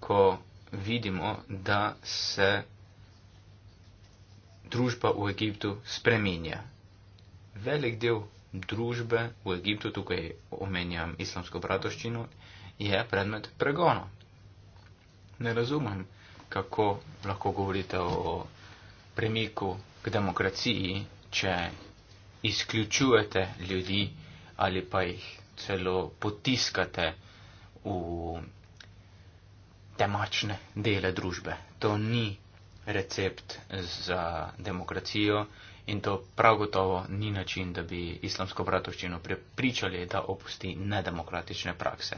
ko vidimo, da se družba v Egiptu spreminja. Velik del družbe v Egiptu, tukaj omenjam islamsko bratoščino, je predmet pregona. Ne razumem, kako lahko govorite o premiku k demokraciji, če izključujete ljudi ali pa jih celo potiskate v temačne dele družbe. To ni recept za demokracijo in to prav gotovo ni način, da bi islamsko bratovščino prepričali, da opusti nedemokratične prakse.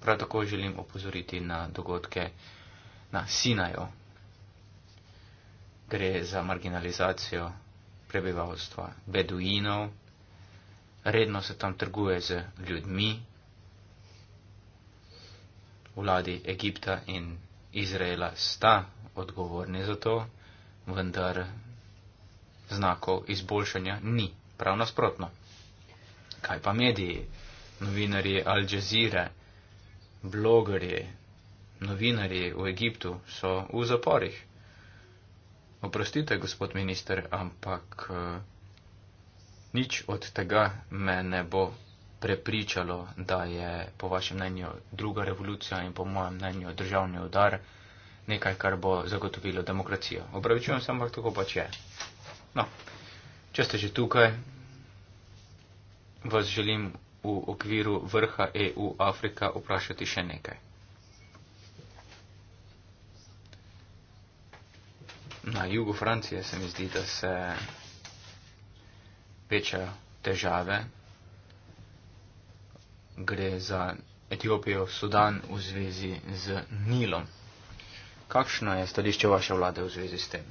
Prav tako želim opozoriti na dogodke na Sinajo. Gre za marginalizacijo prebivalstva beduinov, redno se tam trguje z ljudmi, vladi Egipta in Izraela sta odgovorni za to, vendar znakov izboljšanja ni. Prav nasprotno. Kaj pa mediji, novinarji Al Jazeera, blogerji, novinarji v Egiptu so v zaporih? Oprostite, gospod minister, ampak uh, nič od tega me ne bo prepričalo, da je po vašem mnenju druga revolucija in po mojem mnenju državni udar nekaj, kar bo zagotovilo demokracijo. Opravičujem se, ampak tako pač je. No, če ste že tukaj, vas želim v okviru vrha EU Afrika vprašati še nekaj. Na jugu Francije se mi zdi, da se večajo težave gre za Etiopijo, Sudan v zvezi z Nilom. Kakšno je stališče vaše vlade v zvezi s tem?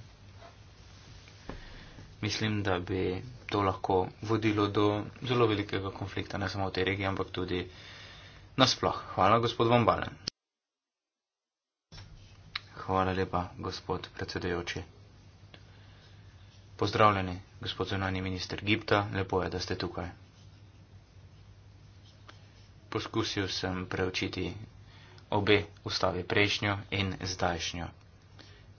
Mislim, da bi to lahko vodilo do zelo velikega konflikta, ne samo v tej regiji, ampak tudi nasploh. Hvala, gospod Vambale. Hvala lepa, gospod predsedajoči. Pozdravljeni, gospod zunani minister Gibta, lepo je, da ste tukaj poskusil sem preučiti obe ustavi, prejšnjo in zdajšnjo.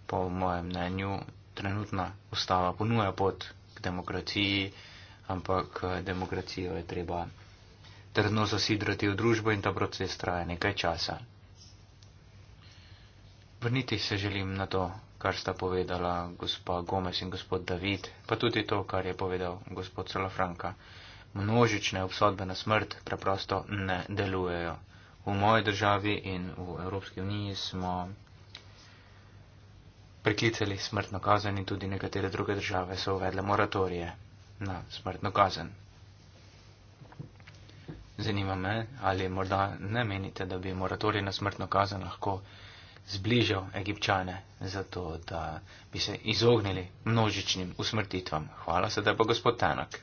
Po mojem mnenju, trenutna ustava ponuja pot k demokraciji, ampak demokracijo je treba trdno zasidrati v družbo in ta proces traja nekaj časa. Vrniti se želim na to, kar sta povedala gospa Gomez in gospod David, pa tudi to, kar je povedal gospod Salafranka množične obsodbe na smrt preprosto ne delujejo. V moji državi in v Evropski uniji smo priklicali smrtno kazen in tudi nekatere druge države so uvedle moratorije na smrtno kazen. Zanima me, ali morda ne menite, da bi moratorij na smrtno kazen lahko zbližal egipčane, zato da bi se izognili množičnim usmrtitvam. Hvala sedaj pa gospod Tanak.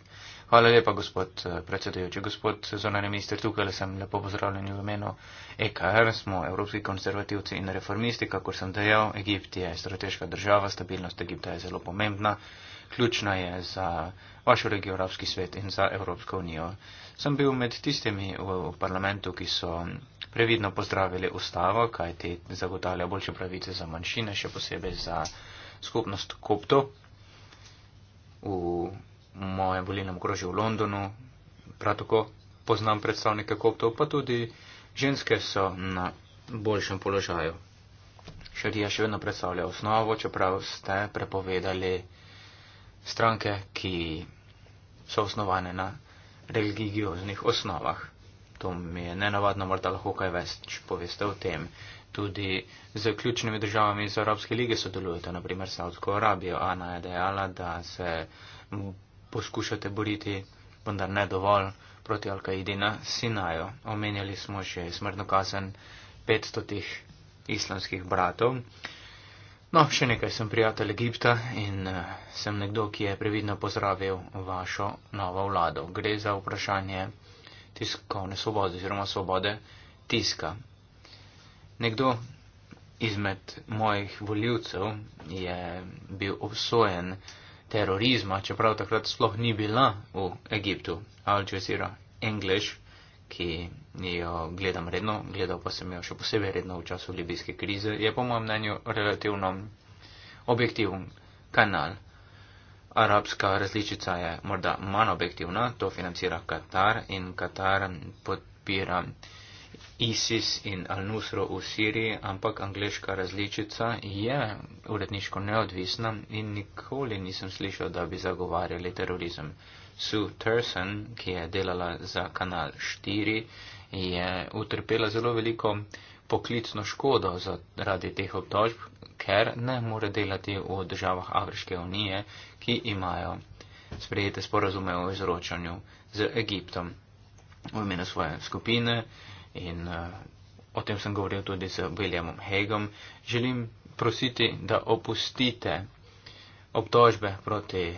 Hvala lepa, gospod eh, predsedujoči. Gospod zonani minister, tukaj sem lepo pozdravljen v imenu EKR, smo evropski konservativci in reformisti, kako sem dejal. Egipt je strateška država, stabilnost Egipta je zelo pomembna, ključna je za vašo regijo, evropski svet in za Evropsko unijo. Sem bil med tistimi v parlamentu, ki so previdno pozdravili ustavo, kaj ti zagotavlja boljše pravice za manjšine, še posebej za skupnost koptov mojem volilnem okrožju v Londonu, prav tako poznam predstavnike koptov, pa tudi ženske so na boljšem položaju. Šarija še vedno predstavlja osnovo, čeprav ste prepovedali stranke, ki so osnovane na religioznih osnovah. To mi je nenavadno, morda lahko kaj več poveste o tem. Tudi z ključnimi državami iz Evropske lige sodelujete, naprimer Saudsko Arabijo. Ana je dejala, da se poskušate boriti, vendar ne dovolj, proti Al-Kaidi na Sinaju. Omenjali smo še smrtno kazen 500 islamskih bratov. No, še nekaj sem prijatelj Egipta in eh, sem nekdo, ki je previdno pozdravil vašo novo vlado. Gre za vprašanje tiskovne svobode oziroma svobode tiska. Nekdo izmed mojih voljivcev je bil obsojen terorizma, čeprav takrat sploh ni bila v Egiptu, Al Jazeera English, ki jo gledam redno, gledal pa sem jo še posebej redno v času libijske krize, je po mojem mnenju relativno objektiven kanal. Arabska različica je morda manj objektivna, to financira Katar in Katar podpira. ISIS in Al-Nusro v Siriji, ampak angliška različica je uredniško neodvisna in nikoli nisem slišal, da bi zagovarjali terorizem. Sue Terson, ki je delala za kanal 4, je utrpela zelo veliko poklicno škodo zaradi teh obtožb, ker ne more delati v državah Afriške unije, ki imajo sprejete sporazume o izročanju z Egiptom v imenu svoje skupine in uh, o tem sem govoril tudi z Williamom Hegom, želim prositi, da opustite obtožbe proti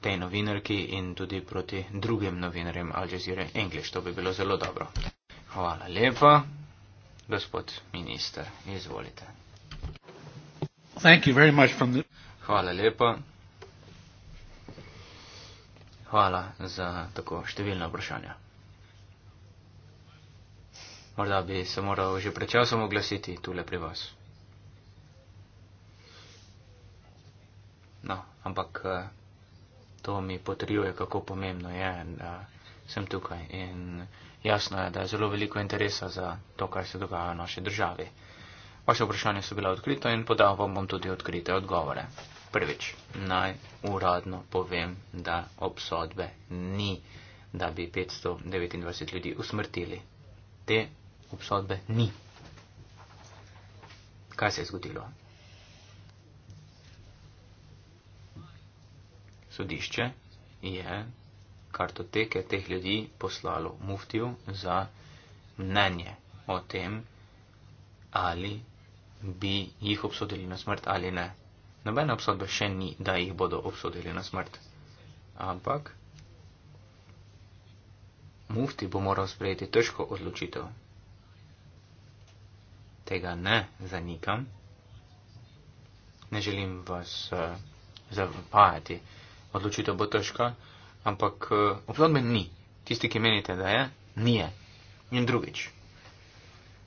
tej novinarki in tudi proti drugim novinarjem Al Jazeera English. To bi bilo zelo dobro. Hvala lepa, gospod minister. Izvolite. Hvala lepa. Hvala za tako številna vprašanja morda bi se moral že pred časom oglasiti tule pri vas. No, ampak eh, to mi potrjuje, kako pomembno je, da eh, sem tukaj. In jasno je, da je zelo veliko interesa za to, kar se dogaja v naši državi. Vaše vprašanje so bila odkrito in podal vam bom tudi odkrite odgovore. Prvič, naj uradno povem, da obsodbe ni, da bi 529 ljudi usmrtili. Te obsodbe ni. Kaj se je zgodilo? Sodišče je kartoteke teh ljudi poslalo muftiju za mnenje o tem, ali bi jih obsodili na smrt ali ne. Nobena obsodba še ni, da jih bodo obsodili na smrt. Ampak mufti bo moral sprejeti težko odločitev, tega ne zanikam. Ne želim vas uh, zavajati. Odločitev bo težka, ampak uh, eh, obzodben ni. Tisti, ki menite, da je, ni. In drugič.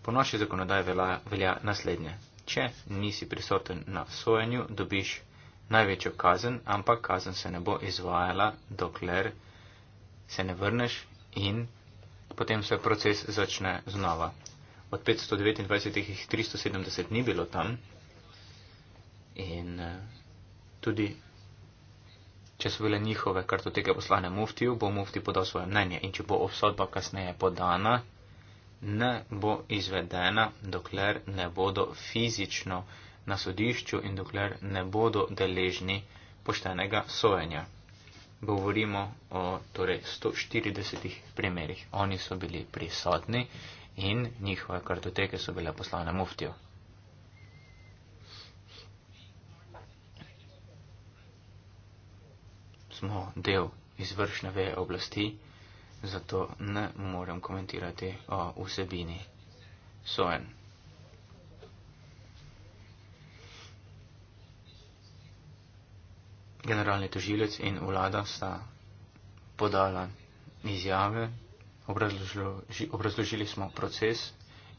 Po naši zakonodaji velja, velja naslednje. Če nisi prisoten na sojenju, dobiš največjo kazen, ampak kazen se ne bo izvajala, dokler se ne vrneš in potem se proces začne znova od 529 jih 370 ni bilo tam. In eh, tudi, če so bile njihove kartoteke poslane muftiju, bo mufti podal svoje mnenje. In če bo obsodba kasneje podana, ne bo izvedena, dokler ne bodo fizično na sodišču in dokler ne bodo deležni poštenega sojenja. Govorimo o torej 140 primerih. Oni so bili prisotni in njihove kartoteke so bile poslane muftijo. Smo del izvršne veje oblasti, zato ne morem komentirati o vsebini sojen. Generalni tožilec in vlada sta podala izjave Obrazložili, obrazložili smo proces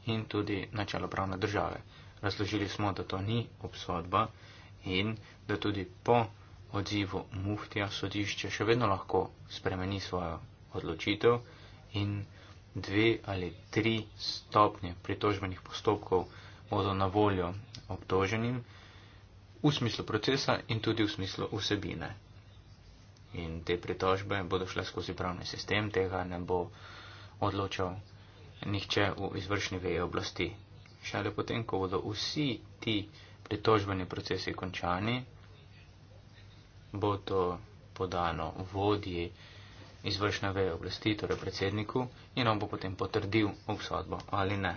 in tudi načelo pravne države. Razložili smo, da to ni obsodba in da tudi po odzivu muhtja sodišče še vedno lahko spremeni svojo odločitev in dve ali tri stopnje pritožbenih postopkov bodo na voljo obtoženim v smislu procesa in tudi v smislu vsebine. In te pritožbe bodo šle skozi pravni sistem, tega ne bo odločal nihče v izvršni veji oblasti. Šele potem, ko bodo vsi ti pritožbeni procesi končani, bo to podano vodji izvršne veje oblasti, torej predsedniku, in on bo potem potrdil obsodbo ali ne.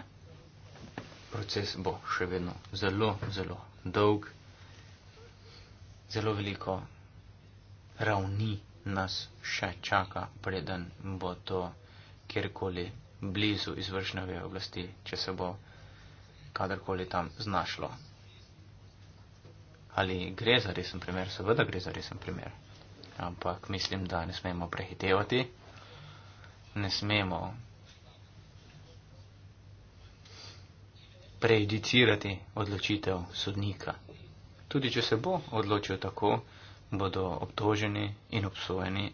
Proces bo še vedno zelo, zelo dolg, zelo veliko ravni nas še čaka, preden bo to kjerkoli blizu izvršne veje oblasti, če se bo kadarkoli tam znašlo. Ali gre za resen primer? Seveda gre za resen primer. Ampak mislim, da ne smemo prehitevati, ne smemo prejudicirati odločitev sodnika. Tudi če se bo odločil tako, bodo obtoženi in obsojeni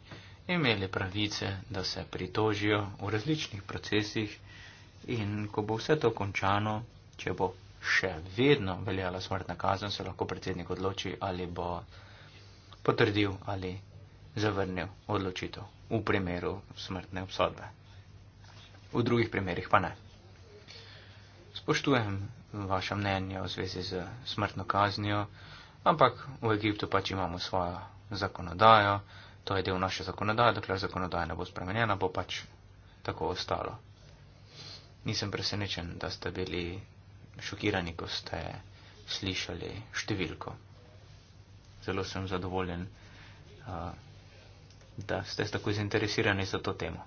imeli pravice, da se pritožijo v različnih procesih in ko bo vse to končano, če bo še vedno veljala smrtna kazen, se lahko predsednik odloči ali bo potrdil ali zavrnil odločitev v primeru smrtne obsodbe. V drugih primerih pa ne. Spoštujem vaše mnenje v zvezi z smrtno kaznijo, ampak v Egiptu pač imamo svojo zakonodajo, to je del naše zakonodaje, dokler zakonodaja ne bo spremenjena, bo pač tako ostalo. Nisem presenečen, da ste bili šokirani, ko ste slišali številko. Zelo sem zadovoljen, da ste tako zainteresirani za to temo.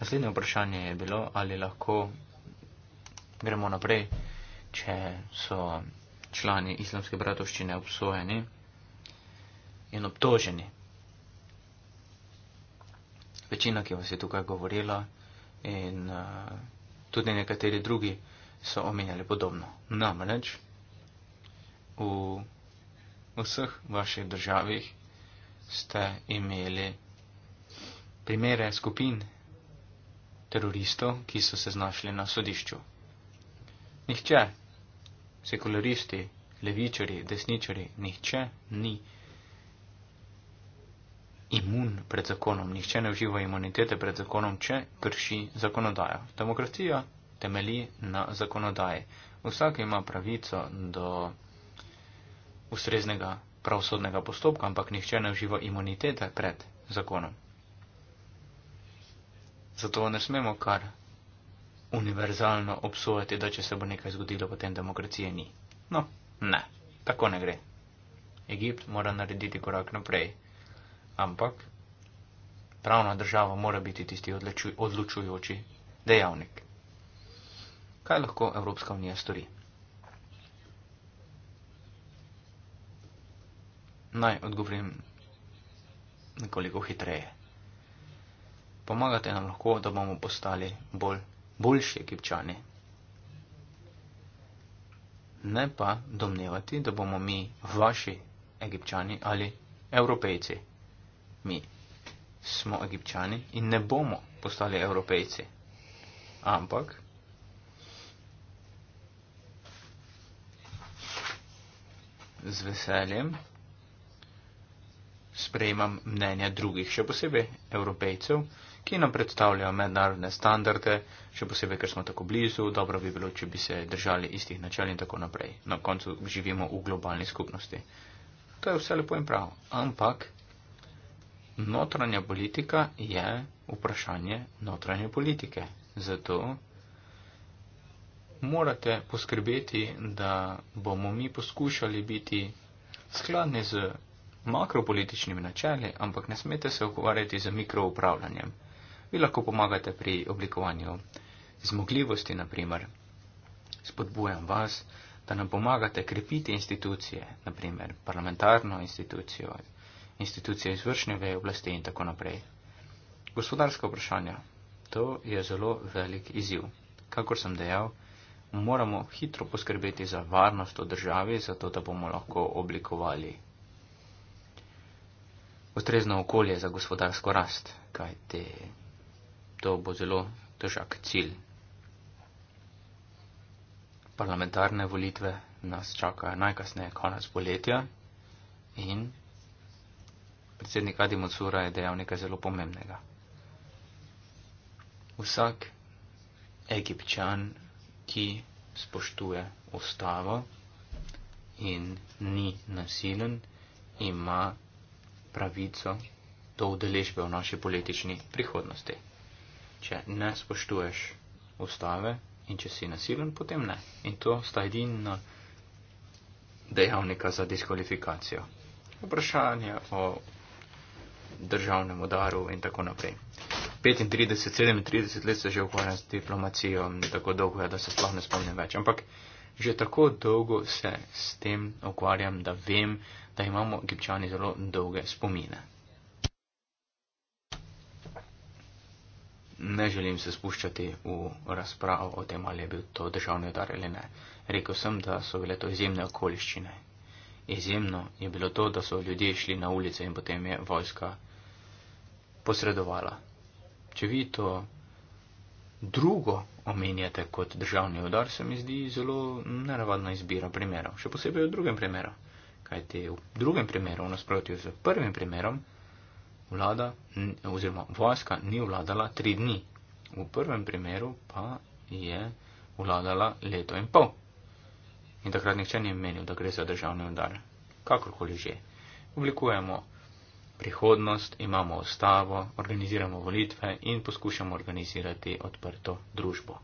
Naslednje vprašanje je bilo, ali lahko gremo naprej, če so člani islamske bratovščine obsojeni in obtoženi večina, ki vas je tukaj govorila in uh, tudi nekateri drugi so omenjali podobno. Namreč v vseh vaših državih ste imeli primere skupin teroristov, ki so se znašli na sodišču. Nihče, sekularisti, levičari, desničari, nihče ni imun pred zakonom, nihče ne uživa imunitete pred zakonom, če krši zakonodajo. Demokracija temelji na zakonodaji. Vsak ima pravico do ustreznega pravosodnega postopka, ampak nihče ne uživa imunitete pred zakonom. Zato ne smemo kar univerzalno obsojati, da če se bo nekaj zgodilo, potem demokracije ni. No, ne, tako ne gre. Egipt mora narediti korak naprej ampak pravna država mora biti tisti odločujoči dejavnik. Kaj lahko Evropska unija stori? Naj odgovorim nekoliko hitreje. Pomagate nam lahko, da bomo postali bolj, boljši egipčani. Ne pa domnevati, da bomo mi vaši egipčani ali evropejci mi smo egipčani in ne bomo postali evropejci. Ampak z veseljem sprejemam mnenja drugih, še posebej evropejcev, ki nam predstavljajo mednarodne standarde, še posebej, ker smo tako blizu, dobro bi bilo, če bi se držali istih načel in tako naprej. Na koncu živimo v globalni skupnosti. To je vse lepo in prav. Ampak notranja politika je vprašanje notranje politike. Zato morate poskrbeti, da bomo mi poskušali biti skladni z makropolitičnimi načeli, ampak ne smete se ukvarjati z mikroupravljanjem. Vi lahko pomagate pri oblikovanju zmogljivosti, naprimer. Spodbujam vas, da nam pomagate krepiti institucije, naprimer parlamentarno institucijo, institucije izvršne veje oblasti in tako naprej. Gospodarska vprašanja. To je zelo velik izziv. Kakor sem dejal, moramo hitro poskrbeti za varnost v državi, zato da bomo lahko oblikovali ustrezno okolje za gospodarsko rast, kajte to bo zelo težak cilj. Parlamentarne volitve nas čakajo najkasneje konec poletja in predsednik Adimocura je dejal nekaj zelo pomembnega. Vsak egipčan, ki spoštuje ustavo in ni nasilen, ima pravico do udeležbe v naši politični prihodnosti. Če ne spoštuješ ustave in če si nasilen, potem ne. In to sta edina dejavnika za diskvalifikacijo. Vprašanje o državnem udaru in tako naprej. 35, 37 let se že ukvarjam s diplomacijo, tako dolgo je, da se sploh ne spomnim več. Ampak že tako dolgo se s tem ukvarjam, da vem, da imamo egipčani zelo dolge spomine. Ne želim se spuščati v razpravo o tem, ali je bil to državni udar ali ne. Rekl sem, da so bile to izjemne okoliščine. Izjemno je bilo to, da so ljudje šli na ulice in potem je vojska posredovala. Če vi to drugo omenjate kot državni udar, se mi zdi zelo nenavadna izbira primerov. Še posebej v drugem primeru. Kaj ti v drugem primeru, v nasprotju z prvim primerom, vlada oziroma vojska ni vladala tri dni. V prvem primeru pa je vladala leto in pol. In takrat nihče ni menil, da gre za državni udar. Kakorkoli že. Oblikujemo prihodnost, imamo ustavo, organiziramo volitve in poskušamo organizirati odprto družbo.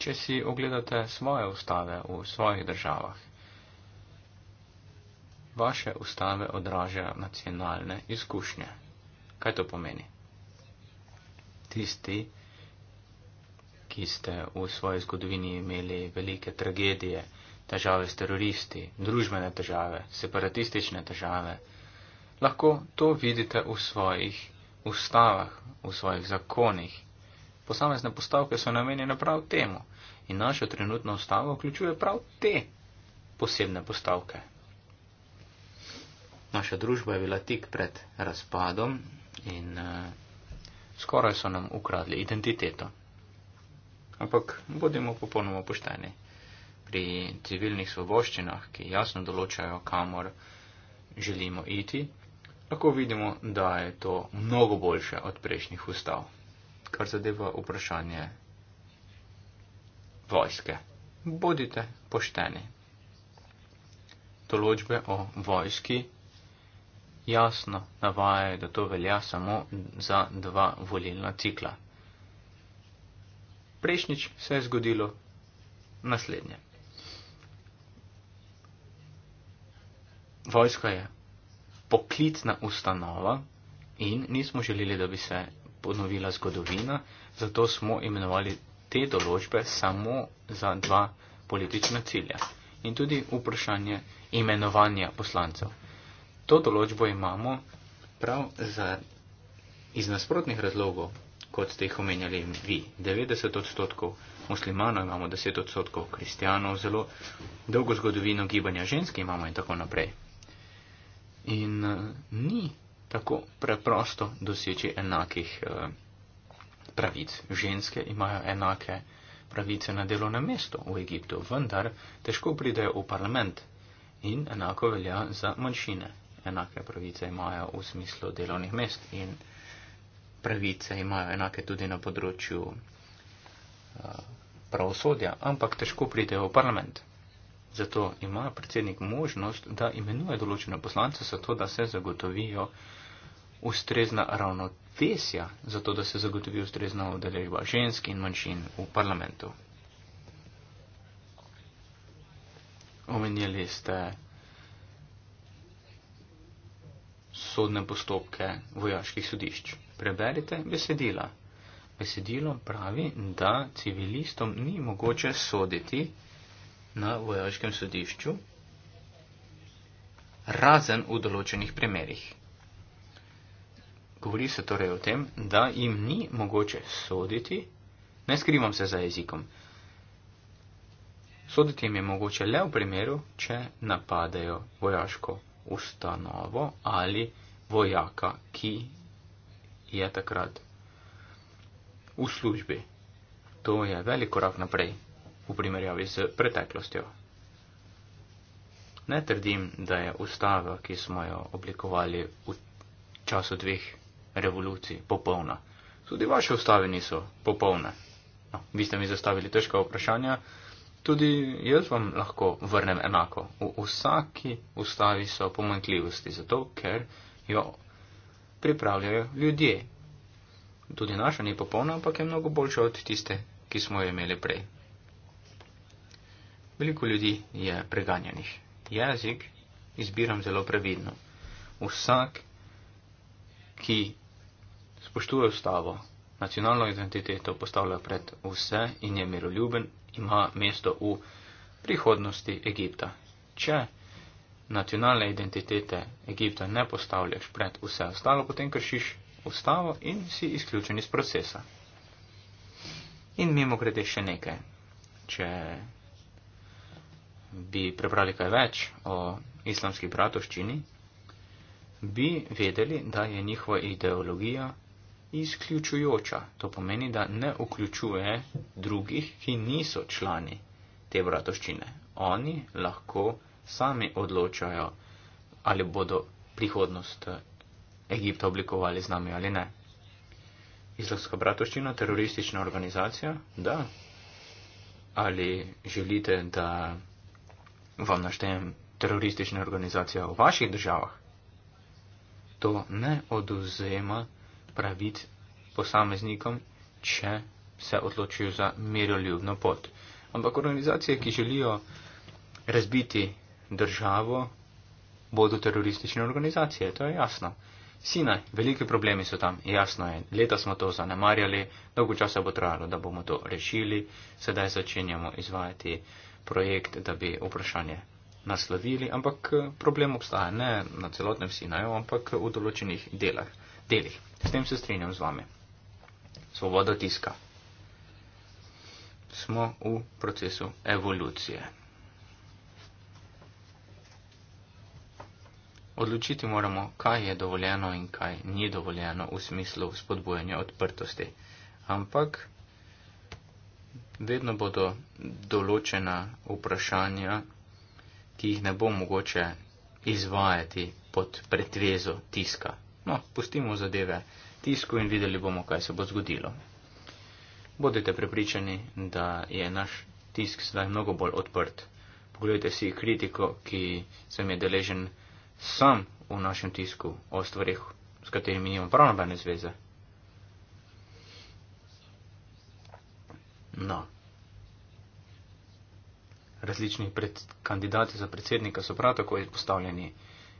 Če si ogledate svoje ustave v svojih državah, vaše ustave odražajo nacionalne izkušnje. Kaj to pomeni? Tisti, ki ki ste v svoji zgodovini imeli velike tragedije, težave s teroristi, družbene težave, separatistične težave, lahko to vidite v svojih ustavah, v svojih zakonih. Posamezne postavke so namenjene prav temu in naša trenutna ustava vključuje prav te posebne postavke. Naša družba je bila tik pred razpadom in uh, skoraj so nam ukradli identiteto ampak bodimo popolnoma pošteni. Pri civilnih svoboščinah, ki jasno določajo, kamor želimo iti, lahko vidimo, da je to mnogo boljše od prejšnjih ustav, kar zadeva vprašanje vojske. Bodite pošteni. Določbe o vojski jasno navajajo, da to velja samo za dva volilna cikla prejšnjič se je zgodilo naslednje. Vojska je poklicna ustanova in nismo želeli, da bi se ponovila zgodovina, zato smo imenovali te določbe samo za dva politična cilja in tudi vprašanje imenovanja poslancev. To določbo imamo prav za, iz nasprotnih razlogov kot ste jih omenjali vi. 90 odstotkov muslimanov imamo, 10 odstotkov kristijanov, zelo dolgo zgodovino gibanja žensk imamo in tako naprej. In uh, ni tako preprosto doseči enakih uh, pravic. Ženske imajo enake pravice na delovnem mestu v Egiptu, vendar težko pridejo v parlament in enako velja za manjšine. Enake pravice imajo v smislu delovnih mest in pravice imajo enake tudi na področju eh, pravosodja, ampak težko pridejo v parlament. Zato ima predsednik možnost, da imenuje določene poslance, zato da se zagotovijo ustrezna ravnotesja, zato da se zagotovi ustrezna udeležba žensk in manjšin v parlamentu. Omenjali ste sodne postopke vojaških sodišč preberite besedila. Besedilo pravi, da civilistom ni mogoče soditi na vojaškem sodišču, razen v določenih primerjih. Govori se torej o tem, da jim ni mogoče soditi, ne skrivam se za jezikom. Soditi jim je mogoče le v primeru, če napadajo vojaško ustanovo ali vojaka, ki je takrat v službi. To je velik korak naprej v primerjavi z preteklostjo. Ne trdim, da je ustava, ki smo jo oblikovali v času dveh revolucij, popolna. Tudi vaše ustave niso popolne. No, vi ste mi zastavili težka vprašanja, tudi jaz vam lahko vrnem enako. V vsaki ustavi so pomankljivosti, zato ker jo pripravljajo ljudje. Tudi naša ni popolna, ampak je mnogo boljša od tiste, ki smo jo imeli prej. Veliko ljudi je preganjenih. Jezik izbiram zelo previdno. Vsak, ki spoštuje ustavo, nacionalno identiteto postavlja pred vse in je miroljuben, ima mesto v prihodnosti Egipta. Če nacionalne identitete Egipta ne postavljaš pred vse ostalo, potem kršiš ustavo in si izključen iz procesa. In mimo grede še nekaj. Če bi prebrali kaj več o islamski bratovščini, bi vedeli, da je njihova ideologija izključujoča. To pomeni, da ne vključuje drugih, ki niso člani te bratovščine. Oni lahko sami odločajo, ali bodo prihodnost eh, Egipta oblikovali z nami ali ne. Islamska bratovščina, teroristična organizacija, da. Ali želite, da vam naštejem teroristične organizacije v vaših državah? To ne oduzema pravic posameznikom, če se odločijo za miroljubno pot. Ampak organizacije, ki želijo razbiti državo bodo teroristične organizacije, to je jasno. Sina, velike problemi so tam, jasno je, leta smo to zanemarjali, dolgo časa bo trajalo, da bomo to rešili, sedaj začenjamo izvajati projekt, da bi vprašanje naslovili, ampak eh, problem obstaja ne na celotnem Sinaju, ampak v določenih delah, delih. S tem se strinjam z vami. Svoboda tiska. Smo v procesu evolucije. Odločiti moramo, kaj je dovoljeno in kaj ni dovoljeno v smislu spodbujanja odprtosti. Ampak vedno bodo določena vprašanja, ki jih ne bo mogoče izvajati pod pretvezo tiska. No, pustimo zadeve tisku in videli bomo, kaj se bo zgodilo. Bodite prepričani, da je naš tisk zdaj mnogo bolj odprt. Poglejte si kritiko, ki sem je deležen sam v našem tisku o stvarih, s katerimi nimamo prav nobene zveze. No. Različni pred, kandidati za predsednika so prav tako izpostavljeni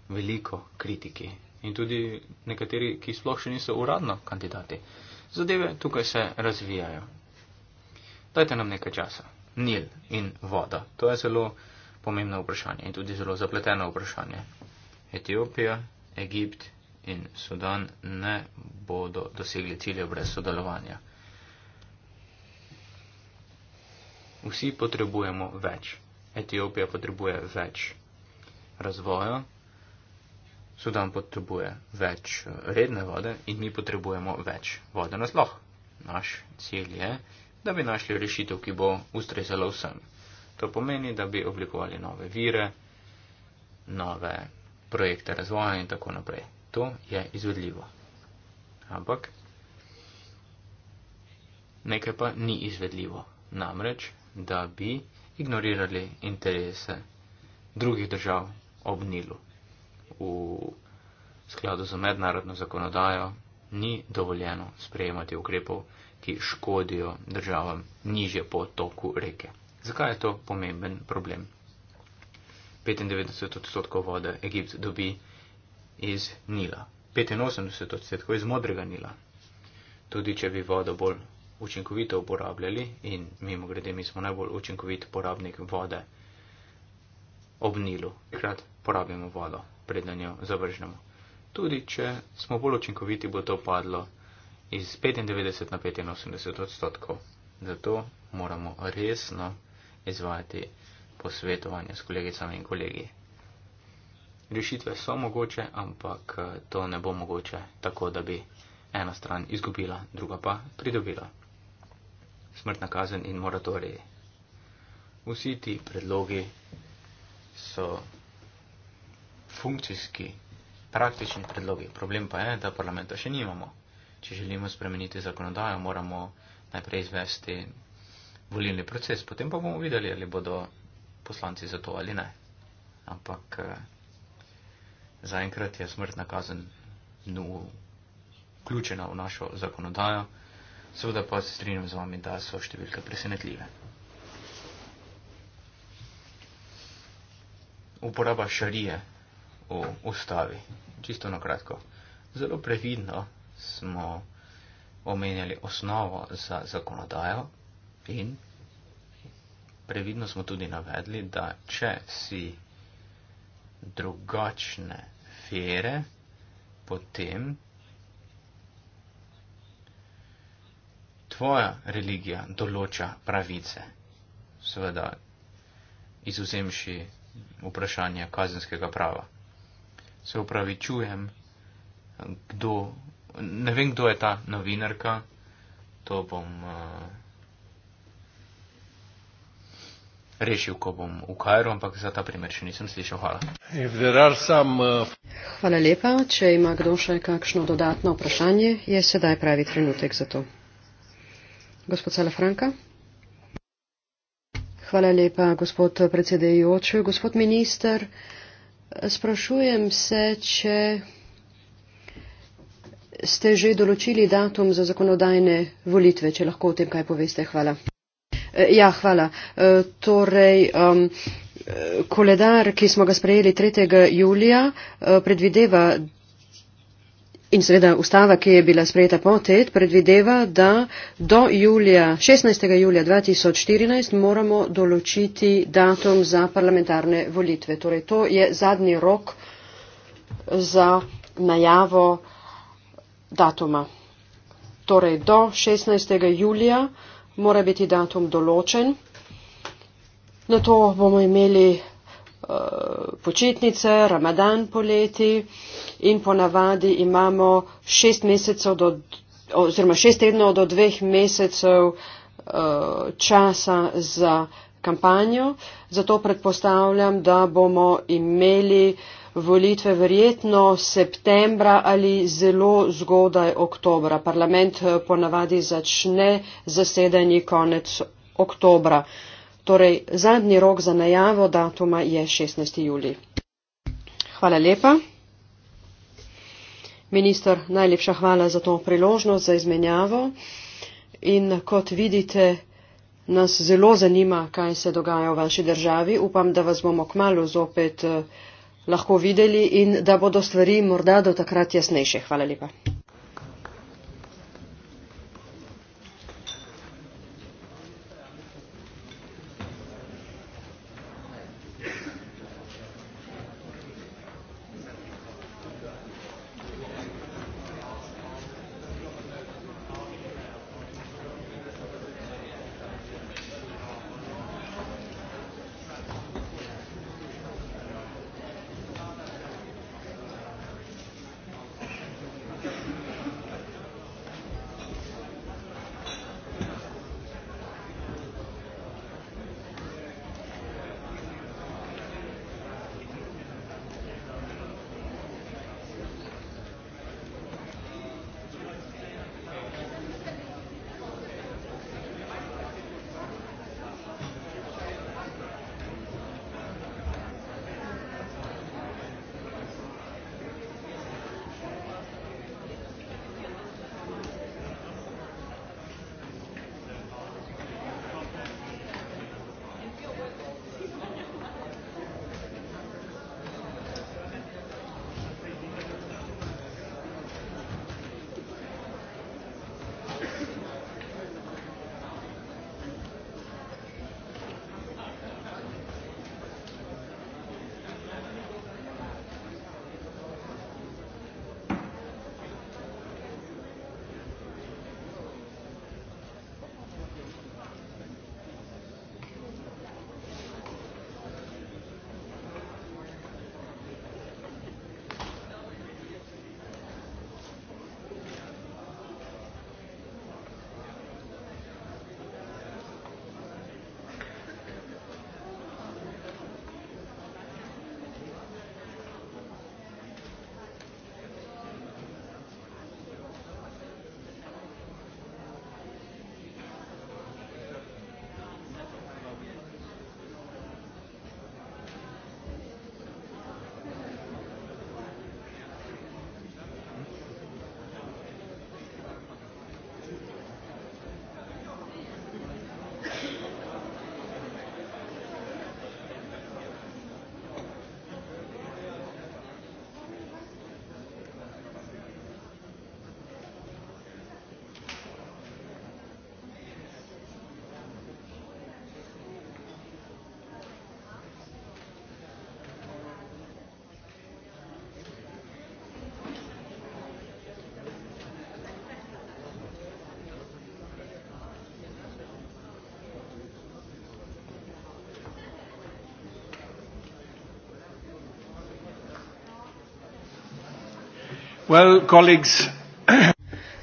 veliko kritiki in tudi nekateri, ki sploh še niso uradno kandidati. Zadeve tukaj se razvijajo. Dajte nam nekaj časa. Nil in voda. To je zelo pomembno vprašanje in tudi zelo zapleteno vprašanje. Etiopija, Egipt in Sudan ne bodo dosegli cilje brez sodelovanja. Vsi potrebujemo več. Etiopija potrebuje več razvoja, Sudan potrebuje več eh, redne vode in mi potrebujemo več vode na sloh. Naš cilj je, da bi našli rešitev, ki bo ustrezala vsem. To pomeni, da bi oblikovali nove vire, nove projekte razvoja in tako naprej. To je izvedljivo. Ampak nekaj pa ni izvedljivo. Namreč, da bi ignorirali interese drugih držav ob Nilu. V skladu z mednarodno zakonodajo ni dovoljeno sprejemati ukrepov, ki škodijo državam nižje po toku reke. Zakaj je to pomemben problem? 95 odstotkov vode Egipt dobi iz Nila. 85 odstotkov iz modrega Nila. Tudi če bi vodo bolj učinkovito uporabljali in mimo grede mi smo najbolj učinkovit porabnik vode ob Nilu, krat porabimo vodo, preden jo zavržnemo. Tudi če smo bolj učinkoviti, bo to padlo iz 95 na 85 odstotkov. Zato moramo resno izvajati posvetovanja s kolegicami in kolegi. Rešitve so mogoče, ampak eh, to ne bo mogoče tako, da bi ena stran izgubila, druga pa pridobila. Smrtna kazen in moratoriji. Vsi ti predlogi so funkcijski, praktični predlogi. Problem pa je, da parlamenta še nimamo. Če želimo spremeniti zakonodajo, moramo najprej izvesti volilni proces, potem pa bomo videli, ali bodo poslanci za to ali ne. Ampak eh, zaenkrat je smrtna kazen vključena v našo zakonodajo, seveda pa se strinjam z vami, da so številke presenetljive. Uporaba šarije v ustavi, čisto na kratko. Zelo previdno smo omenjali osnovo za zakonodajo in previdno smo tudi navedli, da če si drugačne vere, potem tvoja religija določa pravice. Seveda, izuzemši vprašanje kazenskega prava. Se upravičujem, kdo, ne vem, kdo je ta novinarka, to bom. Uh, rešil, ko bom v Kajru, ampak za ta primer še nisem slišal. Hvala. Uh, Hvala lepa. Če ima kdo še kakšno dodatno vprašanje, je sedaj pravi trenutek za to. Gospod Salafranka. Hvala lepa, gospod predsedejoči. Gospod minister, sprašujem se, če ste že določili datum za zakonodajne volitve, če lahko o tem kaj poveste. Hvala. Eh, ja, hvala. Eh, torej, um, koledar, ki smo ga sprejeli 3. julija, eh, predvideva in seveda ustava, ki je bila sprejeta potet, predvideva, da do julija, 16. julija 2014 moramo določiti datum za parlamentarne volitve. Torej, to je zadnji rok za najavo datuma. Torej, do 16. julija 2014 mora biti datum določen. Na to bomo imeli uh, počitnice, ramadan poleti in ponavadi imamo šest mesecev do, oziroma šest tednov do dveh mesecev uh, časa za kampanjo. Zato predpostavljam, da bomo imeli uh, volitve verjetno septembra ali zelo zgodaj oktobra. Parlament eh, ponavadi začne zasedanje konec oktobra. Torej, zadnji rok za najavo datuma je 16. juli. Hvala lepa. Ministr, najlepša hvala za to priložnost, za izmenjavo. In kot vidite, nas zelo zanima, kaj se dogaja v vaši državi. Upam, da vas bomo kmalo zopet. Uh, lahko videli in da bodo stvari morda do takrat jasnejše. Hvala lepa.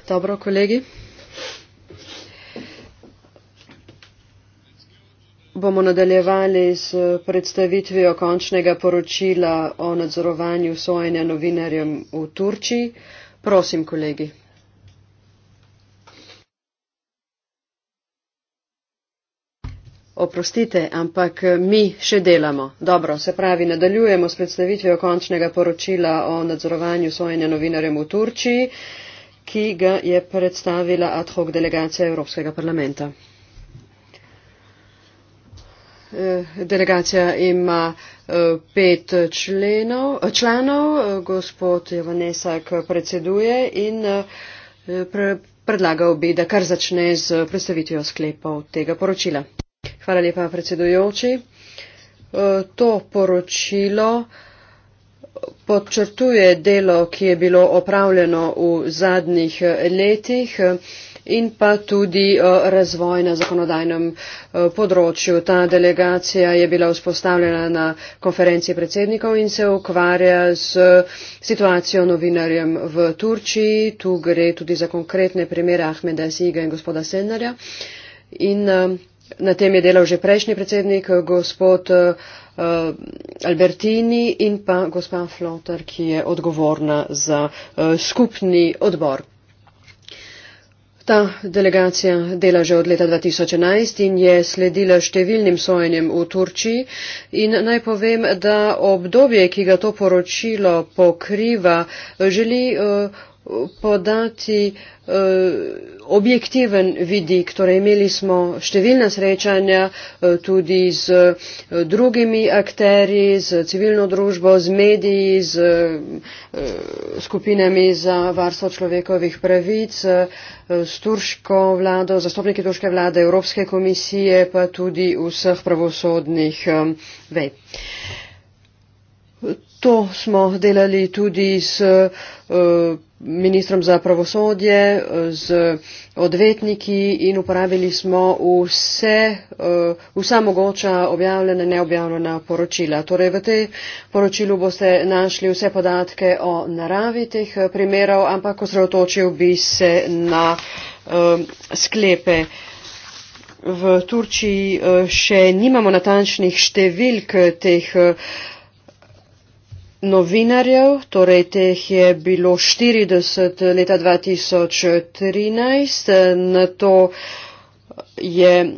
Dobro, kolegi. Bomo nadaljevali s predstavitvijo končnega poročila o nadzorovanju sojenja novinarjem v Turčiji. Prosim, kolegi. oprostite, ampak eh, mi še delamo. Dobro, se pravi, nadaljujemo s predstavitvijo končnega poročila o nadzorovanju sojenja novinarjem v Turčiji, ki ga je predstavila ad hoc delegacija Evropskega parlamenta. Eh, delegacija ima eh, pet členov, članov, gospod Jovanesak predseduje in predlagal bi, da kar začne z predstavitvijo sklepov tega poročila. Hvala lepa, predsedujoči. E, to poročilo podčrtuje delo, ki je bilo opravljeno v zadnjih letih in pa tudi e, razvoj na zakonodajnem e, področju. Ta delegacija je bila vzpostavljena na konferenci predsednikov in se ukvarja z situacijo novinarjem v Turčiji. Tu gre tudi za konkretne primere Ahmeda Siga in gospoda Senarja. In uh, na tem je delal že prejšnji predsednik, gospod eh, Albertini in pa gospa Flotar, ki je odgovorna za eh, skupni odbor. Ta delegacija dela že od leta 2011 in je sledila številnim sojenjem v Turčiji. In naj povem, da obdobje, ki ga to poročilo pokriva, želi uh, podati eh, objektiven vidik, torej imeli smo številna srečanja eh, tudi z eh, drugimi akteri, z civilno družbo, z mediji, z skupinami za varstvo človekovih pravic, s turško vlado, zastopniki turške vlade, Evropske komisije, pa tudi vseh pravosodnih vej. To smo delali tudi s ministrom za pravosodje, z odvetniki in uporabili smo vse, eh, vsa mogoča objavljena, neobjavljena poročila. Torej v tej poročilu boste našli vse podatke o naravi teh eh, primerov, ampak osredotočil bi se na eh, sklepe. V Turčiji še nimamo natančnih številk teh novinarjev, torej teh je bilo 40 leta 2013, na to je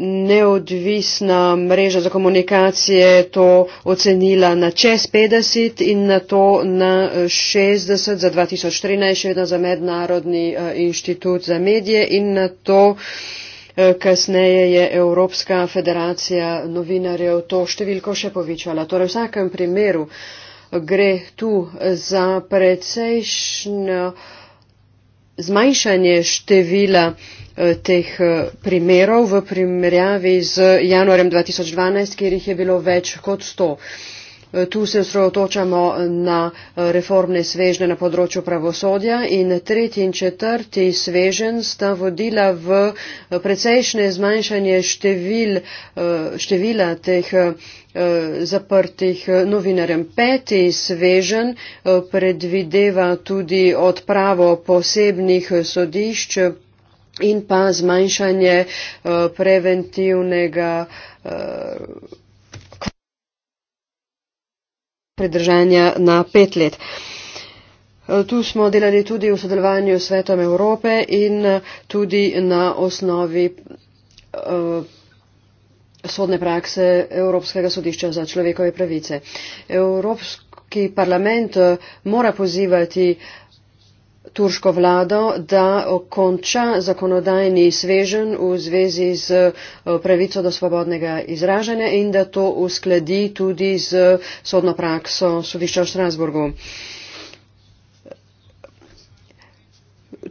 neodvisna mreža za komunikacije to ocenila na čez 50 in na to na 60 za 2013, še vedno za Mednarodni eh, inštitut za medije in na to Eh, kasneje je Evropska federacija novinarjev to številko še povečala. Torej, v vsakem primeru gre tu za precejšnjo zmanjšanje števila eh, teh eh, primerov v primerjavi z januarjem 2012, kjer jih je bilo več kot 100. Eh, tu se osredotočamo na eh, reformne svežne na področju pravosodja in tretji in četrti svežen sta vodila v eh, precejšnje zmanjšanje števil, števila teh zaprtih novinarjem. Peti svežen predvideva tudi odpravo posebnih sodišč in pa zmanjšanje preventivnega pridržanja na pet let. Tu smo delali tudi v sodelovanju s Svetom Evrope in tudi na osnovi uh, sodne prakse Evropskega sodišča za človekove pravice. Evropski parlament uh, mora pozivati uh, turško vlado, da konča zakonodajni svežen v zvezi z eh, pravico do svobodnega izražanja in da to uskladi tudi z sodno prakso sodišča v Strasburgu.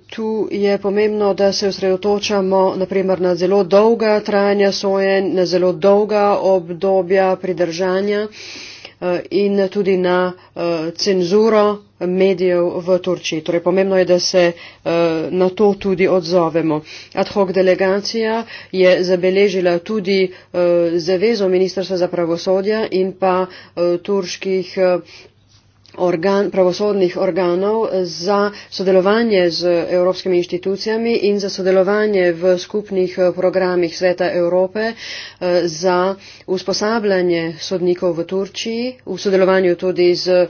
Tu je pomembno, da se osredotočamo naprimer na zelo dolga trajanja sojen, na zelo dolga obdobja pridržanja. Uh, Eh, in tudi na eh, cenzuro medijev v Turčiji. Torej, pomembno je, da se eh, na to tudi odzovemo. Ad hoc delegacija je zabeležila tudi zavezo Ministrstva za pravosodje in pa turških organ, pravosodnih organov za sodelovanje z evropskimi inštitucijami in za sodelovanje v skupnih eh, programih Sveta Evrope eh, za usposabljanje sodnikov v Turčiji, v sodelovanju tudi z eh,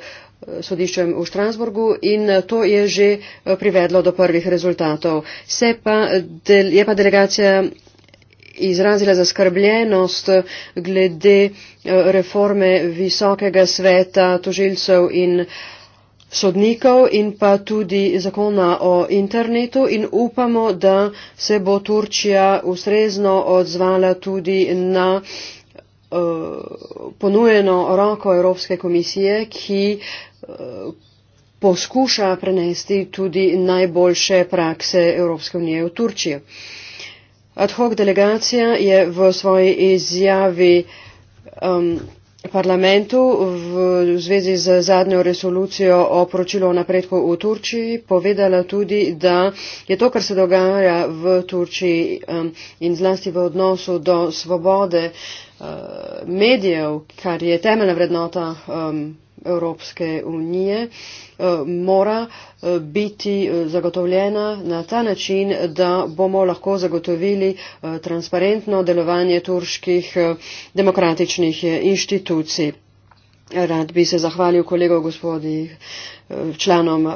sodiščem v Štransburgu in to je že privedlo do prvih rezultatov. Pa del, je pa delegacija izrazila zaskrbljenost glede eh, reforme visokega sveta tožilcev in sodnikov in pa tudi zakona o internetu in upamo, da se bo Turčija ustrezno odzvala tudi na eh, ponujeno roko Evropske komisije, ki eh, poskuša prenesti tudi najboljše prakse Evropske unije v Turčijo. Ad hoc delegacija je v svoji izjavi um, parlamentu v, v zvezi z zadnjo resolucijo o poročilu o napredku v Turčiji povedala tudi, da je to, kar se dogaja v Turčiji um, in zlasti v odnosu do svobode uh, medijev, kar je temeljna vrednota. Um, Evropske unije, eh, mora eh, biti eh, zagotovljena na ta način, da bomo lahko zagotovili transparentno delovanje turških demokratičnih inštitucij. Rad bi se zahvalil kolego gospodi članom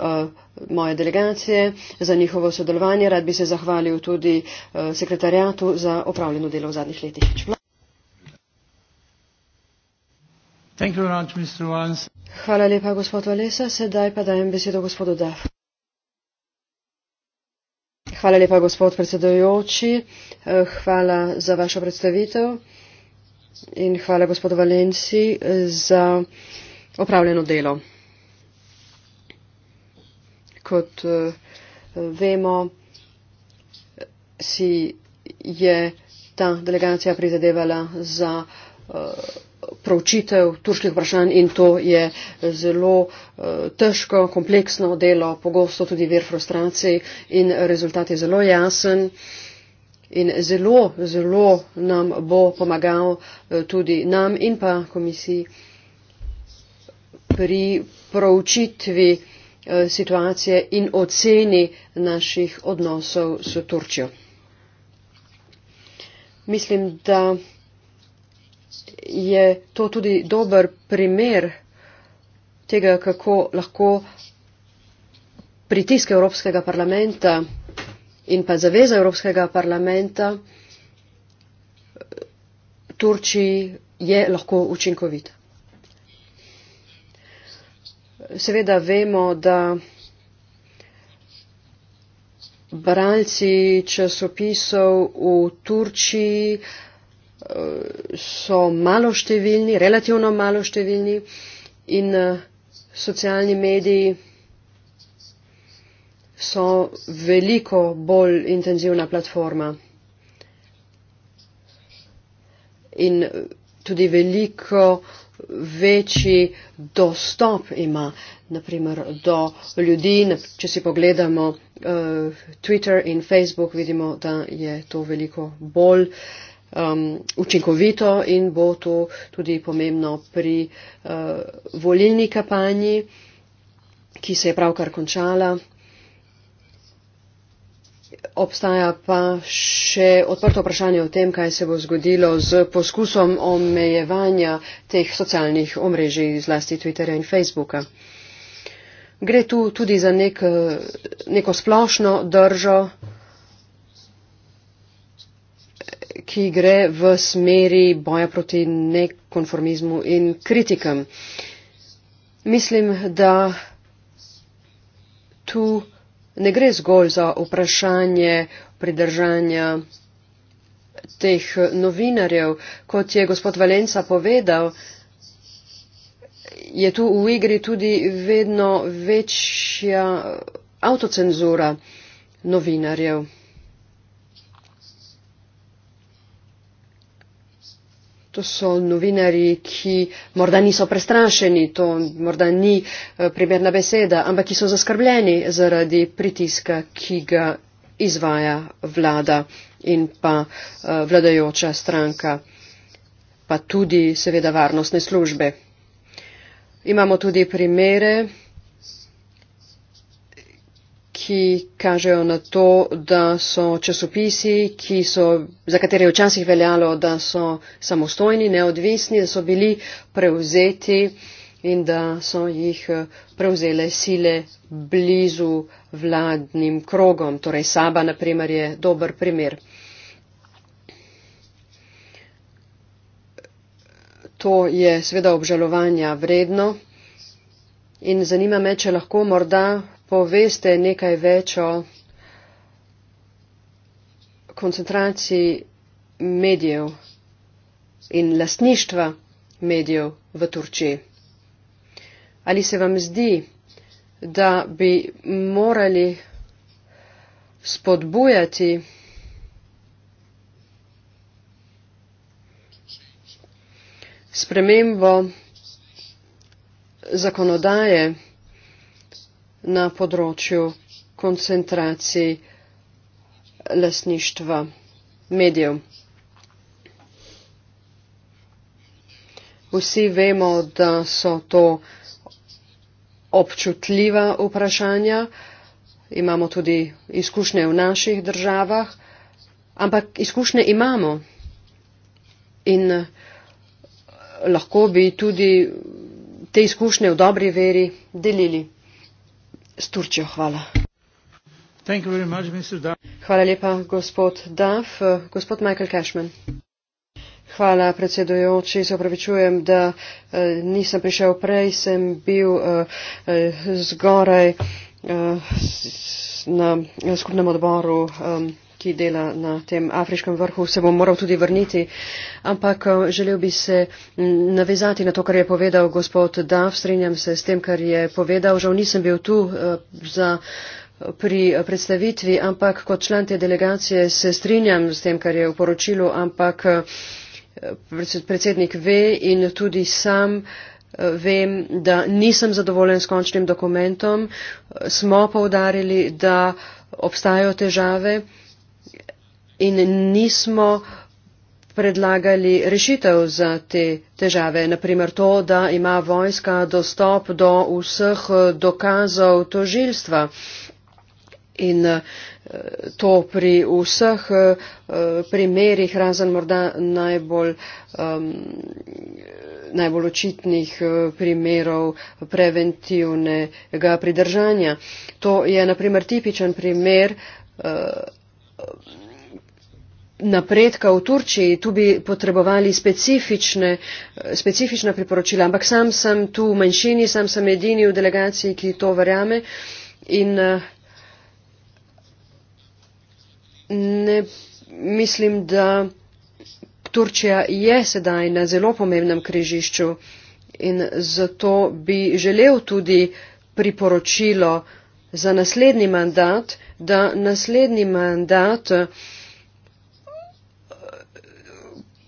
moje delegacije za njihovo sodelovanje. Rad bi se zahvalil tudi sekretarjatu za opravljeno delo v zadnjih letih. Hvala lepa, gospod Valesa. Sedaj pa dajem besedo gospodu Daf. Hvala lepa, gospod predsedojoči. Eh, hvala za vašo predstavitev in hvala gospodu Valenci za opravljeno delo. Kot eh, vemo, si je ta delegacija prizadevala za. Eh, proučitev turških vprašanj in to je eh, zelo eh, težko, kompleksno delo, pogosto tudi vir frustracij in rezultat je zelo jasen. In zelo, zelo nam bo pomagal eh, tudi nam in pa komisiji pri proučitvi situacije in oceni naših odnosov s Turčjo. Mislim, da je to tudi dober primer tega, kako lahko pritisk Evropskega parlamenta in pa zaveza Evropskega parlamenta Turčiji je lahko učinkovit. Seveda vemo, da branci časopisov v Turčiji so malo številni, relativno malo številni in eh, socialni mediji so veliko bolj intenzivna platforma. In eh, tudi veliko večji dostop ima, naprimer, do ljudi. Če si pogledamo uh, Twitter in Facebook, vidimo, da je to veliko bolj uh, um, učinkovito in bo to tudi pomembno pri uh, volilni kampanji, ki se je pravkar končala. Obstaja pa še odprto vprašanje o tem, kaj se bo zgodilo z poskusom omejevanja teh socialnih omrežij, zlasti Twitterja in Facebooka. Gre tu tudi za nek, neko splošno držo, ki gre v smeri boja proti nekonformizmu in kritikam. Mislim, da tu ne gre zgolj za vprašanje pridržanja teh novinarjev. Kot je gospod Valenca povedal, je tu v igri tudi vedno večja avtocenzura novinarjev. To so novinari, ki morda niso prestrašeni, to morda ni eh, primerna beseda, ampak ki so zaskrbljeni zaradi pritiska, ki ga izvaja vlada in pa eh, vladajoča stranka, pa tudi seveda varnostne službe. Imamo tudi primere, ki kažejo na to, da so časopisi, so, za katere je včasih veljalo, da so samostojni, neodvisni, da so bili prevzeti in da so jih eh, prevzele sile blizu vladnim krogom. Torej Saba, na primer, je dober primer. To je seveda obžalovanja vredno. In zanima me, če lahko morda poveste nekaj več o koncentraciji medijev in lastništva medijev v Turčiji. Ali se vam zdi, da bi morali spodbujati spremembo zakonodaje, na področju koncentracij lasništva medijev. Vsi vemo, da so to občutljiva vprašanja, imamo tudi izkušnje v naših državah, ampak izkušnje imamo in eh, lahko bi tudi te izkušnje v dobri veri delili s Turčijo. Hvala. Much, hvala lepa, gospod Duff. Gospod Michael Cashman. Hvala, predsedojoči. Se opravičujem, da eh, nisem prišel prej. Sem bil eh, eh zgoraj eh, na skupnem odboru. Eh, ki dela na tem afriškem vrhu, se bom moral tudi vrniti. Ampak eh, želel bi se mm, navezati na to, kar je povedal gospod Dav. Strinjam se s tem, kar je povedal. Žal nisem bil tu eh, za pri predstavitvi, ampak kot član te delegacije se strinjam s tem, kar je v poročilu, ampak eh, predsednik ve in tudi sam vem, da nisem zadovoljen s končnim dokumentom. Smo poudarili, da obstajajo težave in nismo predlagali rešitev za te težave. Naprimer to, da ima vojska dostop do vseh dokazov tožilstva in eh, to pri vseh eh, primerih, razen morda najbolj, um, najbolj očitnih eh, primerov preventivnega pridržanja. To je naprimer tipičen primer. Uh, napredka v Turčiji, tu bi potrebovali specifična priporočila, ampak sam sem tu v manjšini, sam sem edini v delegaciji, ki to verjame in eh, ne mislim, da Turčija je sedaj na zelo pomembnem križišču in zato bi želel tudi priporočilo za naslednji mandat, da naslednji mandat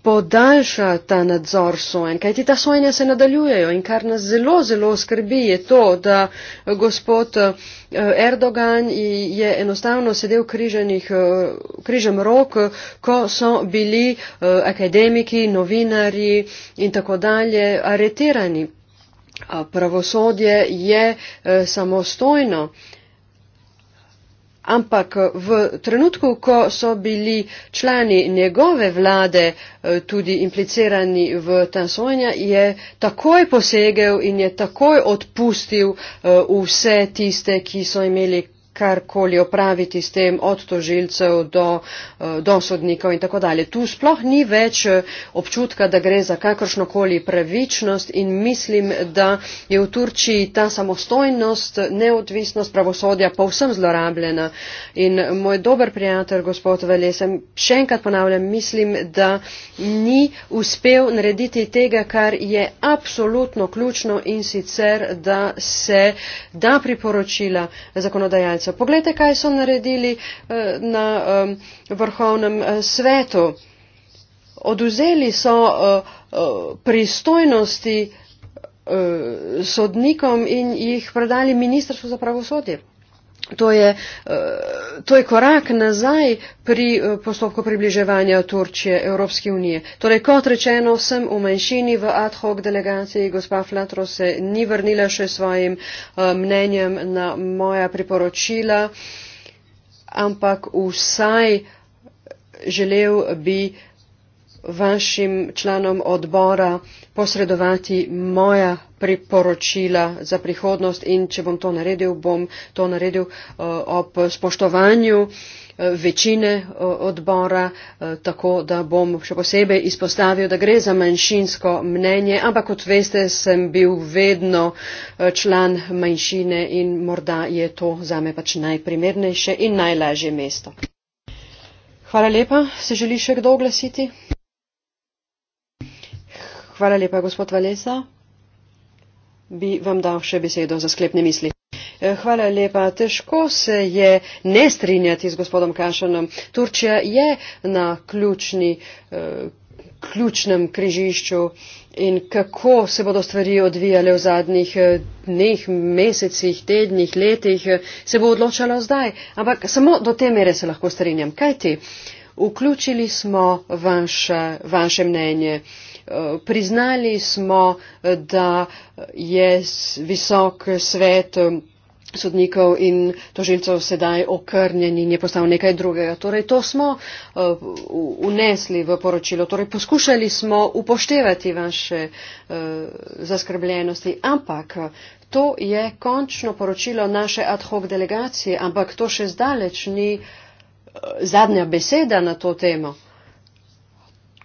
podaljša ta nadzor sojen, kajti ta sojenja se nadaljujejo in kar nas zelo, zelo skrbi je to, da gospod eh, Erdogan je enostavno sedel eh, križem rok, ko so bili eh, akademiki, novinari in tako dalje aretirani. Pravosodje je samostojno ampak eh, v trenutku, ko so bili člani njegove vlade eh, tudi implicirani v ta sojenja, je takoj posegel in je takoj odpustil eh, vse tiste, ki so imeli karkoli opraviti s tem od tožilcev do, eh, do sodnikov in tako dalje. Tu sploh ni več eh, občutka, da gre za kakršnokoli pravičnost in mislim, da je v Turčiji ta samostojnost, neodvisnost pravosodja povsem zlorabljena. In moj dober prijatelj, gospod Velje, sem še enkrat ponavljam, mislim, da ni uspel narediti tega, kar je absolutno ključno in sicer, da se da priporočila zakonodajalcev Švico. Poglejte, kaj so naredili eh, na vrhovnem eh, svetu. Oduzeli so eh, pristojnosti sodnikom in jih predali ministrstvu za pravosodje. To je, eh, to je korak nazaj pri eh, postopku približevanja Turčije Evropske unije. Torej, kot rečeno, sem v manjšini v ad hoc delegaciji, gospa Flatro se ni vrnila še svojim eh, mnenjem na moja priporočila, ampak vsaj želel bi vašim članom odbora uh, posredovati moja priporočila za prihodnost in če bom to naredil, bom to naredil uh, ob spoštovanju eh, večine eh, odbora, tako da bom še posebej izpostavil, da gre za manjšinsko mnenje, ampak kot veste, sem bil vedno član manjšine in morda je to zame pač najprimernejše in najlažje mesto. Hvala lepa. Se želi še kdo oglasiti? Hvala lepa, gospod Valesa. Bi vam dal še besedo za sklepne misli. Eh, hvala lepa. Težko se je ne strinjati z gospodom Kašanom. Turčija je na ključni, eh, ključnem križišču in kako se bodo stvari odvijale v zadnjih eh, dneh, mesecih, tednih, letih, se bo odločalo zdaj. Ampak samo do te mere se lahko strinjam. Kaj ti? Vključili smo vaše, vaše mnenje priznali smo, da je visok svet um, sodnikov in tožilcev sedaj okrnjen in je postal nekaj drugega. Torej, to smo uh, unesli v poročilo. Torej, poskušali smo upoštevati vaše uh, zaskrbljenosti, ampak uh, to je končno poročilo naše ad hoc delegacije, ampak to še zdaleč ni zadnja beseda na to temo.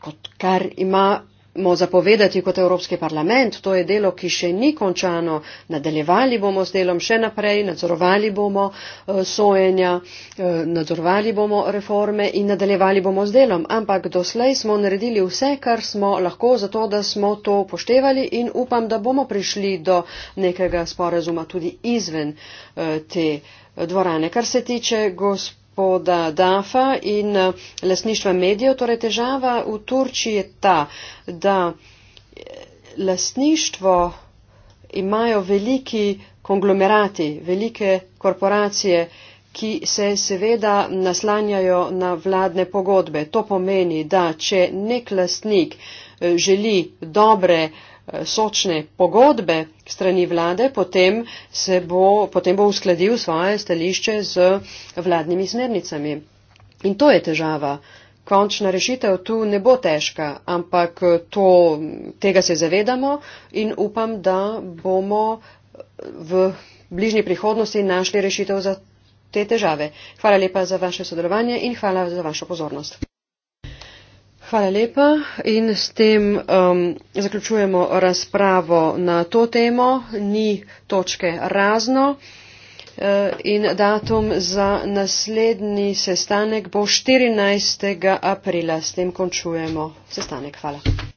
Kot kar ima moramo zapovedati kot Evropski parlament, to je delo, ki še ni končano, nadaljevali bomo s delom še naprej, nadzorovali bomo eh, sojenja, eh, nadzorovali bomo reforme in nadaljevali bomo s delom. Ampak doslej smo naredili vse, kar smo lahko, zato da smo to upoštevali in upam, da bomo prišli do nekega sporazuma tudi izven eh, te dvorane. Kar se tiče gospodine gospoda Dafa in eh, lasništva medijev. Torej, težava v Turčiji je ta, da eh, lasništvo imajo veliki konglomerati, velike korporacije, ki se seveda naslanjajo na vladne pogodbe. To pomeni, da če nek lasnik eh, želi dobre, Eh, sočne pogodbe strani vlade, potem, bo, potem bo uskladil svoje stališče z vladnimi smernicami. In to je težava. Končna rešitev tu ne bo težka, ampak eh, to, tega se zavedamo in upam, da bomo eh, v bližnji prihodnosti našli rešitev za te težave. Hvala lepa za vaše sodelovanje in hvala za vašo pozornost. Hvala lepa in s tem um, zaključujemo razpravo na to temo. Ni točke razno uh, in datum za naslednji sestanek bo 14. aprila. S tem končujemo sestanek. Hvala.